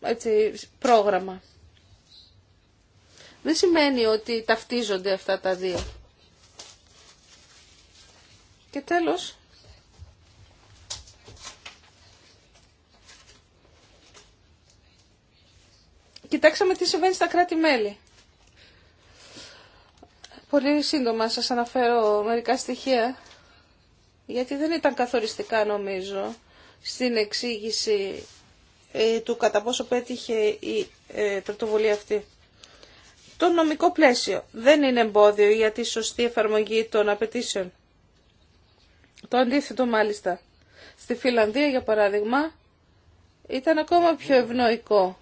έτσι, πρόγραμμα δεν σημαίνει ότι ταυτίζονται αυτά τα δύο. Και τέλος, κοιτάξαμε τι συμβαίνει στα κράτη-μέλη. Πολύ σύντομα σας αναφέρω μερικά στοιχεία, γιατί δεν ήταν καθοριστικά νομίζω στην εξήγηση ε, του κατά πόσο πέτυχε η ε, πρωτοβουλία αυτή. Το νομικό πλαίσιο δεν είναι εμπόδιο για τη σωστή εφαρμογή των απαιτήσεων. Το αντίθετο μάλιστα. Στη Φιλανδία για παράδειγμα ήταν ακόμα πιο ευνοϊκό.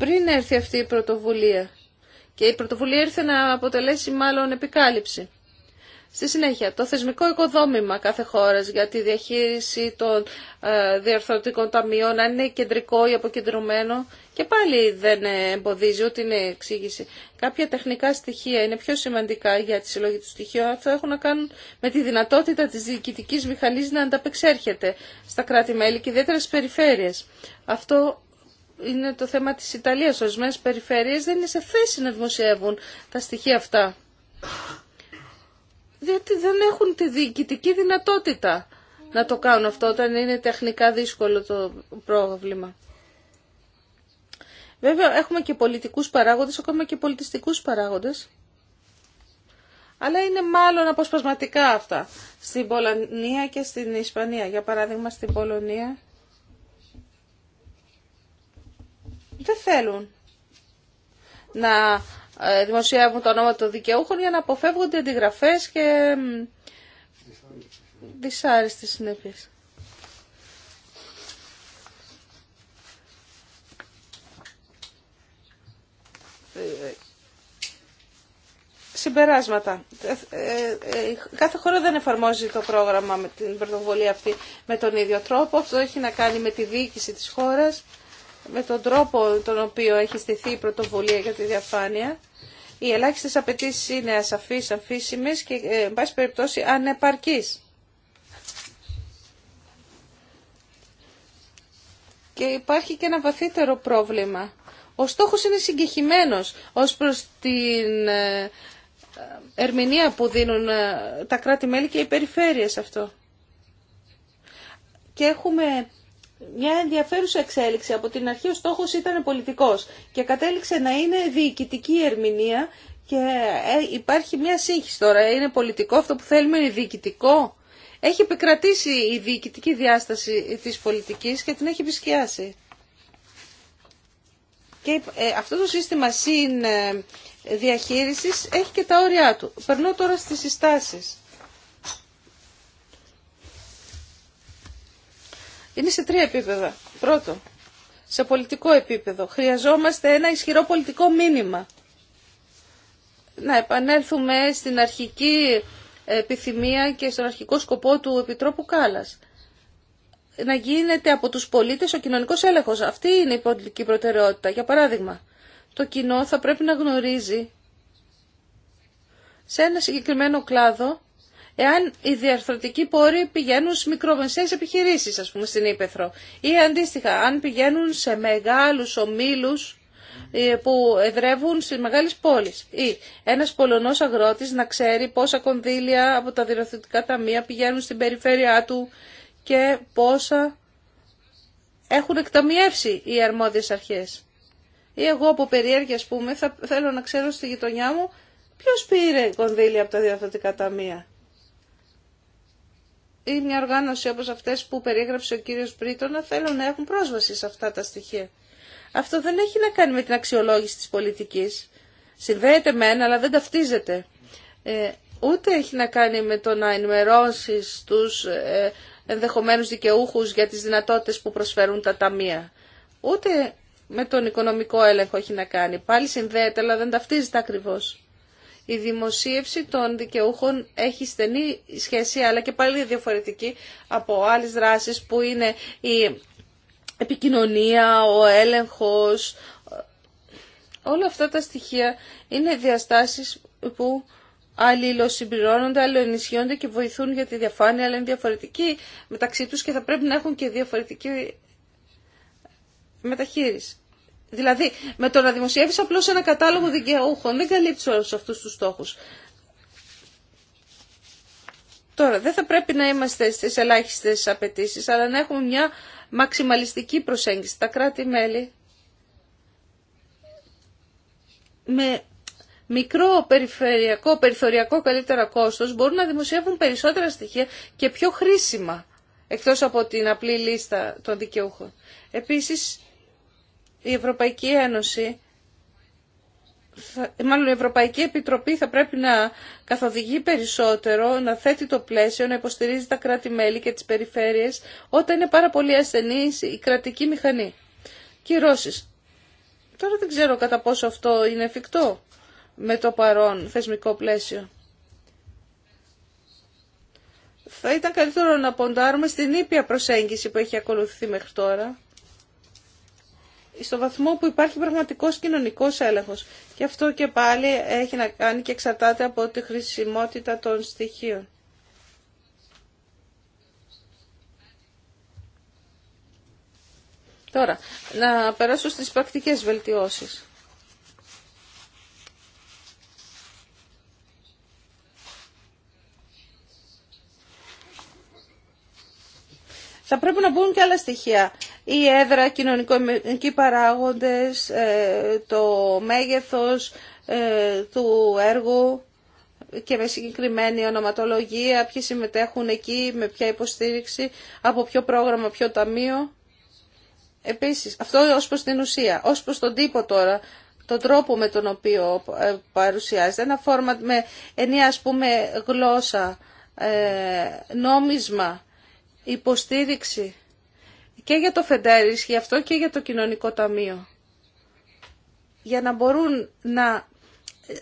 Πριν έρθει αυτή η πρωτοβουλία και η πρωτοβουλία ήρθε να αποτελέσει μάλλον επικάλυψη. Στη συνέχεια, το θεσμικό οικοδόμημα κάθε χώρα για τη διαχείριση των ε, διαρθρωτικών ταμείων, αν είναι κεντρικό ή αποκεντρωμένο, και πάλι δεν εμποδίζει, ούτε είναι εξήγηση. Κάποια τεχνικά στοιχεία είναι πιο σημαντικά για τη συλλογή του στοιχείου. Αυτό έχουν να κάνουν με τη δυνατότητα τη διοικητική μηχανή να ανταπεξέρχεται στα κράτη-μέλη και ιδιαίτερα στι περιφέρειες. Αυτό είναι το θέμα τη Ιταλία. Ορισμένε περιφερειέ δεν είναι σε θέση να δημοσιεύουν τα στοιχεία αυτά διότι δεν έχουν τη διοικητική δυνατότητα να το κάνουν αυτό όταν είναι τεχνικά δύσκολο το πρόβλημα. Βέβαια έχουμε και πολιτικούς παράγοντες, ακόμα και πολιτιστικούς παράγοντες. Αλλά είναι μάλλον αποσπασματικά αυτά. Στην Πολωνία και στην Ισπανία. Για παράδειγμα στην Πολωνία δεν θέλουν να ε, δημοσιεύουν το όνομα των δικαιούχων για να αποφεύγονται αντιγραφές και δυσάρεστες συνέπειες. Συμπεράσματα. Ε, ε, κάθε χώρα δεν εφαρμόζει το πρόγραμμα με την πρωτοβουλία αυτή με τον ίδιο τρόπο. Αυτό έχει να κάνει με τη διοίκηση της χώρας με τον τρόπο τον οποίο έχει στηθεί η πρωτοβουλία για τη διαφάνεια. Οι ελάχιστε απαιτήσει είναι ασαφείς, αμφίσιμες και, ε, εν πάση περιπτώσει, ανεπαρκείς. Και υπάρχει και ένα βαθύτερο πρόβλημα. Ο στόχος είναι συγκεχημένος ως προς την ε, ερμηνεία που δίνουν ε, τα κράτη-μέλη και οι περιφέρειες αυτό. Και έχουμε μια ενδιαφέρουσα εξέλιξη. Από την αρχή ο στόχος ήταν πολιτικός και κατέληξε να είναι διοικητική ερμηνεία και ε, υπάρχει μια σύγχυση τώρα. Είναι πολιτικό αυτό που θέλουμε, είναι διοικητικό. Έχει επικρατήσει η διοικητική διάσταση της πολιτικής και την έχει επισκιάσει. Και ε, αυτό το σύστημα συν ε, διαχείρισης έχει και τα όρια του. Περνώ τώρα στις συστάσεις. είναι σε τρία επίπεδα. Πρώτο, σε πολιτικό επίπεδο. Χρειαζόμαστε ένα ισχυρό πολιτικό μήνυμα. Να επανέλθουμε στην αρχική επιθυμία και στον αρχικό σκοπό του Επιτρόπου κάλας. Να γίνεται από τους πολίτες ο κοινωνικός έλεγχος. Αυτή είναι η πολιτική προτεραιότητα. Για παράδειγμα, το κοινό θα πρέπει να γνωρίζει σε ένα συγκεκριμένο κλάδο εάν οι διαρθρωτικοί πόροι πηγαίνουν στι μικρομεσαίες επιχειρήσεις, ας πούμε, στην Ήπεθρο. Ή αντίστοιχα, αν πηγαίνουν σε μεγάλους ομίλους ε, που εδρεύουν στις μεγάλες πόλεις. Ή ένας πολωνός αγρότης να ξέρει πόσα κονδύλια από τα διαρθρωτικά ταμεία πηγαίνουν στην περιφέρειά του και πόσα έχουν εκταμιεύσει οι αρμόδιες αρχές. Ή εγώ από περιέργεια, ας πούμε, θα θέλω να ξέρω στη γειτονιά μου ποιος πήρε κονδύλια από τα διαρθρωτικά ταμεία ή μια οργάνωση όπως αυτές που περιέγραψε ο κύριος Πρίτο να θέλουν να έχουν πρόσβαση σε αυτά τα στοιχεία. Αυτό δεν έχει να κάνει με την αξιολόγηση της πολιτικής. Συνδέεται με ένα, αλλά δεν ταυτίζεται. Ε, ούτε έχει να κάνει με το να ενημερώσει τους ε, ενδεχομένους δικαιούχους για τις δυνατότητες που προσφέρουν τα ταμεία. Ούτε με τον οικονομικό έλεγχο έχει να κάνει. Πάλι συνδέεται, αλλά δεν ταυτίζεται ακριβώς. Η δημοσίευση των δικαιούχων έχει στενή σχέση, αλλά και πάλι διαφορετική από άλλες δράσεις που είναι η επικοινωνία, ο έλεγχος. Όλα αυτά τα στοιχεία είναι διαστάσεις που αλληλοσυμπληρώνονται, αλληλοενισχύονται και βοηθούν για τη διαφάνεια, αλλά είναι διαφορετική μεταξύ τους και θα πρέπει να έχουν και διαφορετική μεταχείριση. Δηλαδή, με το να δημοσιεύει απλώ ένα κατάλογο δικαιούχων, δεν καλύπτει όλου αυτού τους στόχου. Τώρα, δεν θα πρέπει να είμαστε στι ελάχιστες απαιτήσει, αλλά να έχουμε μια μαξιμαλιστική προσέγγιση. Τα κράτη-μέλη με μικρό περιφερειακό, περιθωριακό καλύτερα κόστος μπορούν να δημοσιεύουν περισσότερα στοιχεία και πιο χρήσιμα, εκτός από την απλή λίστα των δικαιούχων. Επίσης, η Ευρωπαϊκή Ένωση, μάλλον η Ευρωπαϊκή Επιτροπή θα πρέπει να καθοδηγεί περισσότερο, να θέτει το πλαίσιο, να υποστηρίζει τα κράτη-μέλη και τις περιφέρειες όταν είναι πάρα πολύ ασθενής η κρατική μηχανή. Κυρώσεις. Τώρα δεν ξέρω κατά πόσο αυτό είναι εφικτό με το παρόν θεσμικό πλαίσιο. Θα ήταν καλύτερο να ποντάρουμε στην ήπια προσέγγιση που έχει ακολουθηθεί μέχρι τώρα στο βαθμό που υπάρχει πραγματικός κοινωνικός έλεγχος. Και αυτό και πάλι έχει να κάνει και εξαρτάται από τη χρησιμότητα των στοιχείων. Τώρα, να περάσω στις πρακτικές βελτιώσεις. Θα πρέπει να μπουν και άλλα στοιχεία. Η έδρα, κοινωνικοί παράγοντες, ε, το μέγεθος ε, του έργου και με συγκεκριμένη ονοματολογία, ποιοι συμμετέχουν εκεί, με ποια υποστήριξη, από ποιο πρόγραμμα, ποιο ταμείο. Επίσης, αυτό ως προς την ουσία, ως προς τον τύπο τώρα, τον τρόπο με τον οποίο ε, παρουσιάζεται, ένα φόρμα με ενία ας πούμε γλώσσα, νόμισμα, υποστήριξη και για το Φεντέρ και αυτό και για το Κοινωνικό Ταμείο. Για να μπορούν να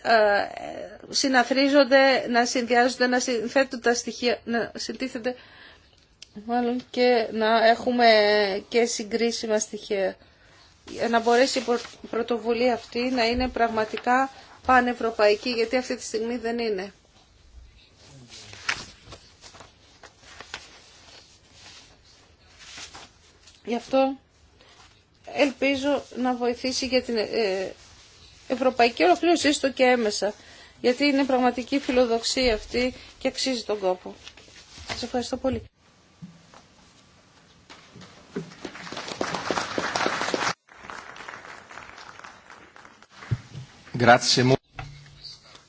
ε, ε, συναθρίζονται, να συνδυάζονται, να συνθέτουν τα στοιχεία, να συντίθενται μάλλον και να έχουμε και συγκρίσιμα στοιχεία. Για να μπορέσει η πρωτοβουλία αυτή να είναι πραγματικά πανευρωπαϊκή, γιατί αυτή τη στιγμή δεν είναι. Γι' αυτό ελπίζω να βοηθήσει για την ε, ευρωπαϊκή ολοκλήρωση στο και έμεσα. Γιατί είναι πραγματική φιλοδοξία αυτή και αξίζει τον κόπο. Σας ευχαριστώ πολύ.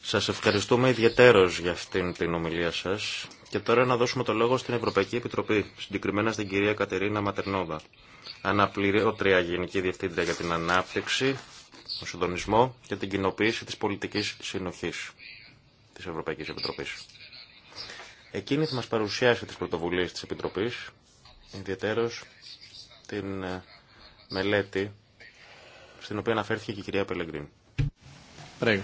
Σας ευχαριστούμε ιδιαίτερως για αυτήν την ομιλία σας και τώρα να δώσουμε το λόγο στην Ευρωπαϊκή Επιτροπή, συγκεκριμένα στην κυρία Κατερίνα Ματερνόβα, αναπληρώτρια Γενική Διευθύντρια για την Ανάπτυξη, τον Συντονισμό και την Κοινοποίηση της Πολιτικής Συνοχής της Ευρωπαϊκής Επιτροπής. Εκείνη θα μας παρουσιάσει τις πρωτοβουλίες της Επιτροπής, ιδιαίτερως την ε, μελέτη στην οποία αναφέρθηκε και η κυρία Πελεγκρίν. Πρέπει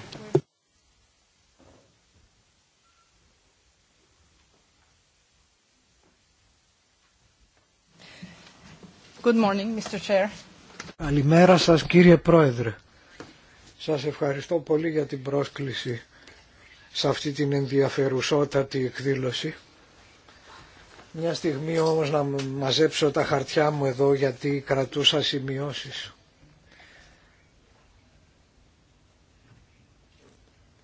Καλημέρα σας κύριε Πρόεδρε. Σας ευχαριστώ πολύ για την πρόσκληση σε αυτή την ενδιαφερουσότατη εκδήλωση. Μια στιγμή όμως να μαζέψω τα χαρτιά μου εδώ γιατί κρατούσα σημειώσεις.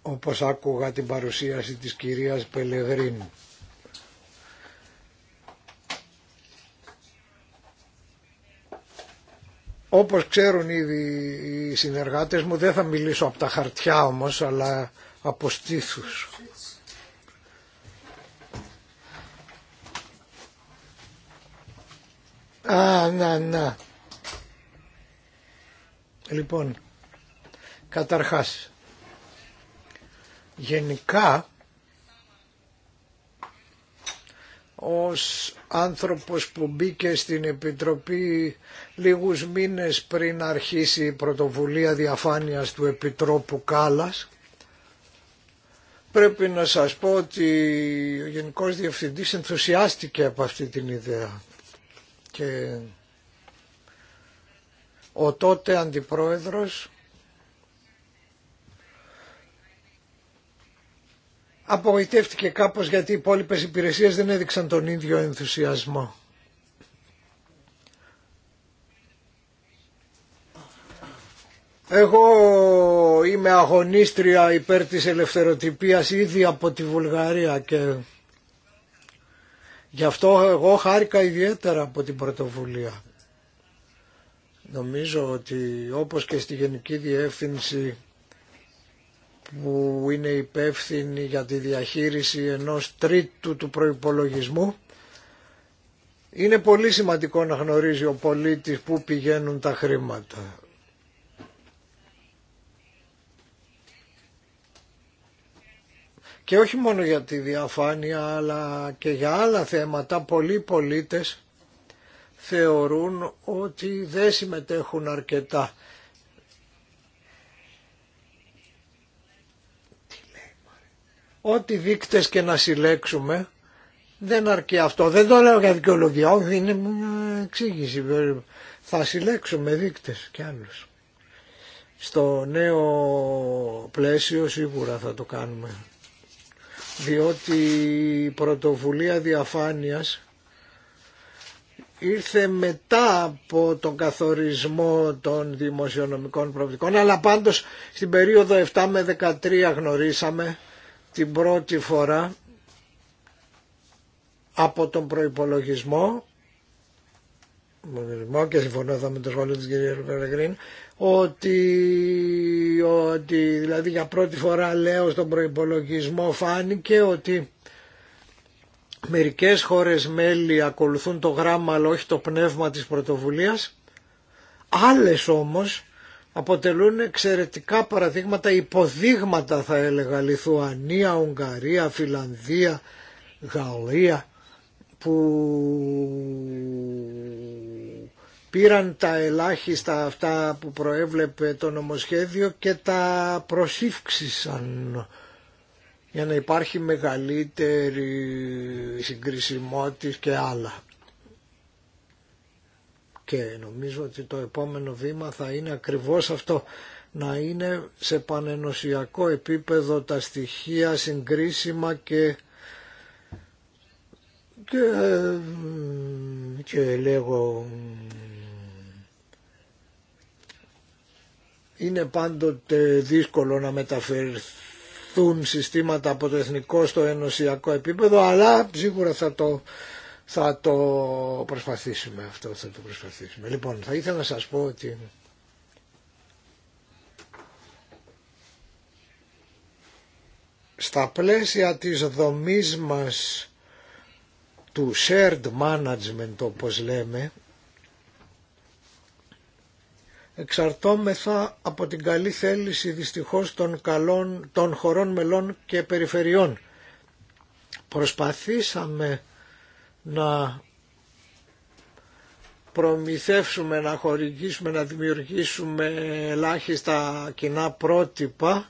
Όπως άκουγα την παρουσίαση της κυρίας Πελεγρίνου. Όπως ξέρουν ήδη οι συνεργάτες μου, δεν θα μιλήσω από τα χαρτιά όμως, αλλά από στήθους. Α, να, να. Λοιπόν, καταρχάς, γενικά ως άνθρωπος που μπήκε στην Επιτροπή λίγους μήνες πριν αρχίσει η πρωτοβουλία διαφάνειας του Επιτρόπου Κάλας, Πρέπει να σας πω ότι ο Γενικός Διευθυντής ενθουσιάστηκε από αυτή την ιδέα και ο τότε Αντιπρόεδρος απογοητεύτηκε κάπως γιατί οι υπόλοιπε υπηρεσίες δεν έδειξαν τον ίδιο ενθουσιασμό. Εγώ είμαι αγωνίστρια υπέρ της ελευθεροτυπίας ήδη από τη Βουλγαρία και γι' αυτό εγώ χάρηκα ιδιαίτερα από την πρωτοβουλία. Νομίζω ότι όπως και στη Γενική Διεύθυνση που είναι υπεύθυνη για τη διαχείριση ενός τρίτου του προϋπολογισμού. Είναι πολύ σημαντικό να γνωρίζει ο πολίτης πού πηγαίνουν τα χρήματα. Και όχι μόνο για τη διαφάνεια αλλά και για άλλα θέματα πολλοί πολίτες θεωρούν ότι δεν συμμετέχουν αρκετά Ό,τι δείκτες και να συλλέξουμε δεν αρκεί αυτό. Δεν το λέω για δικαιολογία, όχι είναι μια εξήγηση. Θα συλλέξουμε δείκτες και άλλους. Στο νέο πλαίσιο σίγουρα θα το κάνουμε. Διότι η πρωτοβουλία διαφάνειας ήρθε μετά από τον καθορισμό των δημοσιονομικών προοπτικών αλλά πάντως στην περίοδο 7 με 13 γνωρίσαμε την πρώτη φορά από τον προϋπολογισμό και συμφωνώ εδώ με το σχόλιο της κυρίας ότι, ότι δηλαδή για πρώτη φορά λέω στον προϋπολογισμό φάνηκε ότι μερικές χώρες μέλη ακολουθούν το γράμμα αλλά όχι το πνεύμα της πρωτοβουλίας άλλες όμως αποτελούν εξαιρετικά παραδείγματα, υποδείγματα θα έλεγα, Λιθουανία, Ουγγαρία, Φιλανδία, Γαλλία, που πήραν τα ελάχιστα αυτά που προέβλεπε το νομοσχέδιο και τα προσήφξησαν για να υπάρχει μεγαλύτερη συγκρισιμότητα και άλλα και νομίζω ότι το επόμενο βήμα θα είναι ακριβώς αυτό να είναι σε πανενοσιακό επίπεδο τα στοιχεία συγκρίσιμα και και, και λέγω είναι πάντοτε δύσκολο να μεταφερθούν συστήματα από το εθνικό στο ενωσιακό επίπεδο αλλά σίγουρα θα το θα το προσπαθήσουμε αυτό, θα το προσπαθήσουμε. Λοιπόν, θα ήθελα να σας πω ότι στα πλαίσια της δομής μας του shared management όπως λέμε εξαρτώμεθα από την καλή θέληση δυστυχώς των, καλών, των χωρών μελών και περιφερειών. Προσπαθήσαμε να προμηθεύσουμε, να χορηγήσουμε, να δημιουργήσουμε ελάχιστα κοινά πρότυπα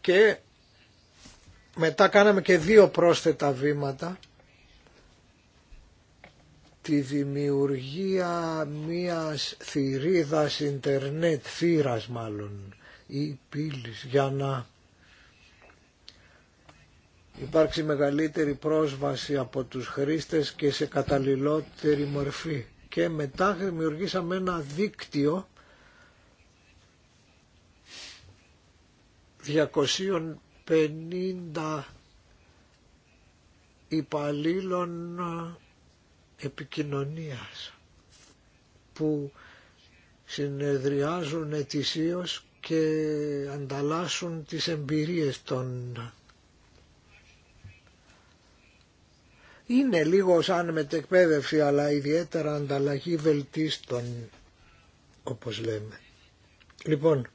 και μετά κάναμε και δύο πρόσθετα βήματα τη δημιουργία μίας θηρίδας ίντερνετ, θύρας μάλλον, ή πύλης, για να υπάρξει μεγαλύτερη πρόσβαση από τους χρήστες και σε καταλληλότερη μορφή. Και μετά δημιουργήσαμε ένα δίκτυο 250 υπαλλήλων επικοινωνίας που συνεδριάζουν ετησίως και ανταλλάσσουν τις εμπειρίες των είναι λίγο σαν μετεκπαίδευση αλλά ιδιαίτερα ανταλλαγή βελτίστων όπως λέμε. Λοιπόν,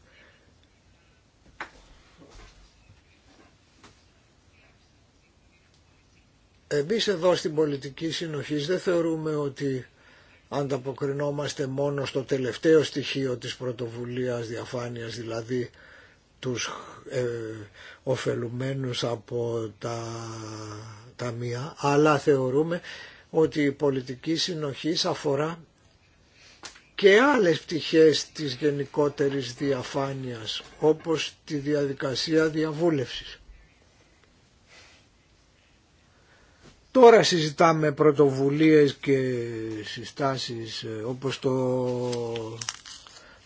Εμεί εδώ στην πολιτική συνοχή δεν θεωρούμε ότι ανταποκρινόμαστε μόνο στο τελευταίο στοιχείο της πρωτοβουλίας διαφάνειας, δηλαδή τους ε, από τα ταμεία, αλλά θεωρούμε ότι η πολιτική συνοχής αφορά και άλλες πτυχές της γενικότερης διαφάνειας, όπως τη διαδικασία διαβούλευσης. Τώρα συζητάμε πρωτοβουλίες και συστάσεις ε, όπως το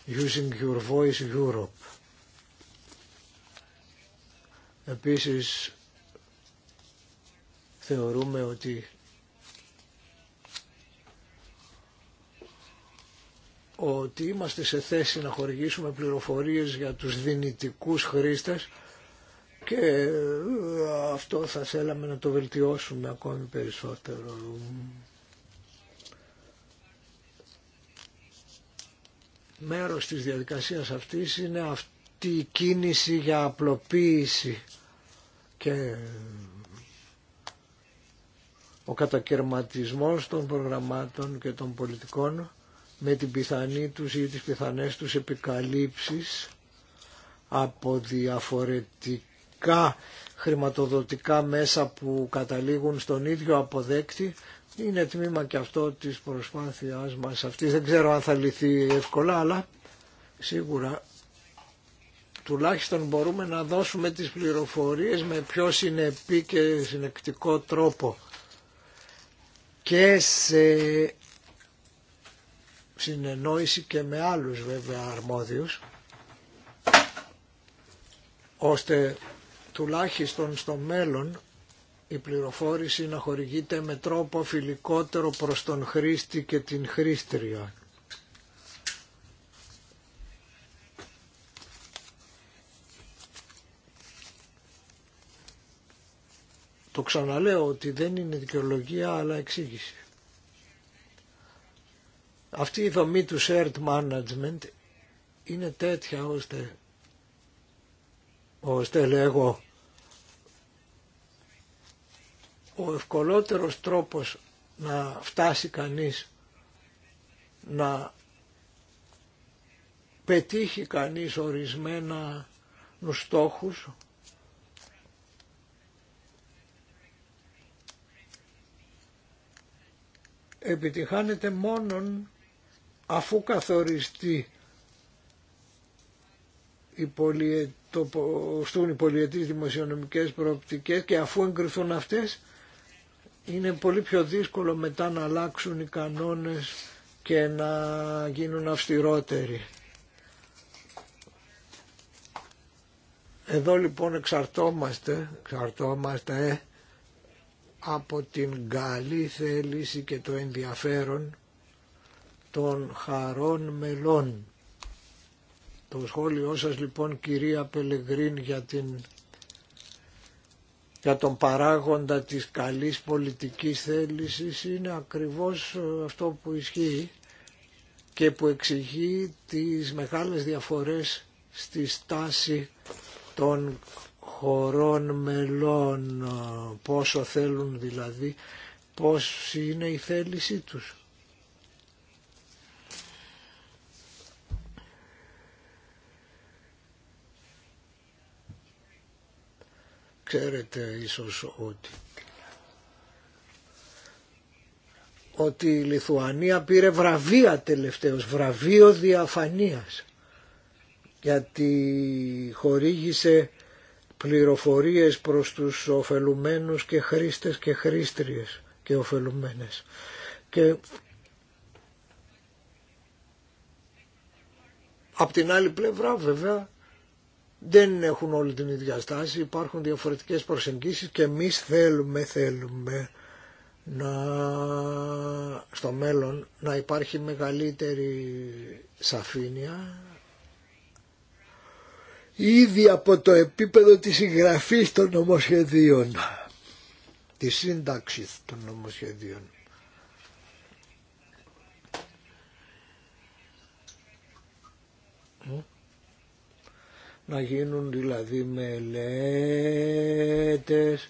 Using Your Voice Europe. Επίσης θεωρούμε ότι ότι είμαστε σε θέση να χορηγήσουμε πληροφορίες για τους δυνητικούς χρήστες και ε, αυτό θα θέλαμε να το βελτιώσουμε ακόμη περισσότερο. Μέρος της διαδικασίας αυτής είναι αυτή η κίνηση για απλοποίηση και ο κατακαιρματισμός των προγραμμάτων και των πολιτικών με την πιθανή τους ή τις πιθανές τους επικαλύψεις από διαφορετικά χρηματοδοτικά μέσα που καταλήγουν στον ίδιο αποδέκτη είναι τμήμα και αυτό της προσπάθειάς μας αυτή. Δεν ξέρω αν θα λυθεί εύκολα αλλά σίγουρα τουλάχιστον μπορούμε να δώσουμε τις πληροφορίες με πιο συνεπή και συνεκτικό τρόπο και σε συνεννόηση και με άλλους βέβαια αρμόδιους ώστε τουλάχιστον στο μέλλον η πληροφόρηση να χορηγείται με τρόπο φιλικότερο προς τον χρήστη και την χρήστρια Το ξαναλέω ότι δεν είναι δικαιολογία αλλά εξήγηση. Αυτή η δομή του shared management είναι τέτοια ώστε, ώστε λέγω ο ευκολότερος τρόπος να φτάσει κανείς να πετύχει κανείς ορισμένα στόχους επιτυχάνεται μόνον αφού καθοριστεί οι πολυε... το... στούν οι δημοσιονομικές προοπτικές και αφού εγκριθούν αυτές είναι πολύ πιο δύσκολο μετά να αλλάξουν οι κανόνες και να γίνουν αυστηρότεροι. Εδώ λοιπόν εξαρτόμαστε ε! από την καλή θέληση και το ενδιαφέρον των χαρών μελών. Το σχόλιο σας λοιπόν κυρία Πελεγρίν για, την, για τον παράγοντα της καλής πολιτικής θέλησης είναι ακριβώς αυτό που ισχύει και που εξηγεί τις μεγάλες διαφορές στη στάση των χωρών μελών, πόσο θέλουν δηλαδή, πώς είναι η θέλησή τους. Ξέρετε ίσως ότι ότι η Λιθουανία πήρε βραβεία τελευταίως, βραβείο διαφανίας γιατί χορήγησε πληροφορίες προς τους ωφελουμένους και χρήστες και χρήστριες και οφελούμενες Και απ' την άλλη πλευρά βέβαια δεν έχουν όλη την ίδια στάση, υπάρχουν διαφορετικές προσεγγίσεις και εμείς θέλουμε, θέλουμε να, στο μέλλον να υπάρχει μεγαλύτερη σαφήνεια ήδη από το επίπεδο της συγγραφής των νομοσχεδίων, της σύνταξης των νομοσχεδίων. Ε? Να γίνουν δηλαδή μελέτες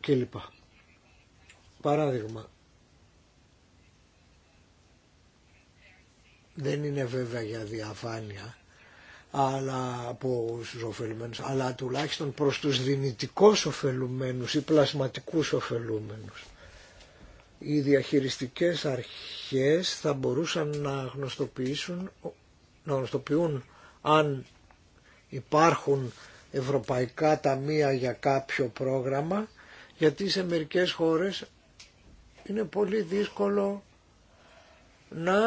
κλπ. Παράδειγμα, δεν είναι βέβαια για διαφάνεια αλλά από τους ωφελουμένους, αλλά τουλάχιστον προς τους δυνητικούς ωφελουμένους ή πλασματικούς ωφελούμενους. Οι διαχειριστικές αρχές θα μπορούσαν να γνωστοποιήσουν, να γνωστοποιούν αν υπάρχουν ευρωπαϊκά ταμεία για κάποιο πρόγραμμα, γιατί σε μερικές χώρες είναι πολύ δύσκολο να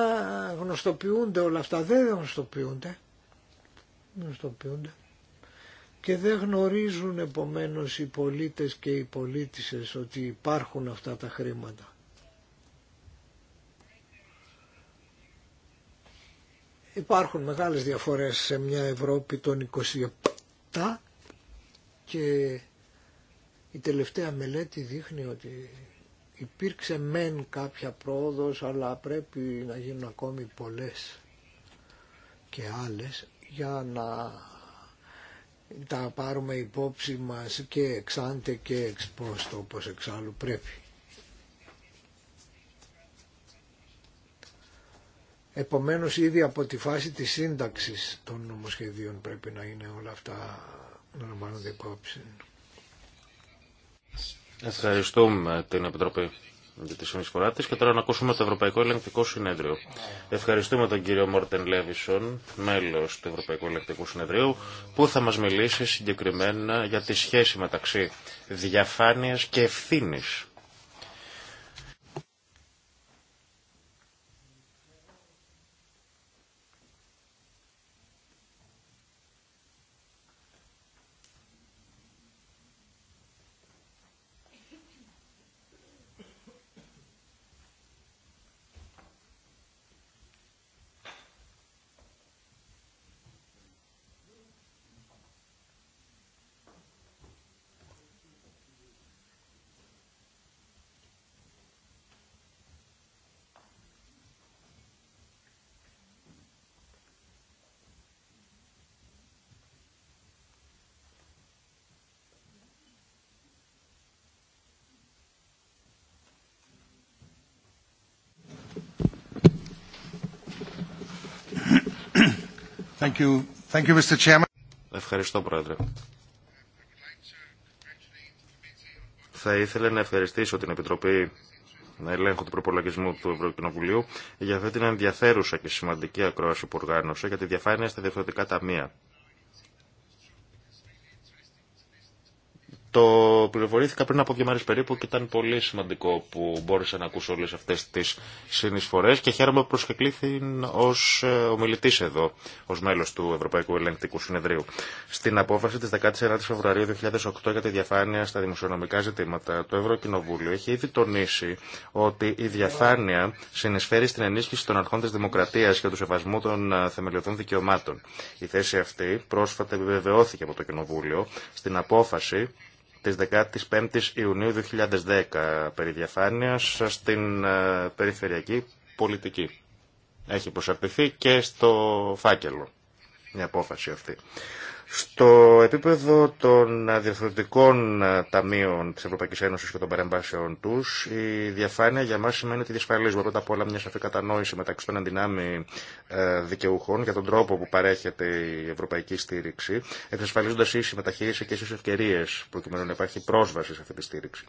γνωστοποιούνται όλα αυτά. Δεν γνωστοποιούνται. γνωστοποιούνται. Και δεν γνωρίζουν επομένως οι πολίτες και οι πολίτησες ότι υπάρχουν αυτά τα χρήματα. Υπάρχουν μεγάλες διαφορές σε μια Ευρώπη των 27 και η τελευταία μελέτη δείχνει ότι υπήρξε μεν κάποια πρόοδος αλλά πρέπει να γίνουν ακόμη πολλές και άλλες για να τα πάρουμε υπόψη μας και εξάντε και εξπόστο όπως εξάλλου πρέπει. Επομένως ήδη από τη φάση της σύνταξης των νομοσχεδίων πρέπει να είναι όλα αυτά να λαμβάνονται υπόψη. Ευχαριστούμε την Επιτροπή για τη συνεισφορά της και τώρα να ακούσουμε το Ευρωπαϊκό Ελεγκτικό Συνέδριο. Ευχαριστούμε τον κύριο Μόρτεν Λέβισον, μέλος του Ευρωπαϊκού Ελεγκτικού Συνεδρίου, που θα μας μιλήσει συγκεκριμένα για τη σχέση μεταξύ διαφάνεια και ευθύνη. Ευχαριστώ, Πρόεδρε. Θα ήθελα να ευχαριστήσω την Επιτροπή να του προπολογισμού του Ευρωκοινοβουλίου για αυτή την ενδιαφέρουσα και σημαντική ακρόαση που οργάνωσε για τη διαφάνεια στα διαφορετικά ταμεία. Το πληροφορήθηκα πριν από δύο μέρε περίπου και ήταν πολύ σημαντικό που μπόρεσα να ακούσω όλε αυτέ τι συνεισφορέ και χαίρομαι που προσκεκλήθη ω ε, ομιλητή εδώ, ω μέλο του Ευρωπαϊκού Ελεγκτικού Συνεδρίου. Στην απόφαση τη 19η Φεβρουαρίου 2008 για τη διαφάνεια στα δημοσιονομικά ζητήματα, το Ευρωκοινοβούλιο έχει ήδη τονίσει ότι η διαφάνεια συνεισφέρει στην ενίσχυση των αρχών τη δημοκρατία και του σεβασμού των ε, θεμελιωδών δικαιωμάτων. Η θέση αυτή πρόσφατα επιβεβαιώθηκε από το Κοινοβούλιο στην απόφαση της 15ης Ιουνίου 2010 περί διαφάνειας στην ε, περιφερειακή πολιτική. Έχει προσαρτηθεί και στο φάκελο μια απόφαση αυτή. Στο επίπεδο των διευθυντικών ε, ταμείων της Ευρωπαϊκής Ένωσης και των παρεμβάσεων τους, η διαφάνεια για μας σημαίνει ότι διασφαλίζουμε πρώτα απ' όλα μια σαφή κατανόηση μεταξύ των δυνάμει ε, δικαιούχων για τον τρόπο που παρέχεται η ευρωπαϊκή στήριξη, εξασφαλίζοντας ίση μεταχείριση και ίσες ευκαιρίες προκειμένου να υπάρχει πρόσβαση σε αυτή τη στήριξη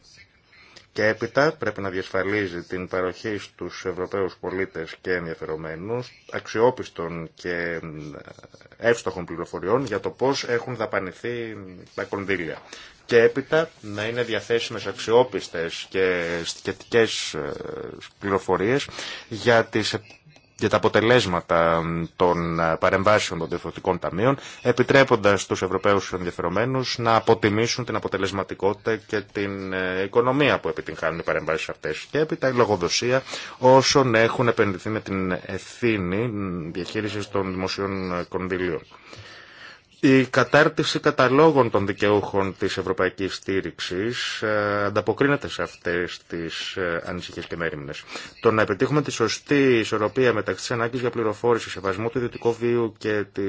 και έπειτα πρέπει να διασφαλίζει την παροχή στους Ευρωπαίους πολίτες και ενδιαφερομένους αξιόπιστων και ε, εύστοχων πληροφοριών για το πώς έχουν δαπανηθεί τα κονδύλια. Και έπειτα να είναι διαθέσιμες αξιόπιστες και στοιχετικές ε, πληροφορίες για τις και τα αποτελέσματα των ε, παρεμβάσεων των διευθυντικών ταμείων, επιτρέποντας τους Ευρωπαίους ενδιαφερομένους να αποτιμήσουν την αποτελεσματικότητα και την ε, οικονομία που επιτυγχάνουν οι παρεμβάσεις αυτές και έπειτα η λογοδοσία όσων έχουν επενδυθεί με την ευθύνη διαχείρισης των δημοσίων κονδυλίων. Η κατάρτιση καταλόγων των δικαιούχων της ευρωπαϊκής στήριξης ε, ανταποκρίνεται σε αυτές τις ε, ανησυχίες και μέρημνες. Το να επιτύχουμε τη σωστή ισορροπία μεταξύ της ανάγκης για πληροφόρηση, σεβασμού του ιδιωτικού βίου και του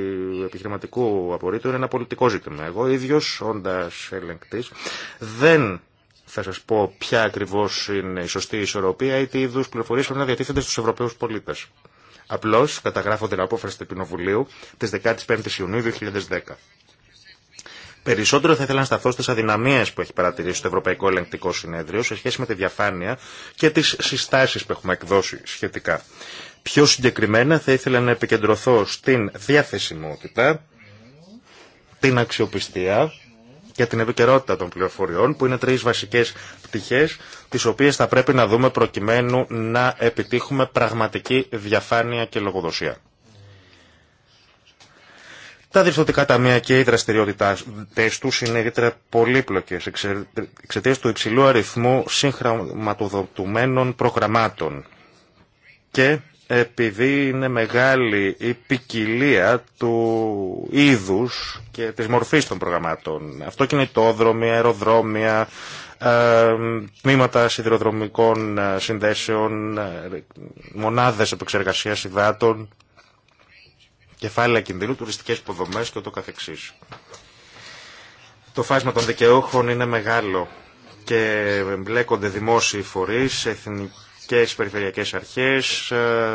επιχειρηματικού απορρίτου είναι ένα πολιτικό ζήτημα. Εγώ ίδιος, όντας ελεγκτής, δεν θα σας πω ποια ακριβώς είναι η σωστή ισορροπία ή τι είδους πληροφορίες πρέπει να διατίθενται στους Ευρωπαίους πολίτε. Απλώ καταγράφω την απόφαση του Επινοβουλίου τη 15η Ιουνίου 2010. Περισσότερο θα ήθελα να σταθώ στι αδυναμίε που έχει παρατηρήσει το Ευρωπαϊκό Ελεγκτικό Συνέδριο σε σχέση με τη διαφάνεια και τι συστάσει που έχουμε εκδώσει σχετικά. Πιο συγκεκριμένα θα ήθελα να επικεντρωθώ στην διαθεσιμότητα, την αξιοπιστία για την επικαιρότητα των πληροφοριών, που είναι τρεις βασικές πτυχές, τις οποίες θα πρέπει να δούμε προκειμένου να επιτύχουμε πραγματική διαφάνεια και λογοδοσία. Τα διευθυντικά ταμεία και οι δραστηριότητέ του είναι ιδιαίτερα πολύπλοκε εξαιτία του υψηλού αριθμού συγχραματοδοτουμένων προγραμμάτων και επειδή είναι μεγάλη η ποικιλία του είδους και της μορφής των προγραμμάτων. Αυτοκινητόδρομοι, αεροδρόμια, ε, τμήματα σιδηροδρομικών ε, συνδέσεων, ε, μονάδες επεξεργασίας υδάτων, κεφάλαια κινδύνου, τουριστικές υποδομές και ούτω καθεξής. Το φάσμα των δικαιούχων είναι μεγάλο και μπλέκονται δημόσιοι φορείς, εθνικοί τοπικές περιφερειακές αρχές, ε,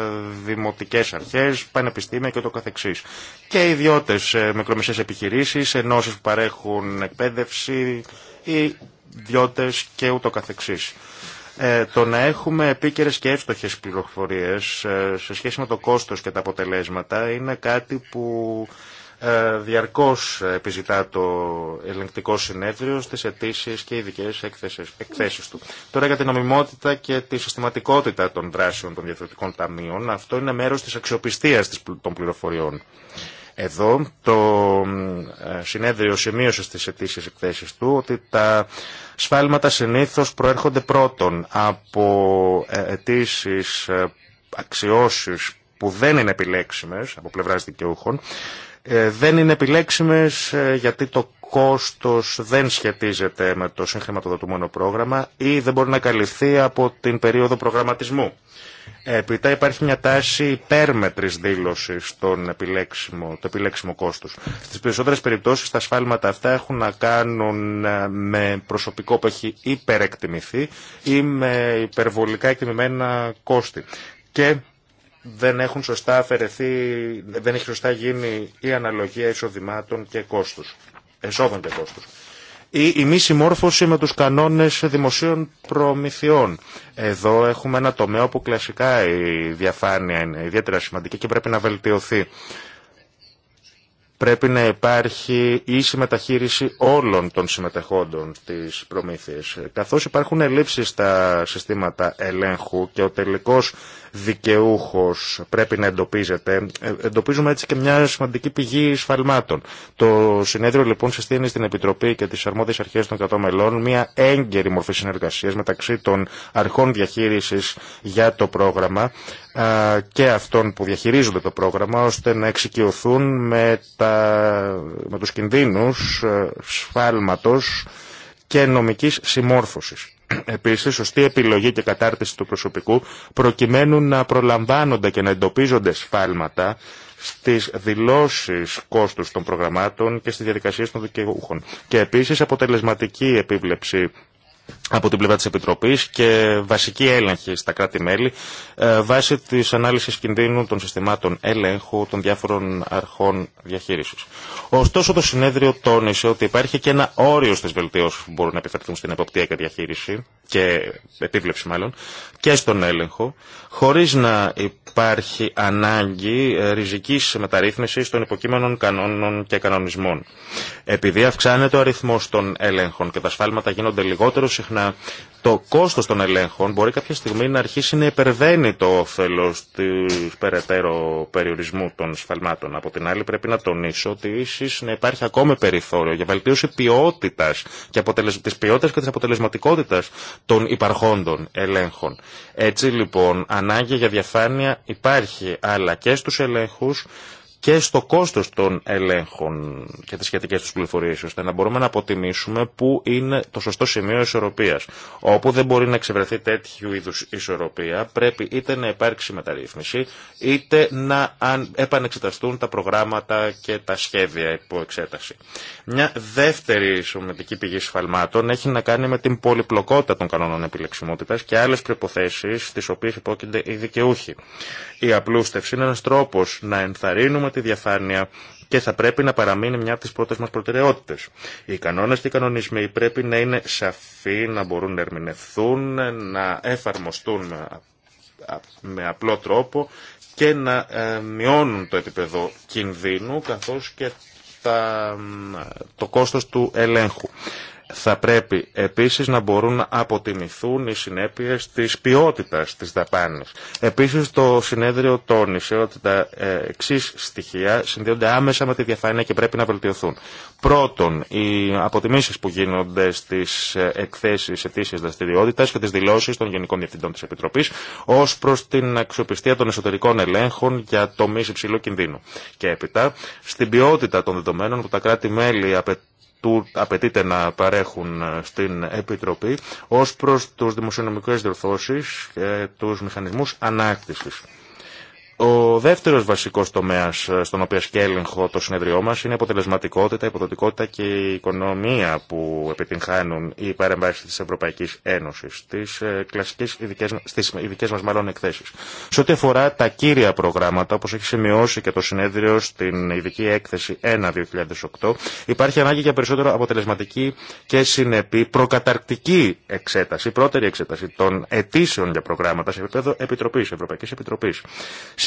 δημοτικές αρχές, πανεπιστήμια και το καθεξής. Και ιδιώτες, ε, μικρομεσαίες επιχειρήσεις, ενώσεις που παρέχουν εκπαίδευση, ή ιδιώτες και ούτω καθεξής. Ε, το να έχουμε επίκαιρες και εύστοχες πληροφορίες ε, σε σχέση με το κόστος και τα αποτελέσματα είναι κάτι που ε, διαρκώς επιζητά το ελεγκτικό συνέδριο στις αιτήσει και ειδικέ εκθέσεις, του. Τώρα για την νομιμότητα και τη συστηματικότητα των δράσεων των διαφορετικών ταμείων, αυτό είναι μέρος της αξιοπιστίας των πληροφοριών. Εδώ το ε, συνέδριο σημείωσε στις αιτήσει εκθέσεις του ότι τα σφάλματα συνήθως προέρχονται πρώτον από ε, αιτήσει αξιώσεις που δεν είναι επιλέξιμες από πλευράς δικαιούχων ε, δεν είναι επιλέξιμες ε, γιατί το κόστος δεν σχετίζεται με το συγχρηματοδοτούμενο πρόγραμμα ή δεν μπορεί να καλυφθεί από την περίοδο προγραμματισμού. Επιτά υπάρχει μια τάση υπέρμετρης δήλωσης των επιλέξιμο, το επιλέξιμο κόστος. Στις περισσότερες περιπτώσεις τα ασφάλματα αυτά έχουν να κάνουν ε, με προσωπικό που έχει υπερεκτιμηθεί ή με υπερβολικά εκτιμημένα κόστη. Και δεν έχουν σωστά αφαιρεθεί, δεν έχει σωστά γίνει η αναλογία εισοδημάτων και κόστους, εσόδων και κόστους. Ή η μη συμμόρφωση με τους κανόνες δημοσίων προμηθειών. Εδώ έχουμε ένα τομέα που κλασικά η διαφάνεια είναι ιδιαίτερα σημαντική και πρέπει να βελτιωθεί. Πρέπει να υπάρχει ίση μεταχείριση όλων των συμμετεχόντων της προμήθειας. Καθώς υπάρχουν ελλείψεις στα συστήματα ελέγχου και ο τελικός δικαιούχος πρέπει να εντοπίζεται. Ε, εντοπίζουμε έτσι και μια σημαντική πηγή σφαλμάτων. Το συνέδριο λοιπόν συστήνει στην Επιτροπή και τις αρμόδιες αρχές των 100 μελών μια έγκαιρη μορφή συνεργασίας μεταξύ των αρχών διαχείρισης για το πρόγραμμα και αυτών που διαχειρίζονται το πρόγραμμα ώστε να εξοικειωθούν με, τα, με τους κινδύνους ε, σφάλματος και νομικής συμμόρφωσης. Επίσης, σωστή επιλογή και κατάρτιση του προσωπικού προκειμένου να προλαμβάνονται και να εντοπίζονται σφάλματα στις δηλώσεις κόστους των προγραμμάτων και στις διαδικασίες των δικαιούχων. Και επίσης αποτελεσματική επίβλεψη από την πλευρά της Επιτροπής και βασική έλεγχη στα κράτη-μέλη ε, βάσει της ανάλυσης κινδύνου των συστημάτων ελέγχου των διάφορων αρχών διαχείρισης. Ωστόσο το συνέδριο τόνισε ότι υπάρχει και ένα όριο στις βελτιώσεις που μπορούν να επιφερθούν στην εποπτεία και διαχείριση και επίβλεψη μάλλον και στον έλεγχο χωρίς να υπάρχει ανάγκη ε, ριζικής μεταρρύθμισης των υποκείμενων κανόνων και κανονισμών. Επειδή αυξάνεται ο αριθμό των ελέγχων και τα σφάλματα γίνονται λιγότερο συχνά, το κόστος των ελέγχων μπορεί κάποια στιγμή να αρχίσει να υπερβαίνει το όφελος του περαιτέρω περιορισμού των σφαλμάτων. Από την άλλη πρέπει να τονίσω ότι ίσως να υπάρχει ακόμη περιθώριο για βελτίωση ποιότητας και αποτελεσ... ποιότητα ποιότητας και της αποτελεσματικότητας των υπαρχόντων ελέγχων. Έτσι λοιπόν ανάγκη για διαφάνεια υπάρχει, αλλά και στους ελέγχους και στο κόστος των ελέγχων και τις σχετικές τους πληροφορίες, ώστε να μπορούμε να αποτιμήσουμε πού είναι το σωστό σημείο ισορροπίας. Όπου δεν μπορεί να εξευρεθεί τέτοιου είδους ισορροπία, πρέπει είτε να υπάρξει μεταρρύθμιση, είτε να επανεξεταστούν τα προγράμματα και τα σχέδια υπό εξέταση. Μια δεύτερη σωματική πηγή σφαλμάτων έχει να κάνει με την πολυπλοκότητα των κανόνων επιλεξιμότητας και άλλες προποθέσει στις οποίες υπόκεινται οι δικαιούχοι. Η απλούστευση είναι ένας τρόπος να ενθαρρύνουμε τη διαφάνεια και θα πρέπει να παραμείνει μια από τι πρώτε μα προτεραιότητε. Οι κανόνε και οι κανονισμοί πρέπει να είναι σαφοί, να μπορούν να ερμηνευθούν, να εφαρμοστούν με απλό τρόπο και να ε, μειώνουν το επίπεδο κινδύνου καθώς και τα, το κόστος του ελέγχου. Θα πρέπει επίσης να μπορούν να αποτιμηθούν οι συνέπειες της ποιότητας της δαπάνης. Επίσης το συνέδριο τόνισε ότι τα ε, εξή στοιχεία συνδέονται άμεσα με τη διαφάνεια και πρέπει να βελτιωθούν. Πρώτον, οι αποτιμήσεις που γίνονται στις ε, εκθέσεις ετήσιας δραστηριότητα και τις δηλώσεις των Γενικών Διευθυντών της Επιτροπής ως προς την αξιοπιστία των εσωτερικών ελέγχων για τομείς υψηλού κινδύνου. Και έπειτα, στην ποιότητα των δεδομένων που τα κράτη-μέλη απαιτούν του απαιτείται να παρέχουν ε, στην Επιτροπή ως προς τους δημοσιονομικές διορθώσεις και τους μηχανισμούς ανάκτησης. Ο δεύτερος βασικός τομέας ε, στον οποίο έλεγχο το συνεδριό μας είναι η αποτελεσματικότητα, η υποδοτικότητα και η οικονομία που επιτυγχάνουν οι παρεμβάσεις της Ευρωπαϊκής Ένωσης στις ε, κλασικές ειδικές, στις ειδικές μας μάλλον εκθέσεις. Σε ό,τι αφορά τα κύρια προγράμματα, όπως έχει σημειώσει και το συνέδριο στην ειδική έκθεση 1-2008, υπάρχει ανάγκη για περισσότερο αποτελεσματική και συνεπή προκαταρκτική εξέταση, πρώτερη εξέταση των αιτήσεων για προγράμματα σε επίπεδο Επιτροπής, Ευρωπαϊκής Επιτροπής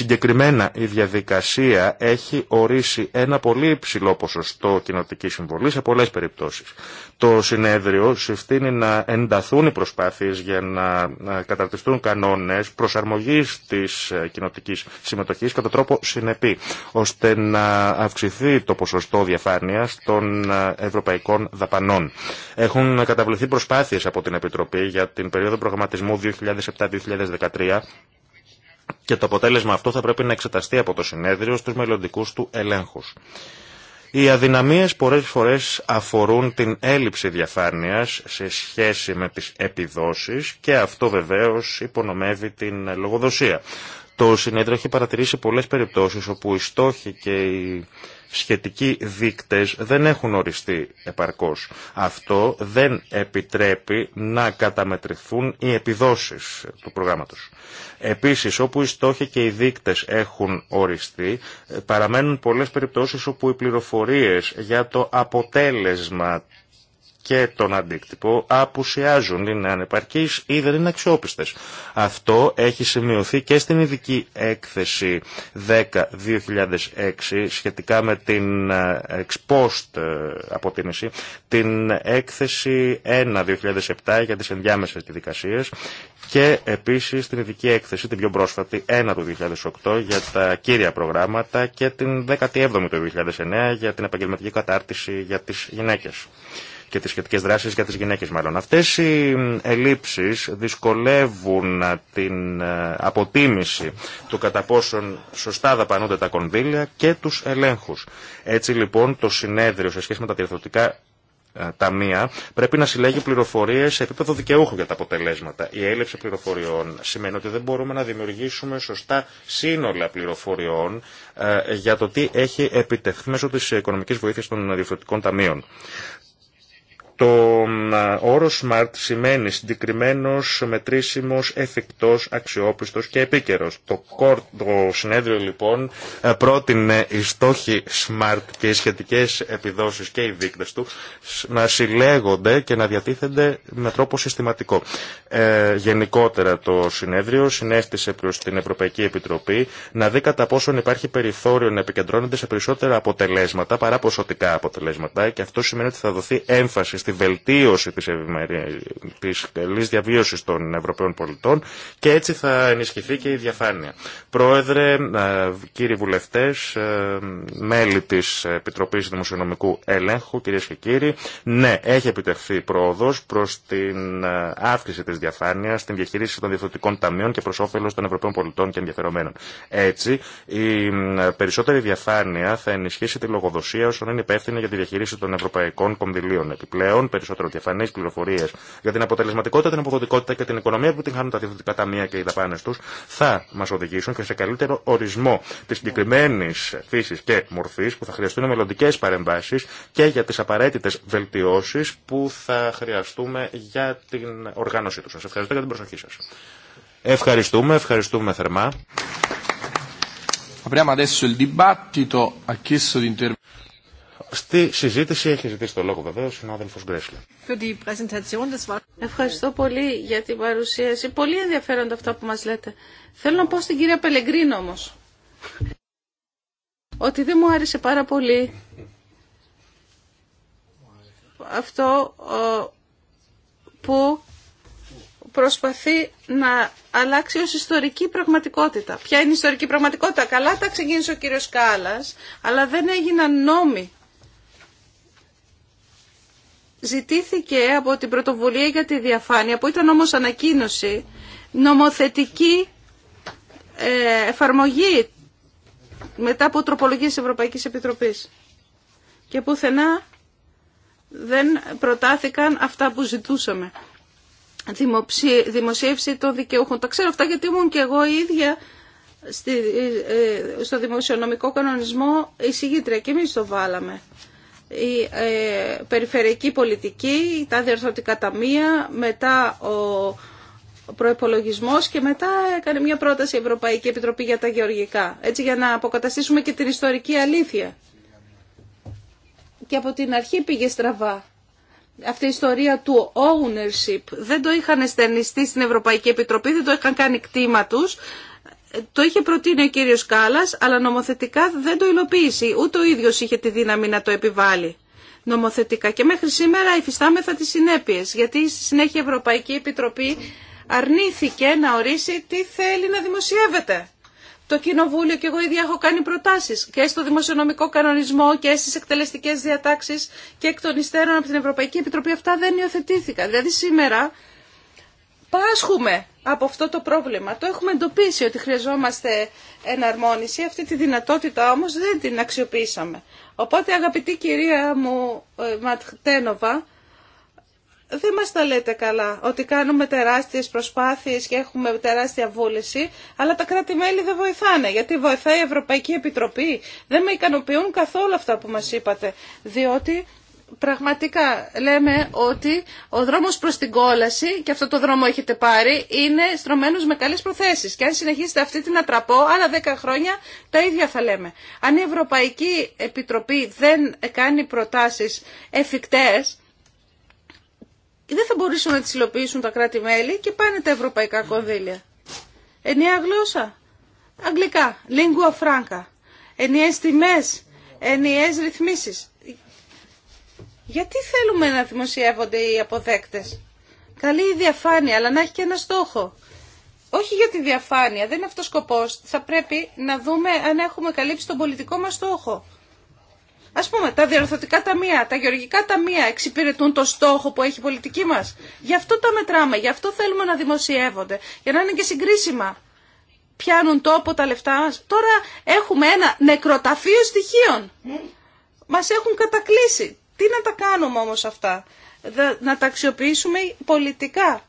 Συγκεκριμένα η διαδικασία έχει ορίσει ένα πολύ υψηλό ποσοστό κοινοτική συμβολή σε πολλές περιπτώσεις. Το συνέδριο συστήνει να ενταθούν οι προσπάθειες για να καταρτιστούν κανόνες προσαρμογής της ε, κοινοτική συμμετοχής κατά τρόπο συνεπή, ώστε να αυξηθεί το ποσοστό διαφάνειας των ε, ευρωπαϊκών δαπανών. Έχουν καταβληθεί προσπάθειες από την Επιτροπή για την περίοδο προγραμματισμού 2007-2013 και το αποτέλεσμα αυτό θα πρέπει να εξεταστεί από το συνέδριο στους μελλοντικού του ελέγχους. Οι αδυναμίες πολλές φορές αφορούν την έλλειψη διαφάνειας σε σχέση με τις επιδόσεις και αυτό βεβαίως υπονομεύει την λογοδοσία. Το συνέδριο έχει παρατηρήσει πολλές περιπτώσεις όπου οι στόχοι και οι σχετικοί δείκτες δεν έχουν οριστεί επαρκώς. Αυτό δεν επιτρέπει να καταμετρηθούν οι επιδόσεις του προγράμματος. Επίσης, όπου οι στόχοι και οι δείκτες έχουν οριστεί, παραμένουν πολλές περιπτώσεις όπου οι πληροφορίες για το αποτέλεσμα και τον αντίκτυπο απουσιάζουν, είναι ανεπαρκείς ή δεν είναι αξιόπιστες. Αυτό έχει σημειωθεί και στην ειδική έκθεση 10-2006 σχετικά με την ε, exposed ε, αποτίμηση, την έκθεση 1-2007 για τις ενδιάμεσες διαδικασίες και επίσης την ειδική έκθεση, την πιο πρόσφατη 1 του 2008 για τα κύρια προγράμματα και την 17η του 2009 για την επαγγελματική κατάρτιση για τις γυναίκες και τις σχετικές δράσεις για τις γυναίκες μάλλον. Αυτές οι ελλείψεις δυσκολεύουν ε, την ε, αποτίμηση του κατά πόσον σωστά δαπανούνται τα κονδύλια και τους ελέγχους. Έτσι λοιπόν το συνέδριο σε σχέση με τα διαρθρωτικά ε, ταμεία πρέπει να συλλέγει πληροφορίε σε επίπεδο δικαιούχου για τα αποτελέσματα. Η έλλειψη πληροφοριών σημαίνει ότι δεν μπορούμε να δημιουργήσουμε σωστά σύνολα πληροφοριών για το τι έχει επιτευχθεί μέσω τη οικονομική βοήθεια των διευθυντικών ταμείων. Το όρο SMART σημαίνει συγκεκριμένο, μετρήσιμο, εφικτό, αξιόπιστο και επίκαιρο. Το, συνέδριο λοιπόν ε, πρότεινε οι στόχοι SMART και οι σχετικέ επιδόσει και οι δείκτε του να συλλέγονται και να διατίθενται με τρόπο συστηματικό. Ε, γενικότερα το συνέδριο συνέστησε προ την Ευρωπαϊκή Επιτροπή να δει κατά πόσον υπάρχει περιθώριο να επικεντρώνεται σε περισσότερα αποτελέσματα παρά ποσοτικά αποτελέσματα και αυτό σημαίνει ότι θα δοθεί έμφαση βελτίωση της, της καλής διαβίωσης των Ευρωπαίων πολιτών και έτσι θα ενισχυθεί και η διαφάνεια. Πρόεδρε, ε, κύριοι βουλευτές, ε, μέλη της Επιτροπής Δημοσιονομικού Ελέγχου, κυρίες και κύριοι, ναι, έχει επιτευχθεί πρόοδος προς την ε, αύξηση της διαφάνειας, την διαχείριση των διευθυντικών ταμείων και προς όφελος των Ευρωπαίων πολιτών και ενδιαφερομένων. Έτσι, η περισσότερη διαφάνεια θα ενισχύσει τη λογοδοσία όσων είναι υπεύθυνη για τη διαχείριση των ευρωπαϊκών κονδυλίων. Επιπλέον, περισσότερο διαφανεί πληροφορίε για την αποτελεσματικότητα, την αποδοτικότητα και την οικονομία που την χάνουν τα διευθυντικά ταμεία και οι δαπάνε του, θα μα οδηγήσουν και σε καλύτερο ορισμό τη συγκεκριμένη φύση και μορφή που θα χρειαστούν μελλοντικέ παρεμβάσει και για τι απαραίτητε βελτιώσει που θα χρειαστούμε για την οργάνωσή του. Σα ευχαριστώ για την προσοχή σα. Ευχαριστούμε, ευχαριστούμε θερμά. Στη συζήτηση έχει ζητήσει το λόγο βεβαίω ο συνάδελφο Γκρέσλε. Ευχαριστώ πολύ για την παρουσίαση. Πολύ ενδιαφέροντα αυτά που μα λέτε. Θέλω να πω στην κυρία Πελεγκρίνο όμω ότι δεν μου άρεσε πάρα πολύ αυτό που προσπαθεί να αλλάξει ως ιστορική πραγματικότητα. Ποια είναι η ιστορική πραγματικότητα. Καλά τα ξεκίνησε ο κύριος Κάλλας, αλλά δεν έγιναν νόμοι ζητήθηκε από την πρωτοβουλία για τη διαφάνεια, που ήταν όμως ανακοίνωση, νομοθετική ε, εφαρμογή μετά από τροπολογίες Ευρωπαϊκής Επιτροπής. Και πουθενά δεν προτάθηκαν αυτά που ζητούσαμε. Δημοσίευση των δικαιούχων. Τα ξέρω αυτά γιατί ήμουν και εγώ η ίδια ε, ε, στο δημοσιονομικό κανονισμό εισηγήτρια και εμείς το βάλαμε η ε, περιφερειακή πολιτική, τα διορθωτικά ταμεία, μετά ο προϋπολογισμός και μετά έκανε μια πρόταση η Ευρωπαϊκή Επιτροπή για τα γεωργικά. Έτσι για να αποκαταστήσουμε και την ιστορική αλήθεια. Και από την αρχή πήγε στραβά. Αυτή η ιστορία του ownership δεν το είχαν στενιστεί στην Ευρωπαϊκή Επιτροπή, δεν το είχαν κάνει κτήμα τους, το είχε προτείνει ο κύριο Κάλλα, αλλά νομοθετικά δεν το υλοποίησε. Ούτε ο ίδιο είχε τη δύναμη να το επιβάλλει νομοθετικά. Και μέχρι σήμερα υφιστάμεθα τι συνέπειε, γιατί στη συνέχεια η Ευρωπαϊκή Επιτροπή αρνήθηκε να ορίσει τι θέλει να δημοσιεύεται. Το Κοινοβούλιο και εγώ ίδια έχω κάνει προτάσει και στο δημοσιονομικό κανονισμό και στι εκτελεστικέ διατάξει και εκ των υστέρων από την Ευρωπαϊκή Επιτροπή αυτά δεν υιοθετήθηκαν. Δηλαδή σήμερα πάσχουμε από αυτό το πρόβλημα. Το έχουμε εντοπίσει ότι χρειαζόμαστε εναρμόνιση, αυτή τη δυνατότητα όμως δεν την αξιοποιήσαμε. Οπότε αγαπητή κυρία μου ε, Ματχτένοβα, δεν μας τα λέτε καλά ότι κάνουμε τεράστιες προσπάθειες και έχουμε τεράστια βούληση, αλλά τα κράτη-μέλη δεν βοηθάνε, γιατί βοηθάει η Ευρωπαϊκή Επιτροπή. Δεν με ικανοποιούν καθόλου αυτά που μας είπατε, διότι πραγματικά λέμε ότι ο δρόμος προς την κόλαση, και αυτό το δρόμο έχετε πάρει, είναι στρωμένος με καλές προθέσεις. Και αν συνεχίσετε αυτή την ατραπό, άλλα δέκα χρόνια τα ίδια θα λέμε. Αν η Ευρωπαϊκή Επιτροπή δεν κάνει προτάσεις εφικτές, δεν θα μπορούσαν να τις υλοποιήσουν τα κράτη-μέλη και πάνε τα ευρωπαϊκά κονδύλια. Ενιαία γλώσσα. Αγγλικά. Lingua franca. Ενιαίες τιμές. Ενιαίες ρυθμίσεις. Γιατί θέλουμε να δημοσιεύονται οι αποδέκτες. Καλή η διαφάνεια, αλλά να έχει και ένα στόχο. Όχι για τη διαφάνεια, δεν είναι αυτό ο σκοπός. Θα πρέπει να δούμε αν έχουμε καλύψει τον πολιτικό μα στόχο. Α πούμε, τα διορθωτικά ταμεία, τα γεωργικά ταμεία εξυπηρετούν το στόχο που έχει η πολιτική μα. Γι' αυτό τα μετράμε, γι' αυτό θέλουμε να δημοσιεύονται, για να είναι και συγκρίσιμα. Πιάνουν τόπο τα λεφτά μα. Τώρα έχουμε ένα νεκροταφείο στοιχείων. Μα έχουν κατακλείσει. Τι να τα κάνουμε όμως αυτά, να τα αξιοποιήσουμε πολιτικά.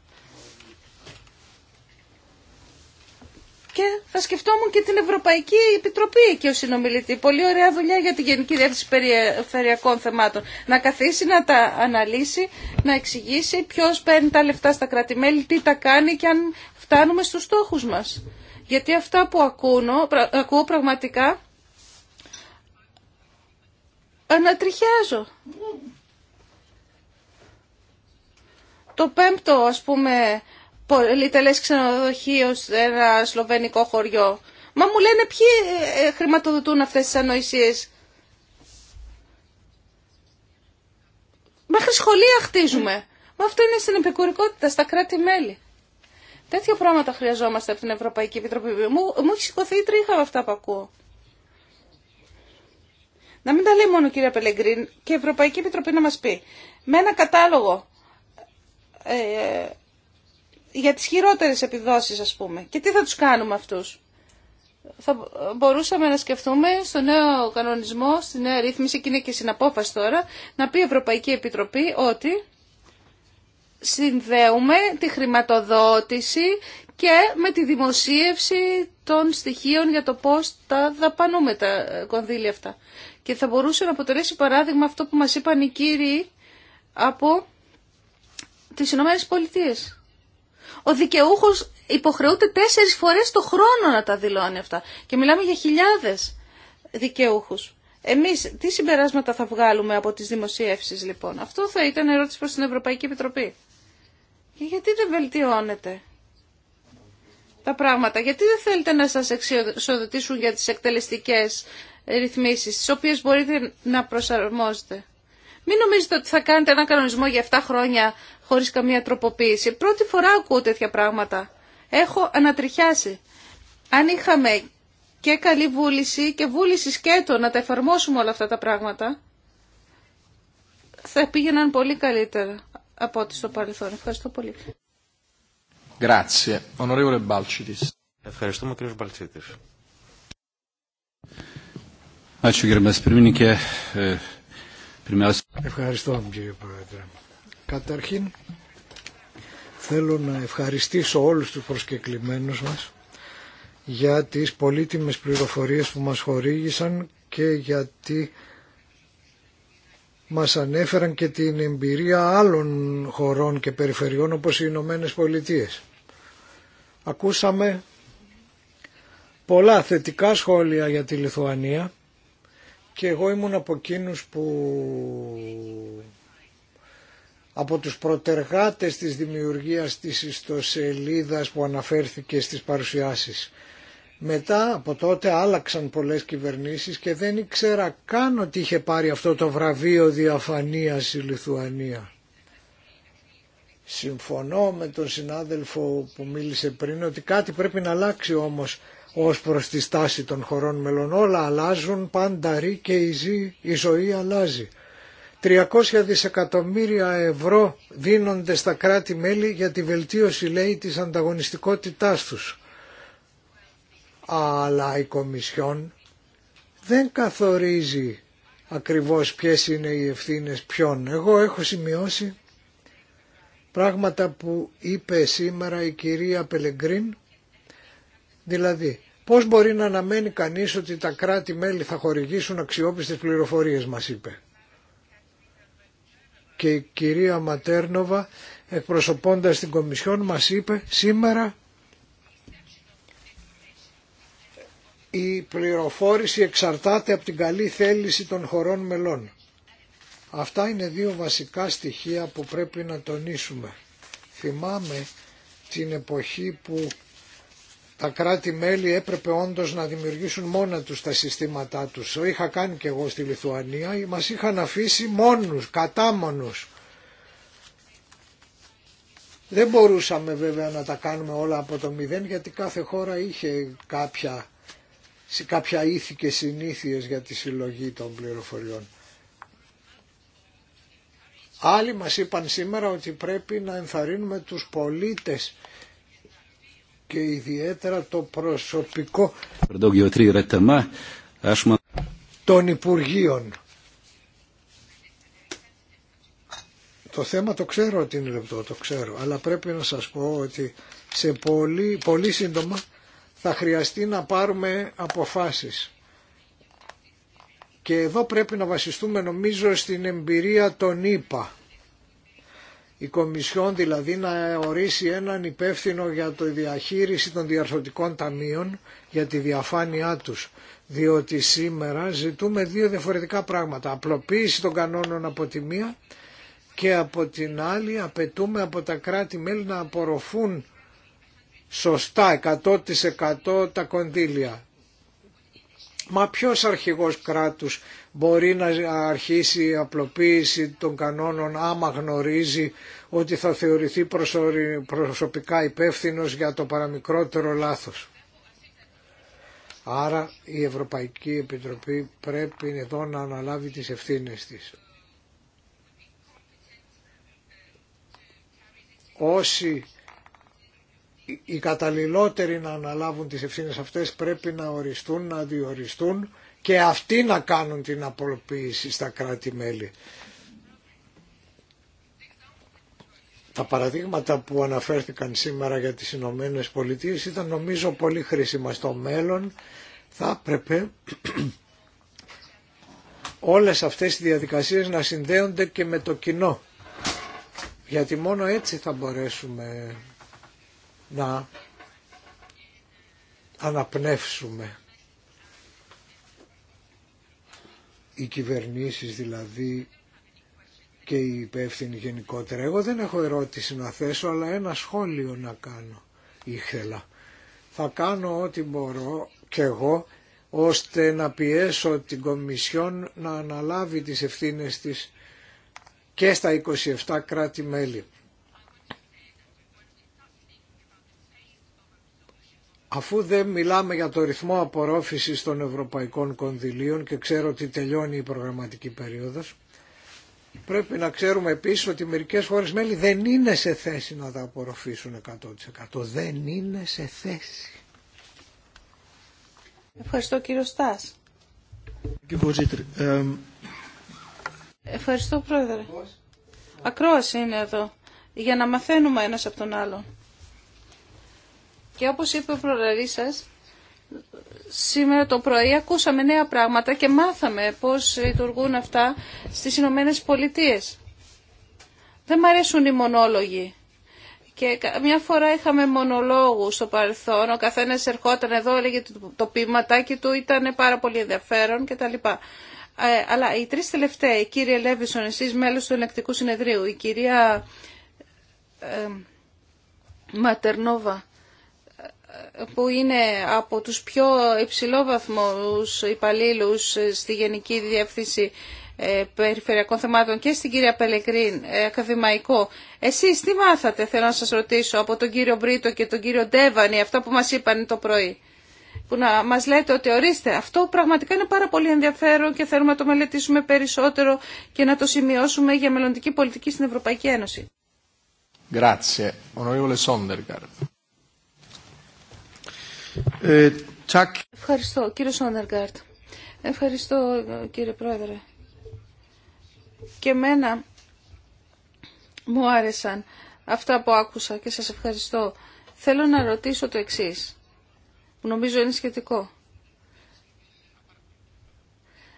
Και θα σκεφτόμουν και την Ευρωπαϊκή Επιτροπή και ο συνομιλητή. Πολύ ωραία δουλειά για την Γενική Διεύθυνση Περιφερειακών Θεμάτων. Να καθίσει, να τα αναλύσει, να εξηγήσει ποιο παίρνει τα λεφτά στα κρατημέλη, τι τα κάνει και αν φτάνουμε στους στόχους μας. Γιατί αυτά που ακούω πραγματικά ανατριχιάζω. Το πέμπτο, ας πούμε, πολυτελές ξενοδοχείο σε ένα σλοβενικό χωριό. Μα μου λένε ποιοι ε, χρηματοδοτούν αυτές τις ανοησίες. Μέχρι σχολεία χτίζουμε. Μα αυτό είναι στην επικουρικότητα, στα κράτη-μέλη. Τέτοια πράγματα χρειαζόμαστε από την Ευρωπαϊκή Επιτροπή. Μου, μου έχει σηκωθεί η τρίχα από αυτά που ακούω. Να μην τα λέει μόνο η κυρία Πελεγκρίν και η Ευρωπαϊκή Επιτροπή να μας πει. Με ένα κατάλογο ε, για τις χειρότερες επιδόσεις ας πούμε. Και τι θα τους κάνουμε αυτούς. Θα μπορούσαμε να σκεφτούμε στο νέο κανονισμό, στη νέα ρύθμιση και είναι και συναπόφαση τώρα, να πει η Ευρωπαϊκή Επιτροπή ότι συνδέουμε τη χρηματοδότηση και με τη δημοσίευση των στοιχείων για το πώς τα δαπανούμε τα κονδύλια αυτά και θα μπορούσε να αποτελέσει παράδειγμα αυτό που μας είπαν οι κύριοι από τις Ηνωμένες Πολιτείες. Ο δικαιούχος υποχρεούται τέσσερις φορές το χρόνο να τα δηλώνει αυτά και μιλάμε για χιλιάδες δικαιούχους. Εμείς τι συμπεράσματα θα βγάλουμε από τις δημοσίευσεις λοιπόν. Αυτό θα ήταν ερώτηση προς την Ευρωπαϊκή Επιτροπή. Και γιατί δεν βελτιώνεται τα πράγματα. Γιατί δεν θέλετε να σας εξοδοτήσουν για τις εκτελεστικές ρυθμίσεις, τις οποίες μπορείτε να προσαρμόζετε. Μην νομίζετε ότι θα κάνετε ένα κανονισμό για 7 χρόνια χωρίς καμία τροποποίηση. Πρώτη φορά ακούω τέτοια πράγματα. Έχω ανατριχιάσει. Αν είχαμε και καλή βούληση και βούληση σκέτο να τα εφαρμόσουμε όλα αυτά τα πράγματα, θα πήγαιναν πολύ καλύτερα από ό,τι στο παρελθόν. Ευχαριστώ πολύ. Ευχαριστούμε κύριο Μπαλτσίτης. E, Ευχαριστώ κύριε Πρόεδρε. Καταρχήν θέλω να ευχαριστήσω όλους τους προσκεκλημένους μας για τις πολύτιμες πληροφορίες που μας χορήγησαν και γιατί μας ανέφεραν και την εμπειρία άλλων χωρών και περιφερειών όπως οι Ηνωμένε Πολιτείε. Ακούσαμε πολλά θετικά σχόλια για τη Λιθουανία και εγώ ήμουν από εκείνου που από τους προτεργάτες της δημιουργίας της ιστοσελίδας που αναφέρθηκε στις παρουσιάσεις. Μετά από τότε άλλαξαν πολλές κυβερνήσεις και δεν ήξερα καν ότι είχε πάρει αυτό το βραβείο διαφανείας η Λιθουανία. Συμφωνώ με τον συνάδελφο που μίλησε πριν ότι κάτι πρέπει να αλλάξει όμως ως προς τη στάση των χωρών μελών. Όλα αλλάζουν, πάντα ρί και η, η ζωή αλλάζει. 300 δισεκατομμύρια ευρώ δίνονται στα κράτη-μέλη για τη βελτίωση, λέει, της ανταγωνιστικότητάς τους. Αλλά η Κομισιόν δεν καθορίζει ακριβώς ποιες είναι οι ευθύνες ποιον. Εγώ έχω σημειώσει πράγματα που είπε σήμερα η κυρία Πελεγκρίν Δηλαδή, πώς μπορεί να αναμένει κανείς ότι τα κράτη-μέλη θα χορηγήσουν αξιόπιστες πληροφορίες, μας είπε. Και η κυρία Ματέρνοβα, εκπροσωπώντας την Κομισιόν, μας είπε σήμερα η πληροφόρηση εξαρτάται από την καλή θέληση των χωρών μελών. Αυτά είναι δύο βασικά στοιχεία που πρέπει να τονίσουμε. Θυμάμαι την εποχή που τα κράτη-μέλη έπρεπε όντως να δημιουργήσουν μόνα τους τα συστήματά τους. Το είχα κάνει και εγώ στη Λιθουανία, μας είχαν αφήσει μόνους, κατάμονους. Δεν μπορούσαμε βέβαια να τα κάνουμε όλα από το μηδέν γιατί κάθε χώρα είχε κάποια, κάποια ήθη και συνήθειες για τη συλλογή των πληροφοριών. Άλλοι μας είπαν σήμερα ότι πρέπει να ενθαρρύνουμε τους πολίτες και ιδιαίτερα το προσωπικό των Υπουργείων. Το θέμα το ξέρω ότι είναι λεπτό, το ξέρω, αλλά πρέπει να σας πω ότι σε πολύ, σύντομα θα χρειαστεί να πάρουμε αποφάσεις. Και εδώ πρέπει να βασιστούμε νομίζω στην εμπειρία των ήπα η Κομισιόν δηλαδή να ορίσει έναν υπεύθυνο για τη διαχείριση των διαρθρωτικών ταμείων για τη διαφάνειά τους. Διότι σήμερα ζητούμε δύο διαφορετικά πράγματα. Απλοποίηση των κανόνων από τη μία και από την άλλη απαιτούμε από τα κράτη-μέλη να απορροφούν σωστά 100% τα κονδύλια. Μα ποιος αρχηγός κράτους μπορεί να αρχίσει η απλοποίηση των κανόνων άμα γνωρίζει ότι θα θεωρηθεί προσωπικά υπεύθυνο για το παραμικρότερο λάθος. Άρα η Ευρωπαϊκή Επιτροπή πρέπει εδώ να αναλάβει τις ευθύνες της. Όσοι οι καταλληλότεροι να αναλάβουν τις ευθύνες αυτές πρέπει να οριστούν, να διοριστούν και αυτοί να κάνουν την απολοποίηση στα κράτη-μέλη. Τα παραδείγματα που αναφέρθηκαν σήμερα για τις Ηνωμένε Πολιτείε ήταν νομίζω πολύ χρήσιμα στο μέλλον. Θα έπρεπε όλες αυτές οι διαδικασίες να συνδέονται και με το κοινό. Γιατί μόνο έτσι θα μπορέσουμε να αναπνεύσουμε. οι κυβερνήσεις δηλαδή και οι υπεύθυνοι γενικότερα. Εγώ δεν έχω ερώτηση να θέσω αλλά ένα σχόλιο να κάνω ήθελα. Θα κάνω ό,τι μπορώ και εγώ ώστε να πιέσω την Κομισιόν να αναλάβει τις ευθύνες της και στα 27 κράτη-μέλη. Αφού δεν μιλάμε για το ρυθμό απορρόφησης των ευρωπαϊκών κονδυλίων και ξέρω ότι τελειώνει η προγραμματική περίοδος, πρέπει να ξέρουμε επίσης ότι μερικές χώρες μέλη δεν είναι σε θέση να τα απορροφήσουν 100%. Δεν είναι σε θέση. Ευχαριστώ κύριο Στάς. Ehm, Ευχαριστώ πρόεδρε. Ακρόαση είναι εδώ για να μαθαίνουμε ένας από τον άλλον. Και όπως είπε ο προλαλή σα, σήμερα το πρωί ακούσαμε νέα πράγματα και μάθαμε πώς λειτουργούν αυτά στις Ηνωμένε Πολιτείε. Δεν μ' αρέσουν οι μονόλογοι. Και μια φορά είχαμε μονολόγους στο παρελθόν, ο καθένα ερχόταν εδώ, έλεγε το πείματάκι του, ήταν πάρα πολύ ενδιαφέρον κτλ. Ε, αλλά οι τρεις τελευταίοι, κύριε Λέβισον, εσείς μέλος του Ελεκτικού Συνεδρίου, η κυρία ε, Ματερνόβα που είναι από τους πιο υψηλόβαθμους υπαλλήλου στη Γενική Διεύθυνση ε, Περιφερειακών Θεμάτων και στην κυρία Πελεκρίν, ε, ακαδημαϊκό. Εσείς τι μάθατε, θέλω να σας ρωτήσω, από τον κύριο Μπρίτο και τον κύριο Ντέβανη, αυτό που μας είπαν το πρωί, που να μας λέτε ότι ορίστε, αυτό πραγματικά είναι πάρα πολύ ενδιαφέρον και θέλουμε να το μελετήσουμε περισσότερο και να το σημειώσουμε για μελλοντική πολιτική στην Ευρωπαϊκή Ένωση. Grazie, ε, ευχαριστώ, κύριε Σόνεργκάρτ. Ευχαριστώ, κύριε Πρόεδρε. Και μένα μου άρεσαν αυτά που άκουσα και σας ευχαριστώ. Θέλω να ρωτήσω το εξής, που νομίζω είναι σχετικό.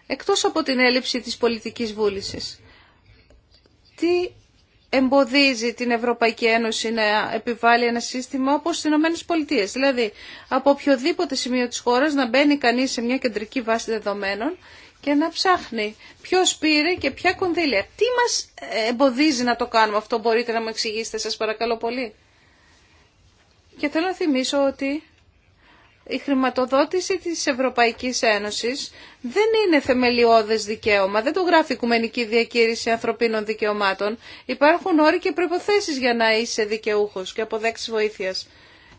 Εκτός από την έλλειψη της πολιτικής βούλησης, τι εμποδίζει την Ευρωπαϊκή Ένωση να επιβάλλει ένα σύστημα όπως στις Ηνωμένες Πολιτείες. Δηλαδή, από οποιοδήποτε σημείο της χώρας να μπαίνει κανείς σε μια κεντρική βάση δεδομένων και να ψάχνει ποιο πήρε και ποια κονδύλια. Τι μας ε, εμποδίζει να το κάνουμε αυτό, μπορείτε να μου εξηγήσετε σας παρακαλώ πολύ. Και θέλω να θυμίσω ότι η χρηματοδότηση της Ευρωπαϊκής Ένωσης δεν είναι θεμελιώδες δικαίωμα, δεν το γράφει η Οικουμενική Διακήρυξη Ανθρωπίνων Δικαιωμάτων. Υπάρχουν όροι και προϋποθέσεις για να είσαι δικαιούχος και αποδέξεις βοήθειας.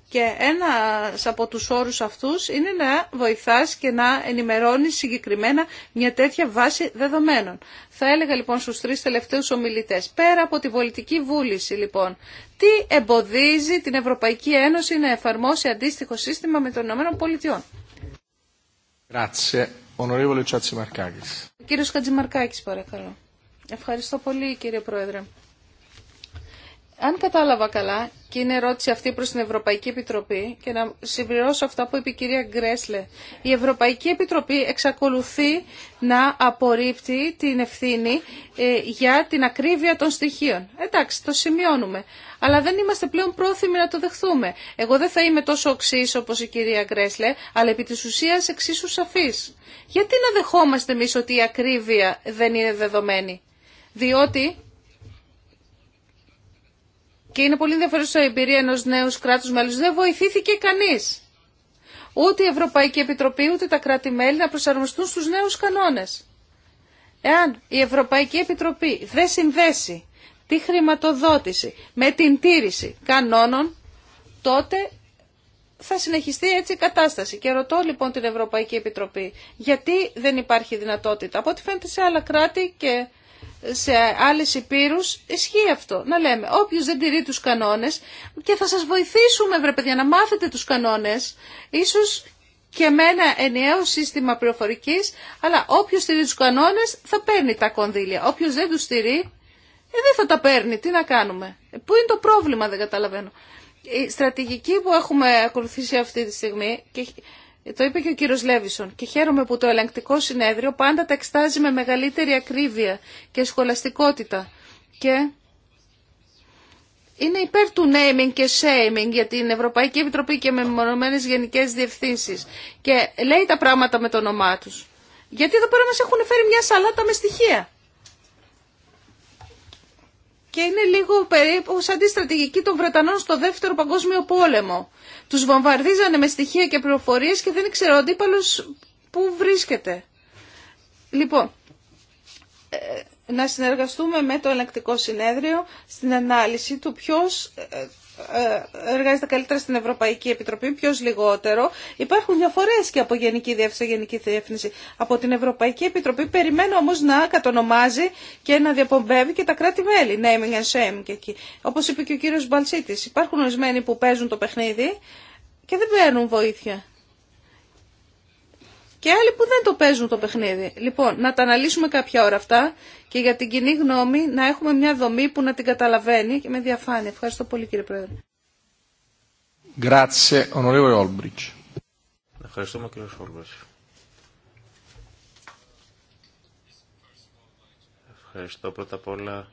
Και ένα από τους όρου αυτούς είναι να βοηθάς και να ενημερώνεις συγκεκριμένα μια τέτοια βάση δεδομένων. Θα έλεγα λοιπόν στους τρεις τελευταίους ομιλητές, πέρα από την πολιτική βούληση λοιπόν, τι εμποδίζει την Ευρωπαϊκή Ένωση να εφαρμόσει αντίστοιχο σύστημα με των Ηνωμένων Πολιτειών. Κύριος Χατζημαρκάκης παρακαλώ. Ευχαριστώ πολύ κύριε Πρόεδρε. Αν κατάλαβα καλά, και είναι ερώτηση αυτή προς την Ευρωπαϊκή Επιτροπή, και να συμπληρώσω αυτά που είπε η κυρία Γκρέσλε, η Ευρωπαϊκή Επιτροπή εξακολουθεί να απορρίπτει την ευθύνη ε, για την ακρίβεια των στοιχείων. Εντάξει, το σημειώνουμε. Αλλά δεν είμαστε πλέον πρόθυμοι να το δεχθούμε. Εγώ δεν θα είμαι τόσο οξύ όπω η κυρία Γκρέσλε, αλλά επί τη ουσία εξίσου σαφή. Γιατί να δεχόμαστε εμεί ότι η ακρίβεια δεν είναι δεδομένη. Διότι και είναι πολύ ενδιαφέρουσα η εμπειρία ενός νέου κράτους μέλους. Δεν βοηθήθηκε κανείς. Ούτε η Ευρωπαϊκή Επιτροπή, ούτε τα κράτη-μέλη να προσαρμοστούν στους νέους κανόνες. Εάν η Ευρωπαϊκή Επιτροπή δεν συνδέσει τη χρηματοδότηση με την τήρηση κανόνων, τότε θα συνεχιστεί έτσι η κατάσταση. Και ρωτώ λοιπόν την Ευρωπαϊκή Επιτροπή, γιατί δεν υπάρχει δυνατότητα. Από ό,τι φαίνεται σε άλλα κράτη και σε άλλες υπήρους ισχύει αυτό. Να λέμε, όποιος δεν τηρεί τους κανόνες και θα σας βοηθήσουμε βρε παιδιά να μάθετε τους κανόνες, ίσως και με ένα ενιαίο σύστημα πληροφορική, αλλά όποιος τηρεί τους κανόνες θα παίρνει τα κονδύλια. Όποιο δεν τους τηρεί, ε, δεν θα τα παίρνει. Τι να κάνουμε. Ε, πού είναι το πρόβλημα δεν καταλαβαίνω. Η στρατηγική που έχουμε ακολουθήσει αυτή τη στιγμή και ε, το είπε και ο κύριος Λέβισον και χαίρομαι που το ελεγκτικό συνέδριο πάντα τα εξτάζει με μεγαλύτερη ακρίβεια και σχολαστικότητα και είναι υπέρ του naming και shaming για την Ευρωπαϊκή Επιτροπή και με γενικές διευθύνσεις και λέει τα πράγματα με το όνομά τους. Γιατί εδώ πέρα μας έχουν φέρει μια σαλάτα με στοιχεία και είναι λίγο περίπου σαν τη στρατηγική των Βρετανών στο δεύτερο παγκόσμιο πόλεμο. Τους βομβαρδίζανε με στοιχεία και πληροφορίες και δεν ξέρω ο αντίπαλος πού βρίσκεται. Λοιπόν, ε, να συνεργαστούμε με το ελεκτικό συνέδριο στην ανάλυση του ποιος ε, ε, εργάζεται καλύτερα στην Ευρωπαϊκή Επιτροπή, ποιο λιγότερο. Υπάρχουν διαφορέ και από Γενική Διεύθυνση σε Γενική Διεύθυνση. Από την Ευρωπαϊκή Επιτροπή περιμένω όμω να κατονομάζει και να διαπομπεύει και τα κράτη-μέλη. Naming and shame και εκεί. Όπω είπε και ο κύριο Μπαλσίτη, υπάρχουν ορισμένοι που παίζουν το παιχνίδι και δεν παίρνουν βοήθεια και άλλοι που δεν το παίζουν το παιχνίδι. Λοιπόν, να τα αναλύσουμε κάποια ώρα αυτά και για την κοινή γνώμη να έχουμε μια δομή που να την καταλαβαίνει και με διαφάνεια. Ευχαριστώ πολύ κύριε Πρόεδρε. Ευχαριστούμε κύριε Ευχαριστώ πρώτα απ' όλα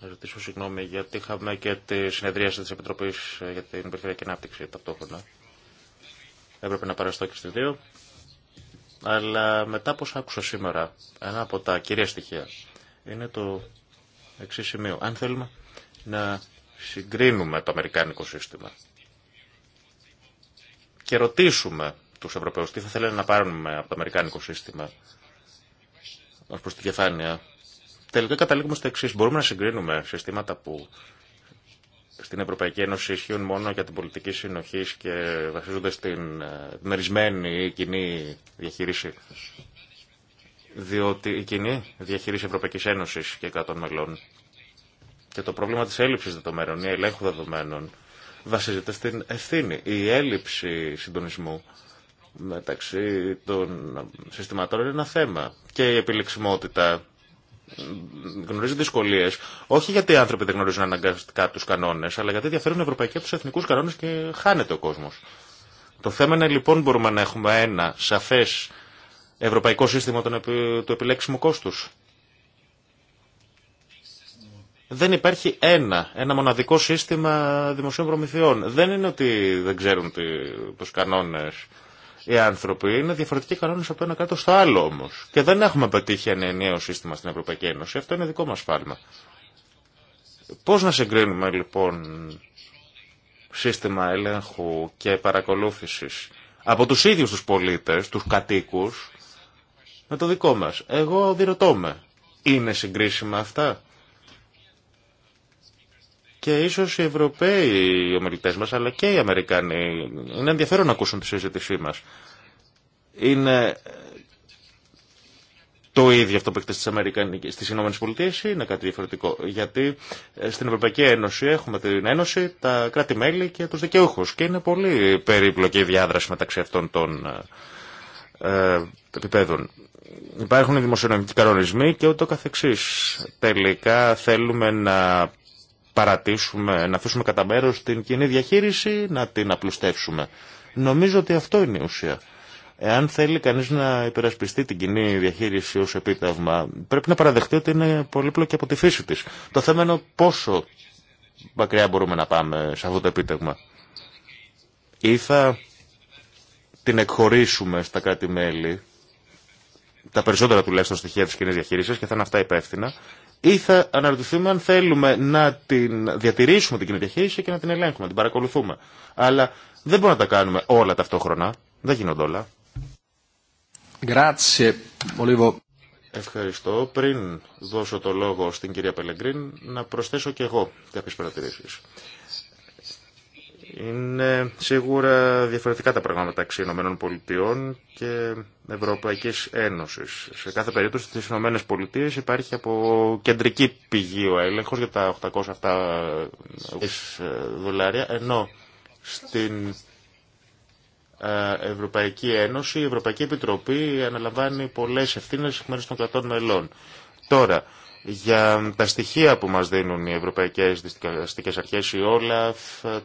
να ζητήσω συγγνώμη γιατί είχαμε και τη συνεδρία τη Επιτροπή ε, για την Περιφερειακή Ανάπτυξη ταυτόχρονα. Έπρεπε να παραστώ και στι δύο. Αλλά μετά πώς άκουσα σήμερα, ένα από τα κυρία στοιχεία είναι το εξή σημείο. Αν θέλουμε να συγκρίνουμε το αμερικάνικο σύστημα και ρωτήσουμε τους Ευρωπαίους τι θα θέλανε να πάρουμε από το αμερικάνικο σύστημα ως προς την κεφάνεια, τελικά καταλήγουμε στο εξή. Μπορούμε να συγκρίνουμε συστήματα που στην Ευρωπαϊκή Ένωση ισχύουν μόνο για την πολιτική συνοχή και βασίζονται στην μερισμένη η κοινή διαχείριση. Διότι η κοινή διαχείριση Ευρωπαϊκή Ένωση και 100 μελών και το πρόβλημα τη έλλειψη δεδομένων ή ελέγχου δεδομένων βασίζεται στην ευθύνη. Η έλλειψη συντονισμού μεταξύ των συστηματών είναι ένα θέμα. Και η επιλεξιμότητα γνωρίζει δυσκολίε, όχι γιατί οι άνθρωποι δεν γνωρίζουν αναγκαστικά του κανόνε, αλλά γιατί διαφέρουν ευρωπαϊκοί από του εθνικού κανόνε και χάνεται ο κόσμο. Το θέμα είναι λοιπόν μπορούμε να έχουμε ένα σαφέ ευρωπαϊκό σύστημα του επιλέξιμου κόστου. Δεν υπάρχει ένα, ένα μοναδικό σύστημα δημοσίων προμηθειών. Δεν είναι ότι δεν ξέρουν τους κανόνες οι άνθρωποι είναι διαφορετικοί κανόνε από ένα κράτο στο άλλο όμω. Και δεν έχουμε πετύχει ένα ενιαίο σύστημα στην Ευρωπαϊκή Ένωση. Αυτό είναι δικό μα φάλμα. Πώ να συγκρίνουμε λοιπόν σύστημα ελέγχου και παρακολούθηση από του ίδιου του πολίτε, του κατοίκου, με το δικό μα. Εγώ διρωτώ με. Είναι συγκρίσιμα αυτά. Και ίσω οι Ευρωπαίοι οι ομιλητέ μα, αλλά και οι Αμερικανοί, είναι ενδιαφέρον να ακούσουν τη συζήτησή μα. Είναι το ίδιο αυτό που έχετε στις, Αμερικανικές, στις Ηνωμένες Πολιτείες ή είναι κάτι διαφορετικό. Γιατί ε, στην Ευρωπαϊκή Ένωση έχουμε την Ένωση, τα κράτη-μέλη και του δικαιούχου Και είναι πολύ περίπλοκη η διάδραση μεταξύ αυτών των ε, ε, επιπέδων. Υπάρχουν δημοσιονομικοί κανονισμοί και ούτω καθεξής. Τελικά θέλουμε να παρατήσουμε, να αφήσουμε κατά μέρο την κοινή διαχείριση, να την απλουστεύσουμε. Νομίζω ότι αυτό είναι η ουσία. Εάν θέλει κανείς να υπερασπιστεί την κοινή διαχείριση ως επίτευγμα, πρέπει να παραδεχτεί ότι είναι πολύπλοκη από τη φύση της. Το θέμα είναι πόσο μακριά μπορούμε να πάμε σε αυτό το επίτευγμα. Ή θα την εκχωρήσουμε στα κράτη-μέλη, τα περισσότερα τουλάχιστον στοιχεία της κοινή διαχείρισης και θα είναι αυτά υπεύθυνα, ή θα αναρωτηθούμε αν θέλουμε να την διατηρήσουμε την κοινή και να την ελέγχουμε, να την παρακολουθούμε. Αλλά δεν μπορούμε να τα κάνουμε όλα ταυτόχρονα. Δεν γίνονται όλα. Ευχαριστώ. Πριν δώσω το λόγο στην κυρία Πελεγκρίν, να προσθέσω και εγώ κάποιε παρατηρήσει. Είναι σίγουρα διαφορετικά τα πράγματα μεταξύ Ηνωμένων Πολιτειών και Ευρωπαϊκής Ένωσης. Σε κάθε περίπτωση στι Ηνωμένε Πολιτείες υπάρχει από κεντρική πηγή ο έλεγχο για τα 800 ε, δολάρια, ενώ στην ε, Ευρωπαϊκή Ένωση η Ευρωπαϊκή Επιτροπή αναλαμβάνει πολλές ευθύνες εκ μέρου των κρατών μελών. Τώρα, για τα στοιχεία που μας δίνουν οι Ευρωπαϊκές Δυστικές Αρχές, η Όλαφ,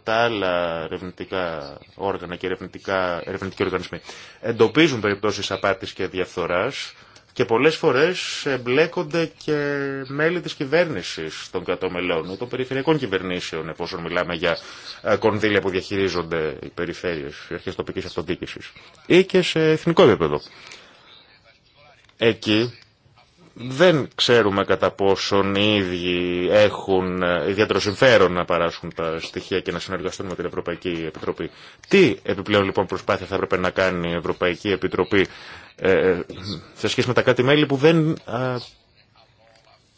τα άλλα ερευνητικά όργανα και ερευνητικά, ερευνητικοί οργανισμοί. Εντοπίζουν περιπτώσεις απάτης και διαφθοράς και πολλές φορές εμπλέκονται και μέλη της κυβέρνησης των κατώμελών, των περιφερειακών κυβερνήσεων, εφόσον μιλάμε για ε, κονδύλια που διαχειρίζονται οι περιφέρειες, οι αρχές τοπικής αυτοδιοίκησης ή και σε εθνικό επίπεδο. Εκεί δεν ξέρουμε κατά πόσον οι ίδιοι έχουν ιδιαίτερο συμφέρον να παράσχουν τα στοιχεία και να συνεργαστούν με την Ευρωπαϊκή Επιτροπή. Τι επιπλέον λοιπόν προσπάθεια θα έπρεπε να κάνει η Ευρωπαϊκή Επιτροπή ε, σε σχέση με τα κάτι μέλη που δεν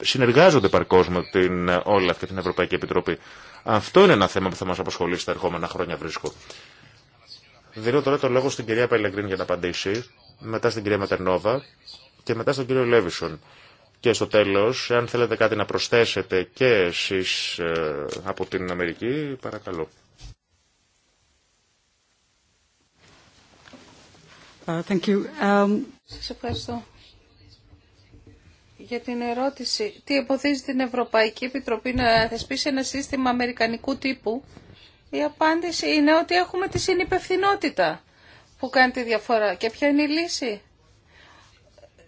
συνεργάζονται παρκώς με την, όλη αυτή την Ευρωπαϊκή Επιτροπή. Αυτό είναι ένα θέμα που θα μας απασχολήσει τα ερχόμενα χρόνια βρίσκω. Δίνω τώρα το λόγο στην κυρία Πελεγκρίν για να απαντήσει, μετά στην κυρία Μετερνόβα και μετά στον κύριο Λέβισον. Και στο τέλος, αν θέλετε κάτι να προσθέσετε και εσείς ε, από την Αμερική, παρακαλώ. Ε, thank Um... Σας ευχαριστώ για την ερώτηση. Τι εμποδίζει την Ευρωπαϊκή Επιτροπή να θεσπίσει ένα σύστημα αμερικανικού τύπου. Η απάντηση είναι ότι έχουμε τη συνυπευθυνότητα που κάνει τη διαφορά. Και ποια είναι η λύση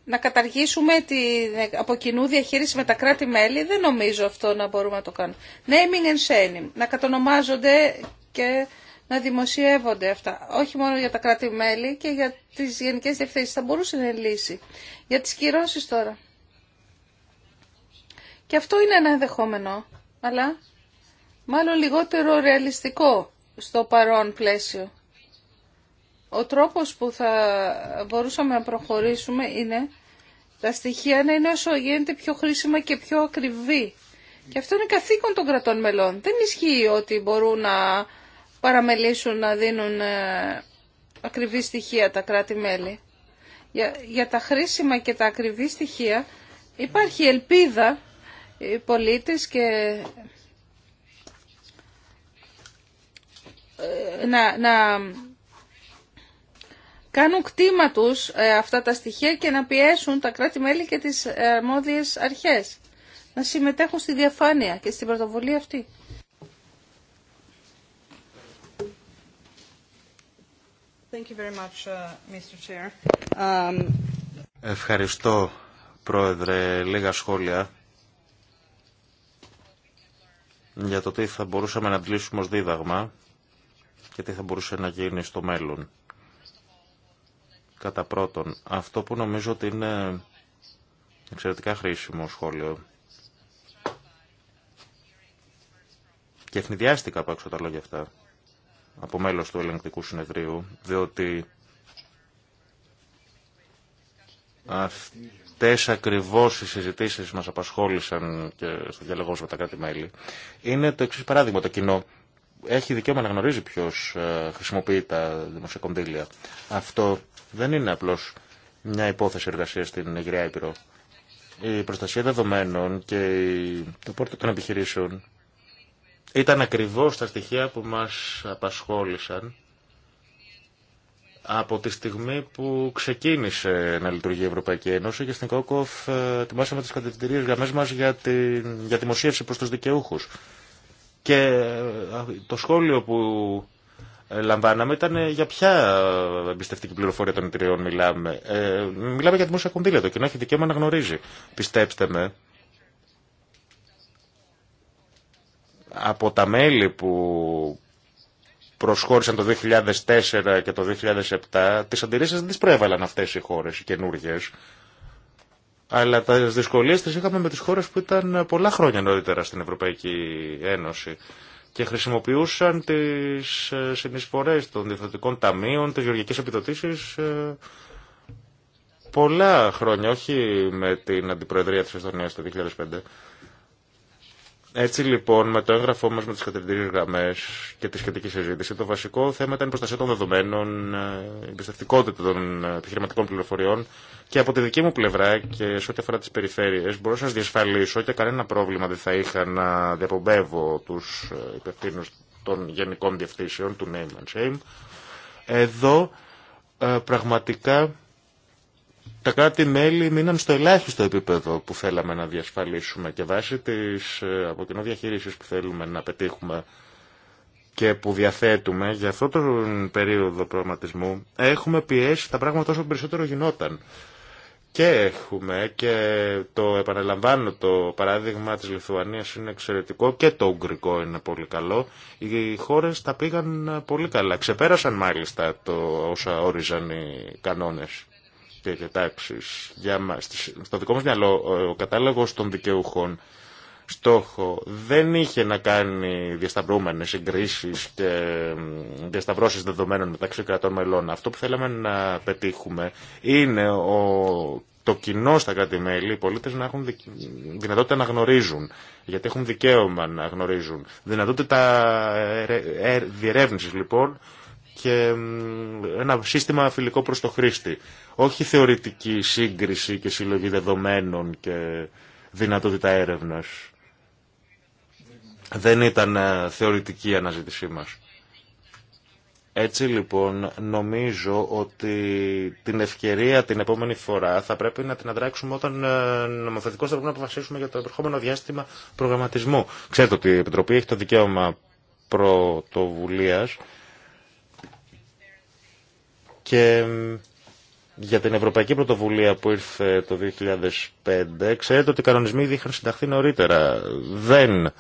να καταργήσουμε την από κοινού διαχείριση με τα κράτη-μέλη, δεν νομίζω αυτό να μπορούμε να το κάνουμε. Naming and shaming, να κατονομάζονται και να δημοσιεύονται αυτά, όχι μόνο για τα κράτη-μέλη και για τις γενικές διευθύνσεις. Θα μπορούσε να είναι Για τις κυρώσεις τώρα. Και αυτό είναι ένα ενδεχόμενο, αλλά μάλλον λιγότερο ρεαλιστικό στο παρόν πλαίσιο. Ο τρόπος που θα μπορούσαμε να προχωρήσουμε είναι τα στοιχεία να είναι όσο γίνεται πιο χρήσιμα και πιο ακριβή. Και αυτό είναι καθήκον των κρατών μελών. Δεν ισχύει ότι μπορούν να παραμελήσουν να δίνουν ε, ακριβή στοιχεία τα κράτη-μέλη. Για, για τα χρήσιμα και τα ακριβή στοιχεία υπάρχει ελπίδα οι πολίτες και ε, να, να κάνουν κτήμα τους ε, αυτά τα στοιχεία και να πιέσουν τα κράτη-μέλη και τις ε, αρμόδιες αρχές να συμμετέχουν στη διαφάνεια και στην πρωτοβουλία αυτή. Uh, um, Ευχαριστώ, Πρόεδρε. Λίγα σχόλια για το τι θα μπορούσαμε να αντλήσουμε ως δίδαγμα και τι θα μπορούσε να γίνει στο μέλλον. Κατά πρώτον, αυτό που νομίζω ότι είναι εξαιρετικά χρήσιμο σχόλιο και ευνηδιάστηκα από έξω τα λόγια αυτά από μέλος του ελεγκτικού συνεδρίου, διότι αυτές ακριβώς οι συζητήσεις μας απασχόλησαν και στο διαλογό με τα κράτη-μέλη, είναι το εξής παράδειγμα. Το κοινό έχει δικαίωμα να γνωρίζει ποιο ε, χρησιμοποιεί τα δημοσιοκομπήλια. Αυτό δεν είναι απλώ μια υπόθεση εργασία στην Εγγυρία Ήπειρο. Η προστασία δεδομένων και το πόρτο των επιχειρήσεων ήταν ακριβώς τα στοιχεία που μας απασχόλησαν από τη στιγμή που ξεκίνησε να λειτουργεί η Ευρωπαϊκή Ένωση και στην ΚΟΚΟΦ ε, ετοιμάσαμε τι κατευθυντηρίε γραμμέ μα για δημοσίευση προ του δικαιούχου. Και ε, το σχόλιο που ε, λαμβάναμε ήταν ε, για ποια εμπιστευτική πληροφορία των εταιριών μιλάμε. μιλάμε για δημόσια κονδύλια. Το κοινό έχει δικαίωμα να γνωρίζει. Πιστέψτε με, από τα μέλη που προσχώρησαν το 2004 και το 2007, τις αντιρρήσεις δεν τις προέβαλαν αυτές οι χώρες, οι καινούργιες. Αλλά τα δυσκολίε τι είχαμε με τι χώρε που ήταν πολλά χρόνια νωρίτερα στην Ευρωπαϊκή Ένωση και χρησιμοποιούσαν τι ε, συνεισφορέ των διευθυντικών ταμείων, τι γεωργικέ επιδοτήσει ε, πολλά χρόνια, όχι με την αντιπροεδρία της Εστονία το 2005. Έτσι λοιπόν, με το έγγραφό μα, με τι κατευθυντήριε γραμμέ και τη σχετική συζήτηση, το βασικό θέμα ήταν η προστασία των δεδομένων, ε, η εμπιστευτικότητα των ε, επιχειρηματικών πληροφοριών και από τη δική μου πλευρά και σε ό,τι αφορά τι περιφέρειε, μπορώ να σα διασφαλίσω ότι κανένα πρόβλημα δεν θα είχα να διαπομπεύω του ε, υπευθύνου των γενικών διευθύνσεων του Name and Shame. Εδώ πραγματικά τα κράτη-μέλη μείναν στο ελάχιστο επίπεδο που θέλαμε να διασφαλίσουμε και βάσει της ε, αποκοινό διαχείρισης που θέλουμε να πετύχουμε και που διαθέτουμε για αυτόν τον περίοδο προγραμματισμού έχουμε πιέσει τα πράγματα όσο περισσότερο γινόταν. Και έχουμε και το επαναλαμβάνω το παράδειγμα της Λιθουανίας είναι εξαιρετικό και το Ουγγρικό είναι πολύ καλό. Οι χώρες τα πήγαν πολύ καλά. Ξεπέρασαν μάλιστα το όσα όριζαν οι κανόνες και Για, στο δικό μας μυαλό ο κατάλογος των δικαιούχων στόχο δεν είχε να κάνει διασταυρούμενε συγκρίσει και διασταυρώσει δεδομένων μεταξύ κρατών μελών. Αυτό που θέλαμε να πετύχουμε είναι ο το κοινό στα κράτη-μέλη, οι πολίτε να έχουν δυνατότητα να γνωρίζουν. Γιατί έχουν δικαίωμα να γνωρίζουν. Δυνατότητα ε, ε, ε, διερεύνηση λοιπόν και ένα σύστημα φιλικό προς το χρήστη. Όχι θεωρητική σύγκριση και συλλογή δεδομένων και δυνατότητα έρευνας. Δεν ήταν ε, θεωρητική η αναζήτησή μας. Έτσι λοιπόν νομίζω ότι την ευκαιρία την επόμενη φορά θα πρέπει να την αντράξουμε όταν ε, νομοθετικώς θα πρέπει να αποφασίσουμε για το επερχόμενο διάστημα προγραμματισμού. Ξέρετε ότι η Επιτροπή έχει το δικαίωμα πρωτοβουλίας και για την Ευρωπαϊκή Πρωτοβουλία που ήρθε το 2005, ξέρετε ότι οι κανονισμοί είχαν συνταχθεί νωρίτερα. Δεν